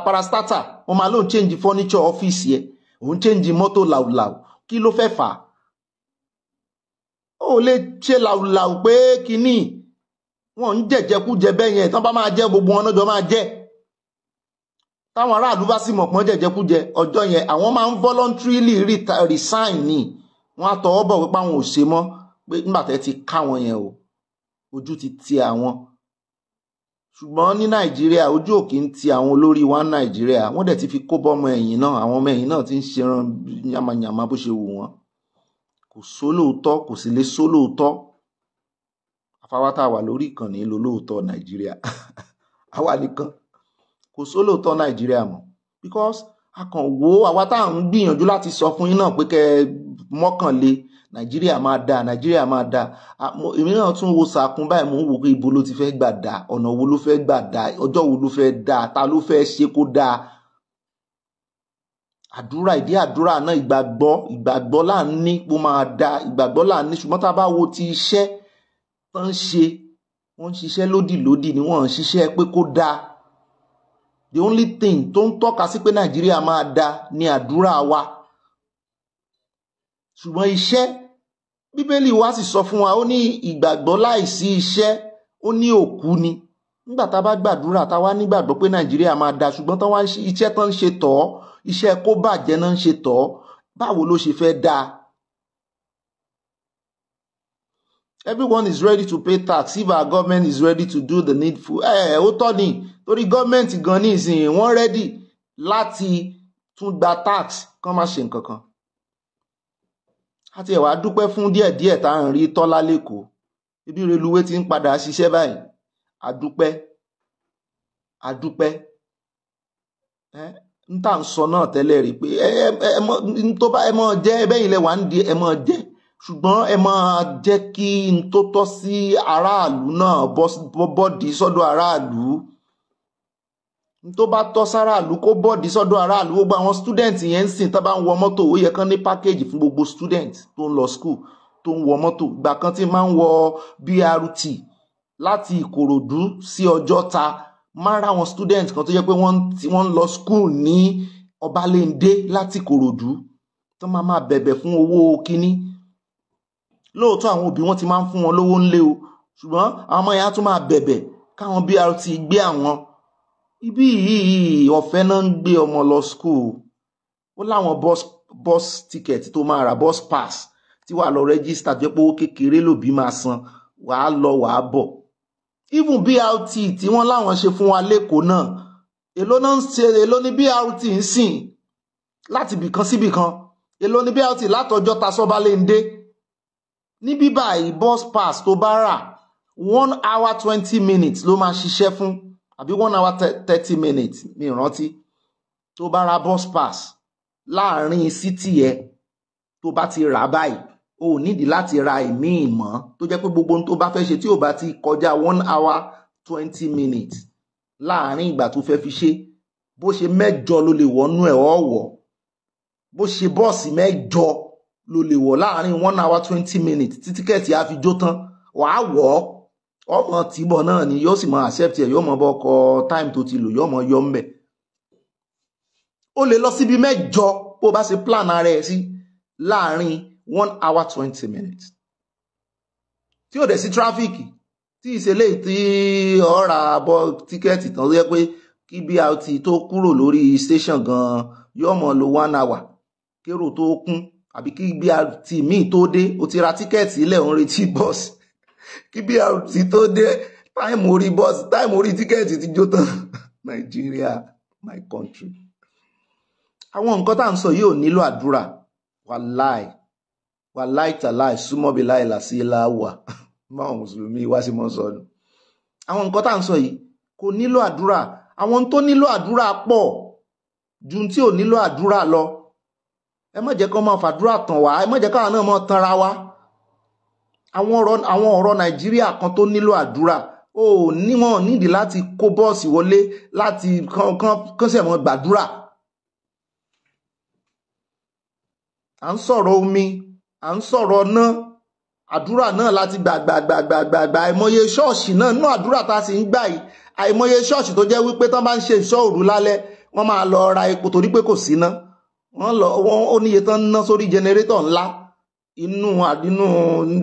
parastatal wọn máa lóun change furniture office yẹ òun change mọ́tò làwùlàwù kí ló fẹ́ fà á ó lè ṣe làwùlàwù pé kínní wọn ń jẹjẹkújẹ bẹ́ẹ̀ yẹn tán bá máa jẹ gbogbo wọn náà jọ máa jẹ táwọn aráàlú bá sì mọ̀ pọ́n jẹ̀jẹ̀kújẹ ọjọ́ yẹn àwọn máa ń voluntarily resign ni wọ́n á tọwọ́ bọ̀ pé àwọn ò ṣe mọ́ pé nígbà tẹ́ ti ká wọn yẹn o ojú ti ti àwọn ṣùgbọ́n ní nàìjíríà ojú òkè ń ti àwọn olórí wa nàìjíríà wọ́n dẹ̀ ti fi kó bọ́mọ ẹ̀yìn náà àwọn ọmọ ẹ̀yìn náà ti ń ṣeran yamayama bó ṣe wù wọ́n kò sólóòótọ́ kò sì lè sólóòótọ́ afáwátà wà lórí ìkànnì lólóòótọ́ nàìjíríà <laughs> àwa nìkan kò sólòótọ́ nàìjíríà mọ́ because a kàn wo àwa tá à ń gbìyànjú láti sọ fún yín náà pé kẹ́ mọ́kànlé nàìjíríà máa dà nàìjíríà máa dà èmi náà tún wo sàkún báyìí mò ń wò pé ibo ló ti fẹ́ gbà dà ọ̀nà wo ló fẹ́ gbà dà ọjọ́ wo ló fẹ́ dà ta ló fẹ́ ṣe kó dáa àdúrà ìdí àdúrà náà ìgbàgbọ́ ìgbàgbọ́ là ń ní pó máa da ìgbàgbọ́ là ń ní ṣùgbọ́n tá a bá wo ti iṣẹ́ tó ń ṣe wọ́n ń ṣiṣẹ́ lódìlódì ni wọ́n ń ṣiṣẹ́ pé kó dáa the only thing tó ń tọ́ka sí pé nàìjíríà máa da ni àdúrà wa ṣùgbọ́n iṣẹ́ bíbélì wa sì sọ fún wa ó ní ìgbàgbọ́ láìsí iṣẹ́ ó ní òkú ni nígbà tá a bá gbàdúrà tá a wá nígbàgbọ́ pé nàìjíríà máa da ṣùgbọ́n tán wá iṣẹ́ tán ń ṣe tọ́ iṣẹ́ kó bàjẹ́ náà ń ṣe tọ́ báwo ló ṣe fẹ́ dáa everyone is ready to pay tax if our government is ready to do the needful ẹ eh, eh, ó tọ́ ni torí gọ́ọ̀mẹ̀ntì gan ní ìsìn wọ́n ready láti tún gba tax kán má ṣe nǹkan kan àti ẹ̀wà dúpẹ́ fún díẹ̀díẹ̀ tá à ń rí tọ́lá lẹ́kọ̀ọ́ ibi reluwé ti ń padà ṣiṣẹ́ báyìí àdúpẹ́ àdúpẹ́ n tá à ń sọ náà tẹ́lẹ̀ rí pé ẹ ẹ ẹ mọ ẹ mọ jẹ́ bẹ́yìn lẹ́wà ń di ẹ mọ jẹ́ ṣùgbọ́n ẹ máa jẹ́ kí n tó tọ́ sí aráàlú náà bọ́dì sọ́dọ̀ aráàlú n tó bá tọ́ sáráàlú kó bọ́dì sọ́dọ̀ aráàlú gbogbo àwọn student yẹn ń sìn tá bá ń wọ mọ́tò ó yẹ kán ní package fún gbogbo student tó ń lọ school tó ń wọ mọ́tò ìgbà kan tí máa ń wọ BRT láti Ìkòròdú sí Ọjọ́ta máa ń ráwọn student kan tó jẹ́ pé wọ́n ń lọ school ní Ọbalẹ́ndé láti Ìkòròdú tó máa máa bẹ̀bẹ̀ fún owó kínní lóòótọ́ àwọn òbí wọn ti máa ń fún wọn lówó ńlé o ṣùgbọ́n àwọn ọmọ yẹn tún máa bẹ̀bẹ̀ káwọn BRT gbé àwọn ibi yìí ọ̀fẹ́ náà ń gbé ọmọ lọ school ó láwọn bus bus ticket tó máa ra bus pass tí wàá lọ register tó yẹ pé owó kékeré lòbí máa san wàá lọ wàá bọ̀ even BRT tí wọ́n láwọn ṣe fún wa lẹ́kọ̀ọ́ náà èló náà ń ṣe èló ní BRT ń sìn láti bìkan síbìkan èló ní BRT látọjọ́ ta sọ́ba lè ń dé níbí báyìí bus pass tó bá rà one hour twenty minutes ló máa ṣiṣẹ́ fún àbí one hour thirty minutes mi rántí tó bá ra bus pass láàrin city ẹ tó bá ti rà báyìí o ò nídìí láti ra ìmí ìmọ̀ tó jẹ́ pé gbogbo ohun tó bá fẹ́ ṣe tí ò bá ti kọjá one hour twenty minutes láàrin ìgbà tó fẹ́ fi ṣe bó ṣe mẹ́jọ ló lè wọnú ẹ̀ ọ̀wọ̀ bó ṣe bọ́ọ̀sì mẹ́jọ ló lè wọ̀ láàrin one hour twenty minutes tí tíkẹ́ẹ̀tì á fi jó tán wàá wọ̀ ọ́ ọmọ tìbọ̀ ni yóò sì máa accept ẹ̀ yóò mọ bọ́ ọkọ̀ time to ti lò yóò mọ yọ ńbẹ̀. ó lè lọ síbi mẹ́jọ bó o bá ṣe plan ara ẹ̀ sí láàrin one hour twenty minutes. tí ò dẹ̀ sí tírafíkì tí ìṣẹ̀lẹ̀ tí ọ̀rà bọ́ tíkẹ́ẹ̀tì tán ló yẹ pé kí BRT tó kúrò lórí station gan-an yóò lo one hour Kero to kun àbí kí BRT míì tó dé o ti ra tíkẹ́ẹ̀tì ilẹ̀ òun retí bọ́ọ̀sì <laughs> kí BRT tó dé táìmù orí bọ́ọ̀sì táìmù orí tíkẹ́ẹ̀tì ti jó tán <laughs> Nàìjíríà my country àwọn nǹkan tá à ń sọ yìí ò nílò àdúrà wàláì wàláì tàláì súnmọ́bi láì làsí láwà <laughs> báwọn mùsùlùmí wá sí mọ́ sọnù àwọn nǹkan tá à ń sọ yìí kò nílò àdúrà àwọn tó nílò àdúrà pọ̀ ju tí ò nílò àdúrà lọ ẹ má jẹ́ kí wọ́n máa fàdúrà tàn wá ẹ má jẹ́ káwọn náà máa tanra wá àwọn ọ̀rọ̀ àwọn ọ̀rọ̀ nàìjíríà kan tó nílò àdúrà ó ní wọn nídìí láti kó bọ́ọ̀sì wọlé láti kán kán kán sẹ̀ mọ́ gbàdúrà à ń sọ̀rọ̀ omi à ń sọ̀rọ̀ ọ̀nà àdúrà náà láti gbàgbàgbàgbàgbà àìmọye ṣọ́ọ̀ṣì náà nínú àdúrà tá a sì ń gbà yìí àìmọye ṣọ́ọ̀ṣì tó jẹ́ wípé tán bá ń ṣe ìṣọ́ òru lálẹ́ wọ́n máa lọ ra epo torí pé kò sí náà wọ́n lọ wọ́n ó níye tán ná sórí jẹnẹrétọ̀ ńlá inú àdínú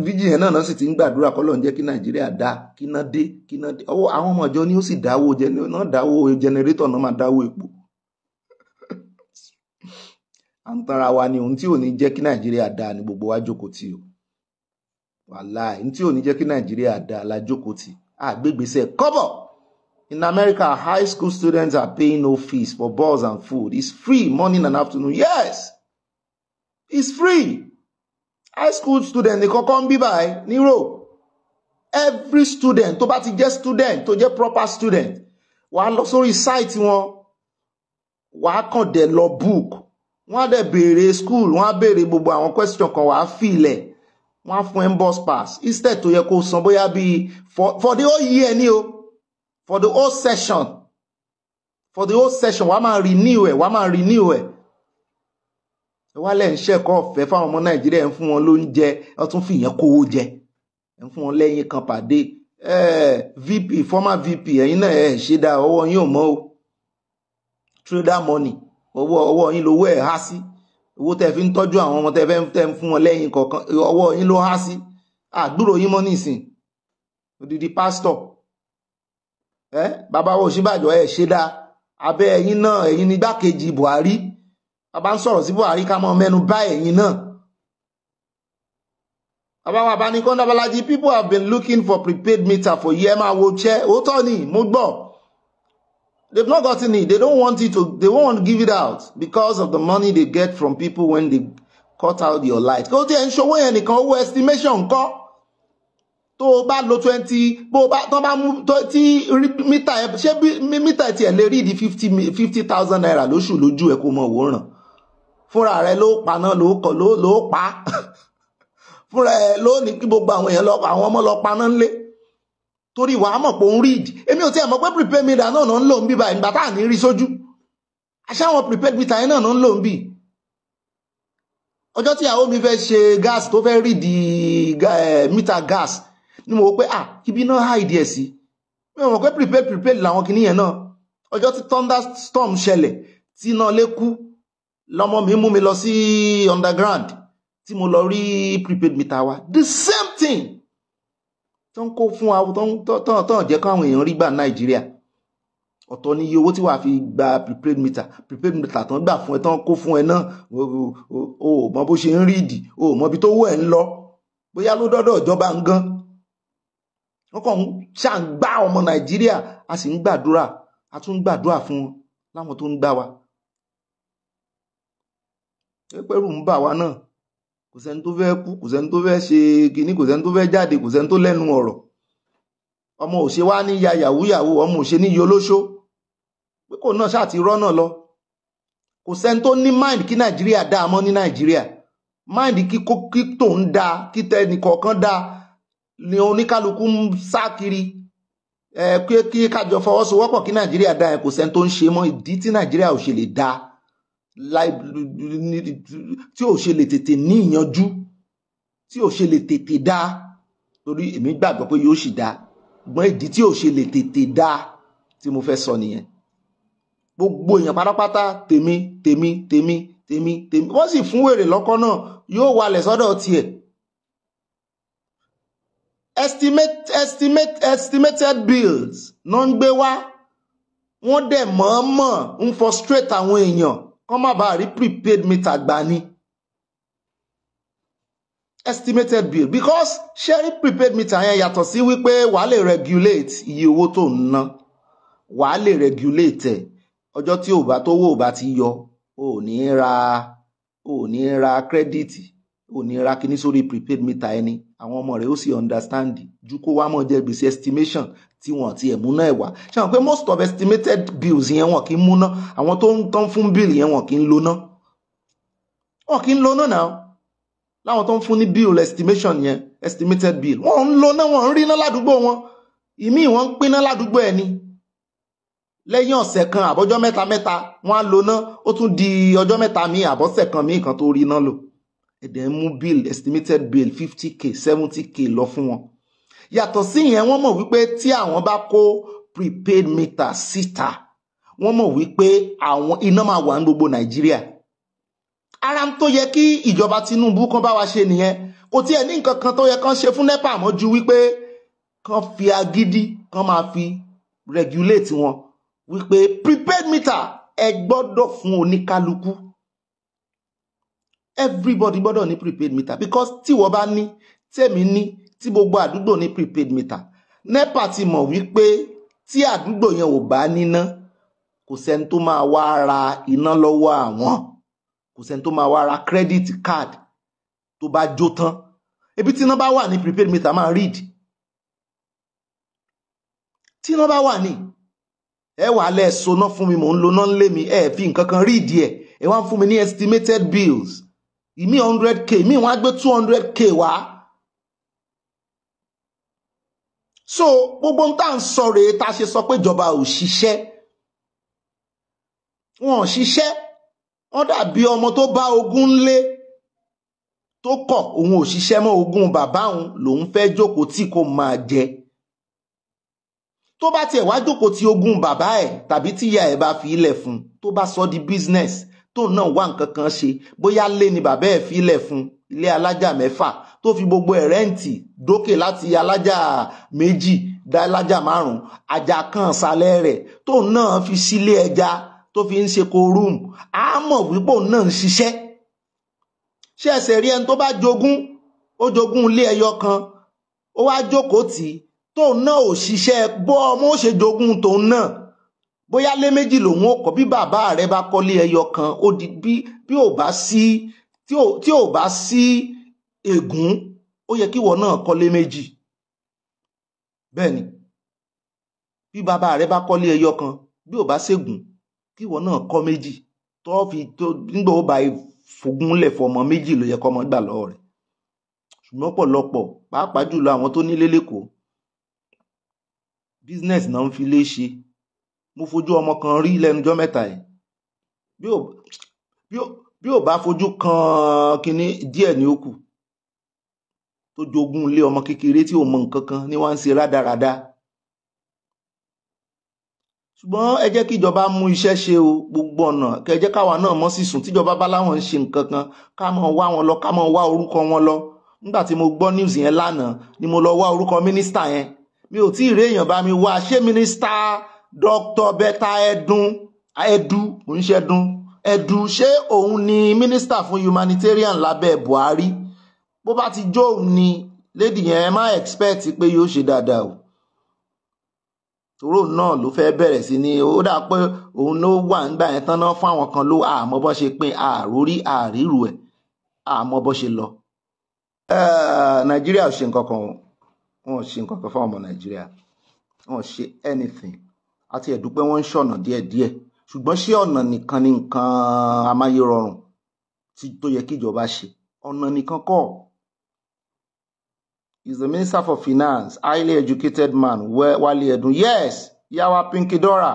fíjì yẹn náà náà sì ti ń gbàdúrà kọ́ lọ́n jẹ́ kí nàìjíríà dá kí ná dé kí ná dé ọwọ́ àwọn ọmọ ìjọ ni ó sì dáwó náà dáwó jẹnẹrétọ̀ náà máa dáwó epo à ń tanra wa ni ohun tí ò ní jẹ́ kí nàìjíríà dá ni gbogbo wa jókòó tì o wàláì ohun tí ò ní jẹ́ kí nàìjíríà dá la jókòó tì àgbègbèsè kọ́bọ̀. In America, high school students are paying no fees for balls and food. It's free morning and afternoon. Yes, it's free. High school students they can come be by Nero. Every student, to bá just student, to jẹ́ proper student, wàá lọ sórí site wọn, wàá kàn dẹ̀ lọ book. Wọ́n á dẹ̀ béèrè school, wọ́n á béèrè gbogbo àwọn question kan wàá fi ilẹ̀. Wọ́n á bus pass. Instead to yẹ kó san bóyá bíi for the whole year ni o for the whole session for the whole session wàá máa renew ẹ̀ wàá máa renew ẹ̀ ẹ wá lẹ́ ń ṣẹ̀kọ́ ọ̀fẹ́ fáwọn ọmọ nàìjíríà ẹ̀ ń fún wọn lóúnjẹ ẹ tún fi ìyẹn kówó jẹ ẹ̀ ń fún wọn lẹ́yìn kan pàdé vp former vp ẹ̀yin náà ẹ̀ ṣe dáa ọwọ́ yín ò mọ́ o trader money ọwọ́ ọwọ́ yín lówó ẹ̀ há sí owó tẹ́ fi ń tọ́jú àwọn ọmọ tẹ́ fẹ́ tẹ́ ń fún wọn lẹ́yìn kọ̀ọ̀kan ọwọ́ yín ló há sí àdúrò yín mọ́ nísìn odidi pásítọ̀ ẹ bàbá ẹ ṣe dáa abẹ́ ẹ̀yin náà ẹ̀yin ní igbákejì Buhari bàbá ń sọ̀rọ̀ sí Buhari ká mọ́ mẹ́nu bà ẹ̀yin náà. bàbá wa bá people have been looking for prepaid meter for year máa wo chair òótọ́ ni mo gbọ́ they've not got any. they don't want it to they won't give it out because of the money they get from people when they cut out your light kó tiẹ̀ ń ṣowó yẹn nìkan owó estimation kọ́ tó o bá lo twenty bó o bá tó bá mú tí mítà ẹ ṣé mítà ẹ tiẹ̀ lè rí ìdí fifty fifty thousand naira lóṣù lójú ẹ kó mọ òwòrán fúnra rẹ ló pa náà ló kọ ló ló pa <laughs> fúnra ẹ ló ní kí gbogbo àwọn èèyàn lọ àwọn ọmọ lọ pa náà ńlé torí ìwà àmọ̀ pé òun read èmi ò tiẹ̀ mọ̀ pé prepaid meter náà ń lò ń bì báyìí nígbà tá à ní rí sójú aṣáwọn prepaid meter yẹn náà ń lò ń bì ọjọ́ tí mi fẹ́ ṣe gas tó fẹ́ read eh, mítà gas ni mo wò pé à ibi náà háìdí ẹ̀ sí mi ò mọ̀ pé prepared prepared làwọn kìíní yẹn náà ọjọ́ tí thunderstorm ṣẹlẹ̀ tí iná lé kú lọ́mọ mi mú mi lọ sí underground tí mo lọ rí prepared meter wa the same thing tó ń kó fún wa tó ń jẹ́ káwọn èèyàn rí gbà Nàìjíríà ọ̀tọ̀ ni iye owó tí wàá fi gba prepaid meter prepaid meter tán gbà fún ẹ tán kó fún ẹ náà o ò mọ bó ṣe ń rídì o ò mọ ibi tó wọ̀ ẹ́ ń lọ bóyá ló dọ́dọ̀ ìjọba ń gan wọ́n kàn ń ṣàǹgbá ọmọ nàìjíríà a sì ń gbàdúrà a tún ń gbàdúrà fún wọn láwọn tó ń gbà wá pẹ́rù ń bà wá náà kò sẹ́ni tó fẹ́ kú kò sẹ́ni tó fẹ́ ṣe kínní kò sẹ́ni tó fẹ́ jáde kò sẹ́ni tó lẹ́nu ọ̀rọ̀ ọmọ òṣè wá ní ya yahoo ọmọ òṣè ní yolóṣó pé kò náà ṣáà ti rọ́nà lọ kò sẹ́ni tó ní mind kí nàìjíríà dá a mọ́ ní nàìjíríà mind kí tòun dáa kí tẹnì dáa ni oníkálukú ń sá kiri ẹ kí kí kájọ fọwọ́sowọ́pọ̀ kí nàìjíríà dá ẹ kò sẹ́ni tó ń ṣe mọ́ ìdí tí nàìjíríà ò ṣe lè dá tí ò ṣe lè tètè ní ìyanjú tí ò ṣe lè tètè dá torí èmi gbàgbọ́ pé yóò ṣì dá ṣùgbọ́n ìdí tí ò ṣe lè tètè dá tí mo fẹ́ sọ nìyẹn gbogbo èèyàn pátápátá tèmi tèmi tèmi tèmi tèmi wọ́n sì fún wèrè lọ́kọ́ náà yóò walẹ̀ sọ́dọ̀ tiẹ̀ estimate estimate estimated bills ló ń gbé wá wọ́n dẹ̀ mọ̀ọ́mọ̀ ń frustrate àwọn èèyàn kọ́ má bàa rí prepaid meter gbà ni estimated bill because ṣẹ́rí prepaid meter yẹn yàtọ̀ sí wípé wàá lè regulate iye owó tó ń ná wàá lè regulate ẹ̀ ọjọ́ tí ò bá tó wò bá ti yọ ò ní ra ò ní ra kírẹ́díìtì ò ní ra kíní sórí prepaid meter ẹni àwọn ọmọ rẹ̀ ó sì understand ju kó wá mọ̀ jẹ́ gbèsè estimation tí wọ́n ti ẹ̀ múná ẹ̀ ṣe àwọn pé most of estimated bills yẹn wọn kì í múná àwọn tó ń tán fún bill yẹn wọn kì í lóná wọn kì í lóná náà láwọn tó ń fún ní bill estimation yẹn estimated bill wọn ń lóná wọn ń ríná ládùúgbò wọn ìmíì wọn ń pinná ládùúgbò ẹ̀ ni lẹ́yìn ọ̀sẹ̀ kan àbọ̀jọ́ mẹ́ta mẹ́ta wọn á lóná ó tún di ọjọ́ mẹ́ta míì àbọ̀sẹ̀ kan míì kan tó ríná lò ẹ̀dẹ̀ ń mú bill estimated bill fifty k seventy k lọ fún wọn yàtọ̀ sí yẹn wọ́n mọ̀ wípé tí àwọn bá kó prepaid meter síta wọ́n mọ̀ wípé àwọn iná máa wà ní gbogbo nàìjíríà ara ń tó yẹ kí ìjọba Tinubu kan bá wa ṣe nìyẹn kò tiẹ̀ ní nǹkan kan tó yẹ kán ṣe fún nepa mọ́ ju wípé kán fi agídí kán máa fi regulate wọn wípé prepaid meter ẹ gbọ́dọ̀ fún oníkálukú everybody gbọ́dọ̀ ní prepaid meter because tí wọ́n bá ní tèmi ní tí gbogbo àdúgbò ní prepaid meter nepa ti mọ̀ wípé tí àdúgbò yẹn ò bá níná kò sẹ́ni tó máa wá ra iná lọ́wọ́ àwọn kò sẹ́ni tó máa wá ra credit card tó bá jó tán ebi tí iná bá wà ní prepaid meter máa read tí iná bá wà ní ẹ wà lẹ́ẹ̀sọ náà fún mi mò ń lo náà ń lé mi ẹ fi nǹkan kan read ẹ ẹ wá ń fún mi ní estimated bills ìmí hundred k ìmí wọn á gbé two hundred k wá. so gbogbo ń tà ń sọ rèé tá a ṣe sọ pé ìjọba ò ṣiṣẹ́ wọn ò ṣiṣẹ́ wọ́n dàbí ọmọ tó bá ogún lé tó kọ̀ òun ò ṣiṣẹ́ mọ́ ogún bàbá òun lòun fẹ́ jókòó tí kò máa jẹ tó bá tiẹ̀ wá jókòó ti ogún bàbá ẹ̀ tàbí tíya ẹ̀ bá fi ilẹ̀ fún tó bá sọ di business tóun náà wá nǹkan kan ṣe bóyá lé ni bàbá ẹ̀ filẹ̀ fún ilé alájà mẹ́fà tó fi gbogbo ẹ̀ rẹ́ǹtì dókè láti alájà méjì dá alájà márùn-ún àjà kan ṣàlẹ̀ rẹ̀ tóun náà fi sílé ẹja tó fi ń ṣe kòrúùmù á mọ̀ wípé òun náà ń ṣiṣẹ́ ṣé ẹsẹ̀ rí ẹni tó bá jogún ó jogún ilé ẹyọ kan ó wá jókòó tì tóun náà ò ṣiṣẹ́ bọ́ ọmọ ó ṣe jogún tóun náà bóyá lé méjì lòun ó kọ́ bí bàbá rẹ bá kọ́lé ẹyọ kan ó di bí bí ò bá sí tí ò bá sí ègún ó yẹ kí ìwọ náà kọ́lé méjì bẹ́ẹ̀ ni bí bàbá rẹ bá kọ́lé ẹyọ kan bí ò bá ṣègùn kí ìwọ náà kọ́ méjì tó fi tó nígbà ó bá fògúnlẹ̀ fọmọ méjì ló yẹ kọ́mọ gbà lọ́wọ́ rẹ̀ ṣùgbọ́n pọ̀lọpọ̀ pàápàá jùlọ àwọn tó nílé lẹ́kọ̀ọ́ business náà ń fi lé ṣe mo fojú ọmọ kan rí lẹ́nujọ́ mẹ́ta yìí bí ò bá fojú kan kínní díẹ̀ ní ó kù tó jogún ilé ọmọ kékeré tí ò mọ nǹkan kan ní wọ́n ń ṣe rádaràda ṣùgbọ́n ẹ jẹ́ kí ìjọba mú iṣẹ́ ṣe o gbogbo ọ̀nà kẹ jẹ́ káwa náà mọ́ sí tíjọba bá láwọn ń ṣe nǹkan kan ká mọ̀ wá wọn lọ ká mọ̀ wá orúkọ wọn lọ nígbà tí mo gbọ́ news yẹn lánàá ni mo lọ wá orúkọ mínísítà yẹn mi ò tí ì èèyàn bá mi wá ṣé mínísítà dr beta edun edu kò ń ṣẹdun edu ṣé òun ni minister fún humanitarian lábẹ́ buhari bó bá ti jó òun ni lady yẹn ẹ má expect pé yóò ṣe dáadáa o tòró náà ló fẹ́ bẹ̀rẹ̀ sí ni ó dáa pé òun ló wà nígbà yẹn tán náà fún àwọn kan ló àmọ́ bó ṣe pín àròrí àrírù ẹ̀ àmọ́ bó ṣe lọ. nàìjíríà ò ṣe nǹkan kan wọn ò ṣe nǹkan kan fáwọn ọmọ nàìjíríà wọn ò ṣe anything àti ẹ̀dúpẹ́ wọ́n ń ṣọ̀nà díẹ̀díẹ̀ ṣùgbọ́n ṣé ọ̀nà nìkan ni nǹkan amáyérọrùn tó yẹ kí ìjọba ṣe ọ̀nà nìkan kọ́ is the minister for finance highly educated man Wálé Ẹdùn yes yàwá Pinky Dora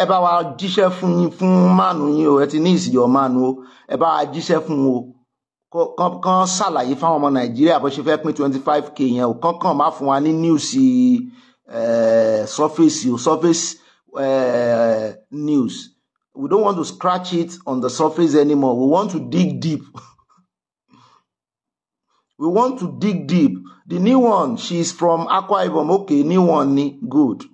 ẹ bá wa jíṣẹ́ fún yín fún mánu yín o ẹ ti ní ìsìyọ̀ mánu o ẹ bá wa jíṣẹ́ fún o kán ṣàlàyé fáwọn ọmọ Nàìjíríà bó ṣe fẹ́ pín twenty five k yẹn o kánkán má fún wa ní níùsì ẹ̀ẹ́ surface you surface uh, news. We don't want to scratch it on the surface anymore. We want to dig deep. <laughs> we want to dig deep. The new one, she's from Akwa Ibom. Okay, new one, ni good.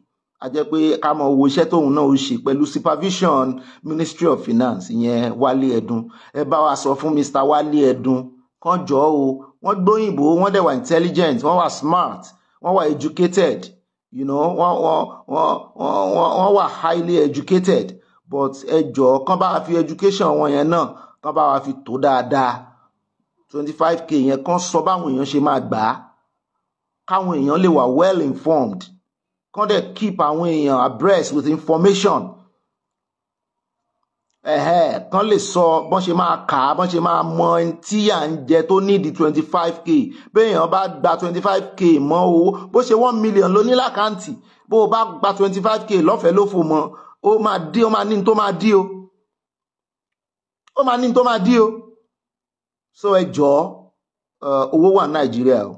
a jẹ́ pé ká mọ owó iṣẹ́ tóun náà ó ṣe pẹ̀lú supervision ministry of finance ìyẹn Wálé Ẹdùn ẹ bá wa sọ fún Mr. Wálé Ẹdùn kàn jọ o wọ́n gbóyìnbó wọ́n dẹ̀ intelligent wọ́n wà smart wọ́n wà educated you know wọ́n wọ́n wọ́n wọ́n wọ́n wà highly educated but ẹ jọ̀ọ́ kán bá wa fi education wọn yẹn náà kán bá wa fi tó dáadáa twenty five k yẹn kán sọ báwọn èèyàn ṣe máa gbà á káwọn èèyàn lè wà well informed kán dẹ̀ keep àwọn èèyàn abreast with information kán lè sọ bọ́n ṣe máa kà á bọ́n ṣe máa mọ tí à ń jẹ tó nídìí twenty five k béèyàn bá gba twenty five k mọ́ owó bó ṣe one million ló ní lákàntì bó o bá gba twenty five k lọ́fẹ̀ẹ́ ló fò mọ́ ó máa dí ó máa ní tó máa dí o ó máa ní tó máa dí o so ẹ jọ̀ọ́ eh, owó wà nàìjíríà o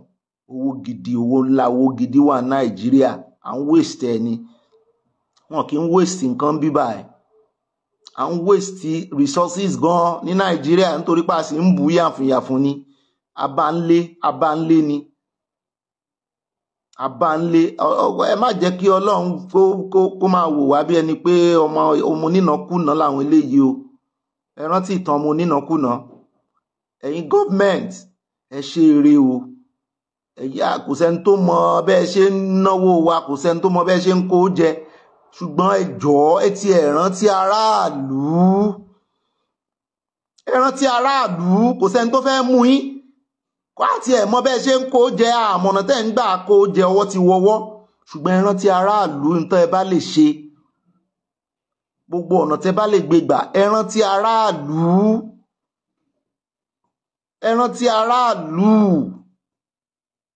owó gidi owó ńlá owó gidi wà nàìjíríà à ń waste ẹni wọn kì í waste nǹkan bíbá ẹ̀ à ń waste resources gan ní nàìjíríà nítorí pé a sì ń bù yàfùnyàfùn ni abánlé abánlé ni abánlé ẹ má jẹ́ kí ọlọ́run kó kó kó máa wò wá bí ẹni pé ọmọ ọmọ onínàkúnà làwọn eléyìí o ẹ rántí ìtàn ọmọ onínàkúnà ẹ̀yin government ẹ ṣe eré o ẹ̀yà kò sẹ́ni tó mọ bẹ́ẹ̀ ṣe ń náwó wa kò sẹ́ni tó mọ bẹ́ẹ̀ ṣe ń kó jẹ ṣùgbọ́n ẹ jọ̀ọ́ ẹ ti ẹ̀ rántí aráàlú ẹ rántí aráàlú kò sẹ́ni tó fẹ́ mú yín kó àti ẹ̀ mọ bẹ́ẹ̀ ṣe ń kó jẹ àmọ̀nà tẹ́ ń gbà kó jẹ ọwọ́ ti wọ́wọ́ ṣùgbọ́n ẹ rántí aráàlú nǹkan ẹ bá lè ṣe gbogbo ọ̀nà tẹ́ bá lè gbé gbà ẹ rántí aráàlú ẹ rántí aráàlú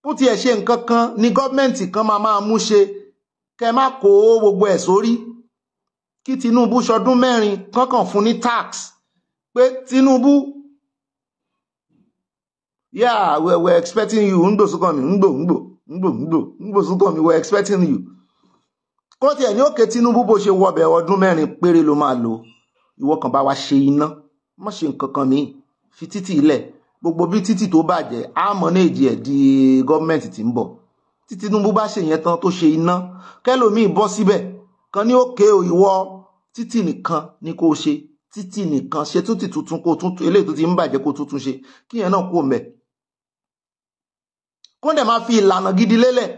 bó tiẹ̀ ṣe nǹkan kan ni gọ́ọ̀mẹ̀ntì kan máa máa mú ṣe kẹ má kó gbogbo ẹ̀ sórí kí Tinubu ṣọdún mẹ́rin kankan fún ní tax pé Tinubu yeah we were expecting you ń gbòsúkàn mi ń gbò ń gbò ń gbò ń gbò ń gbòsúkàn mi we were expecting you kó tiẹ̀ ní òkè Tinubu bó ṣe wọbẹ̀ ọdún mẹ́rin péré ló máa lò ìwọ kan bá wa ṣe iná má ṣe nǹkan kan míì fi títì ilẹ̀ gbogbo bí títì tó bàjẹ́ àmọ́ ní èjì ẹ̀ di gọ́ọ̀mẹ̀ntì tí ń bọ̀ tí Tinubu bá ṣe yẹn tán tó ṣe iná kẹlòmíì bọ́ síbẹ̀ kan ní òkè ìwọ títì nìkan ni kò ṣe títì nìkan ṣe tún ti tuntun kó tuntun eléyìí tó ti ń bàjẹ́ kó tuntun ṣe kí yẹn náà kó mẹ́. kó máa fi ìlànà gidi lélẹ̀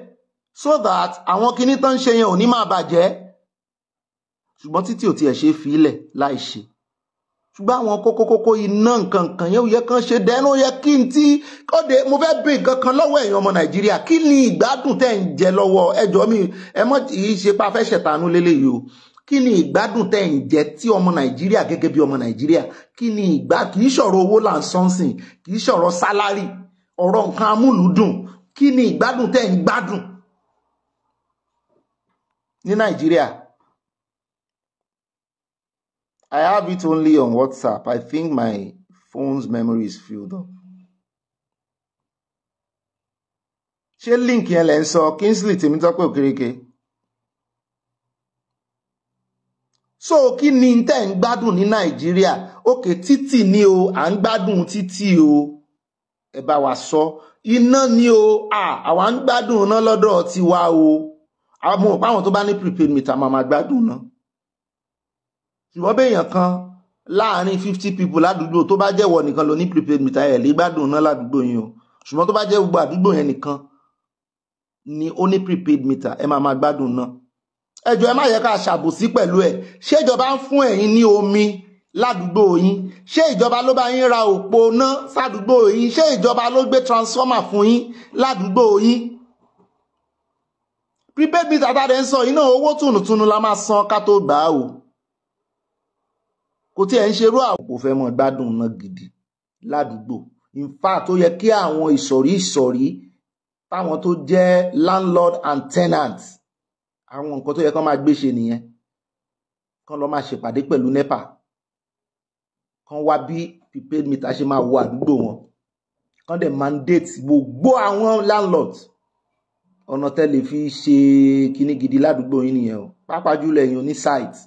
so that àwọn kinní tán ń ṣe yẹn ò ní máa bàjẹ́ ṣùgbọ́n títì ò tiẹ̀ ṣe fi ilẹ̀ láì ṣe ṣùgbọ́n àwọn kókókókó iná nǹkan kan yẹn ò yẹ kán ṣe dẹ́nu yẹ kí n tí kọ́de mo fẹ́ bí nǹkan kan lọ́wọ́ ẹ̀yin ọmọ nàìjíríà kí ni ìgbádùn tẹ̀ ń jẹ lọ́wọ́ ẹjọ́ mi ẹ mọ̀ yìí ṣe pa fẹ́ ṣẹ̀tàánú lélẹ́yìí o kí ni ìgbádùn tẹ̀ ń jẹ tí ọmọ nàìjíríà gẹ́gẹ́ bí ọmọ nàìjíríà kí ni ìgbà kì í ṣọ̀rọ̀ owó là ń sọ́nsìn kì í ṣọ̀rọ̀ sálárì ọ̀rọ̀ nǹkan ni ìgbádùn I have it only on WhatsApp. I think my phone's memory is filled up. ṣé link yẹn lẹ ń sọ Kingsley Tèmítọ́pẹ́ Òkereke. so kí ni tẹ́ ń gbádùn ní Nàìjíríà okay, Titi ni o à ń gbádùn títì o ẹ bá wa sọ iná ni o àwa ń gbádùn iná lọ́dọ̀ tiwa o àwọn òpáwọn tó bá ní prepaid meter máa ma gbádùn náà ṣùgbọ́n béèyàn kan láàrin fifty people ládùúgbò tó bá jẹ́wọ́ nìkan ló ní prepaid mita ẹ̀ lè gbádùn náà ládùúgbò yín o ṣùgbọ́n tó bá jẹ́ gbogbo àdúgbò yẹn nìkan ni ó ní prepaid meter ẹ máa máa gbádùn náà ẹ jọ̀ọ́ ẹ má yẹ ká ṣàbòsí pẹ̀lú ẹ̀ ṣé ìjọba ń fún ẹ̀yin ní omi ládùúgbò yín ṣé ìjọba ló bá yín ra òpó ná sádùúgbò yín ṣé ìjọba ló gbé transformer fún yín ládùúgbò yín prepaid mita tá a dẹ̀ ń sọ yìí náà owó tùnùtùnù la máa san ká tó gbà á o kò tí ẹ̀ ń ṣerú àwọn kò fẹ́ mọ́ gbádùn náà gidi ládùúgbò in fact ó yẹ kí àwọn ìsọ̀rí ìsọ̀rí táwọn tó jẹ́ landlord and tenant àwọn nǹkan tó yẹ kán máa gbé ṣe nìyẹn kán lọ máa ṣèpàdé pẹ̀lú nepa kán wá bí prepaid meter ṣe máa wo àdúgbò wọn kán dẹ̀ mandate gbogbo àwọn landlord ọ̀nà tẹ́lẹ̀ fi ṣe kíní gidi ládùúgbò yín nìyẹn o pàápàá jùlọ ẹ̀yin oní site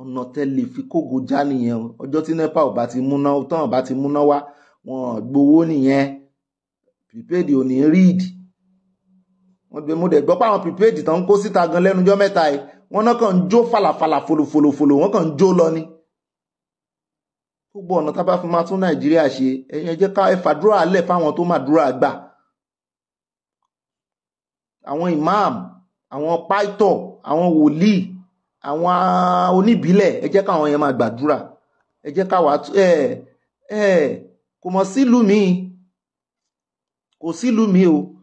ọ̀nà tẹ́lẹ̀ fi kógo já nìyẹn ọjọ́ tí nepa ò bá ti múná tán ò bá ti múná wá wọn gbowó nìyẹn prepaid ò ní read wọn gbé múdẹ gbọ́ pé àwọn prepaid tán ń kó síta gan lẹ́nujọ́ mẹ́ta yìí wọn náà kàn ń jó falafala fòlòfòlòfòlò wọn kàn ń jó lọ ni gbogbo ọ̀nà tá a bá fi máa tún nàìjíríà ṣe ẹ̀yin ẹ jẹ́ ká ẹ fàdúrà alẹ́ fáwọn tó máa dúrà gbà àwọn imam àwọn pító àwọn wòlíì àwọn oníbílẹ̀ ẹ jẹ́ káwọn yẹn máa gbàdúrà ẹ jẹ́ káwa ẹ ẹ kò mọ̀ sílùú mi kò sílùú mi o.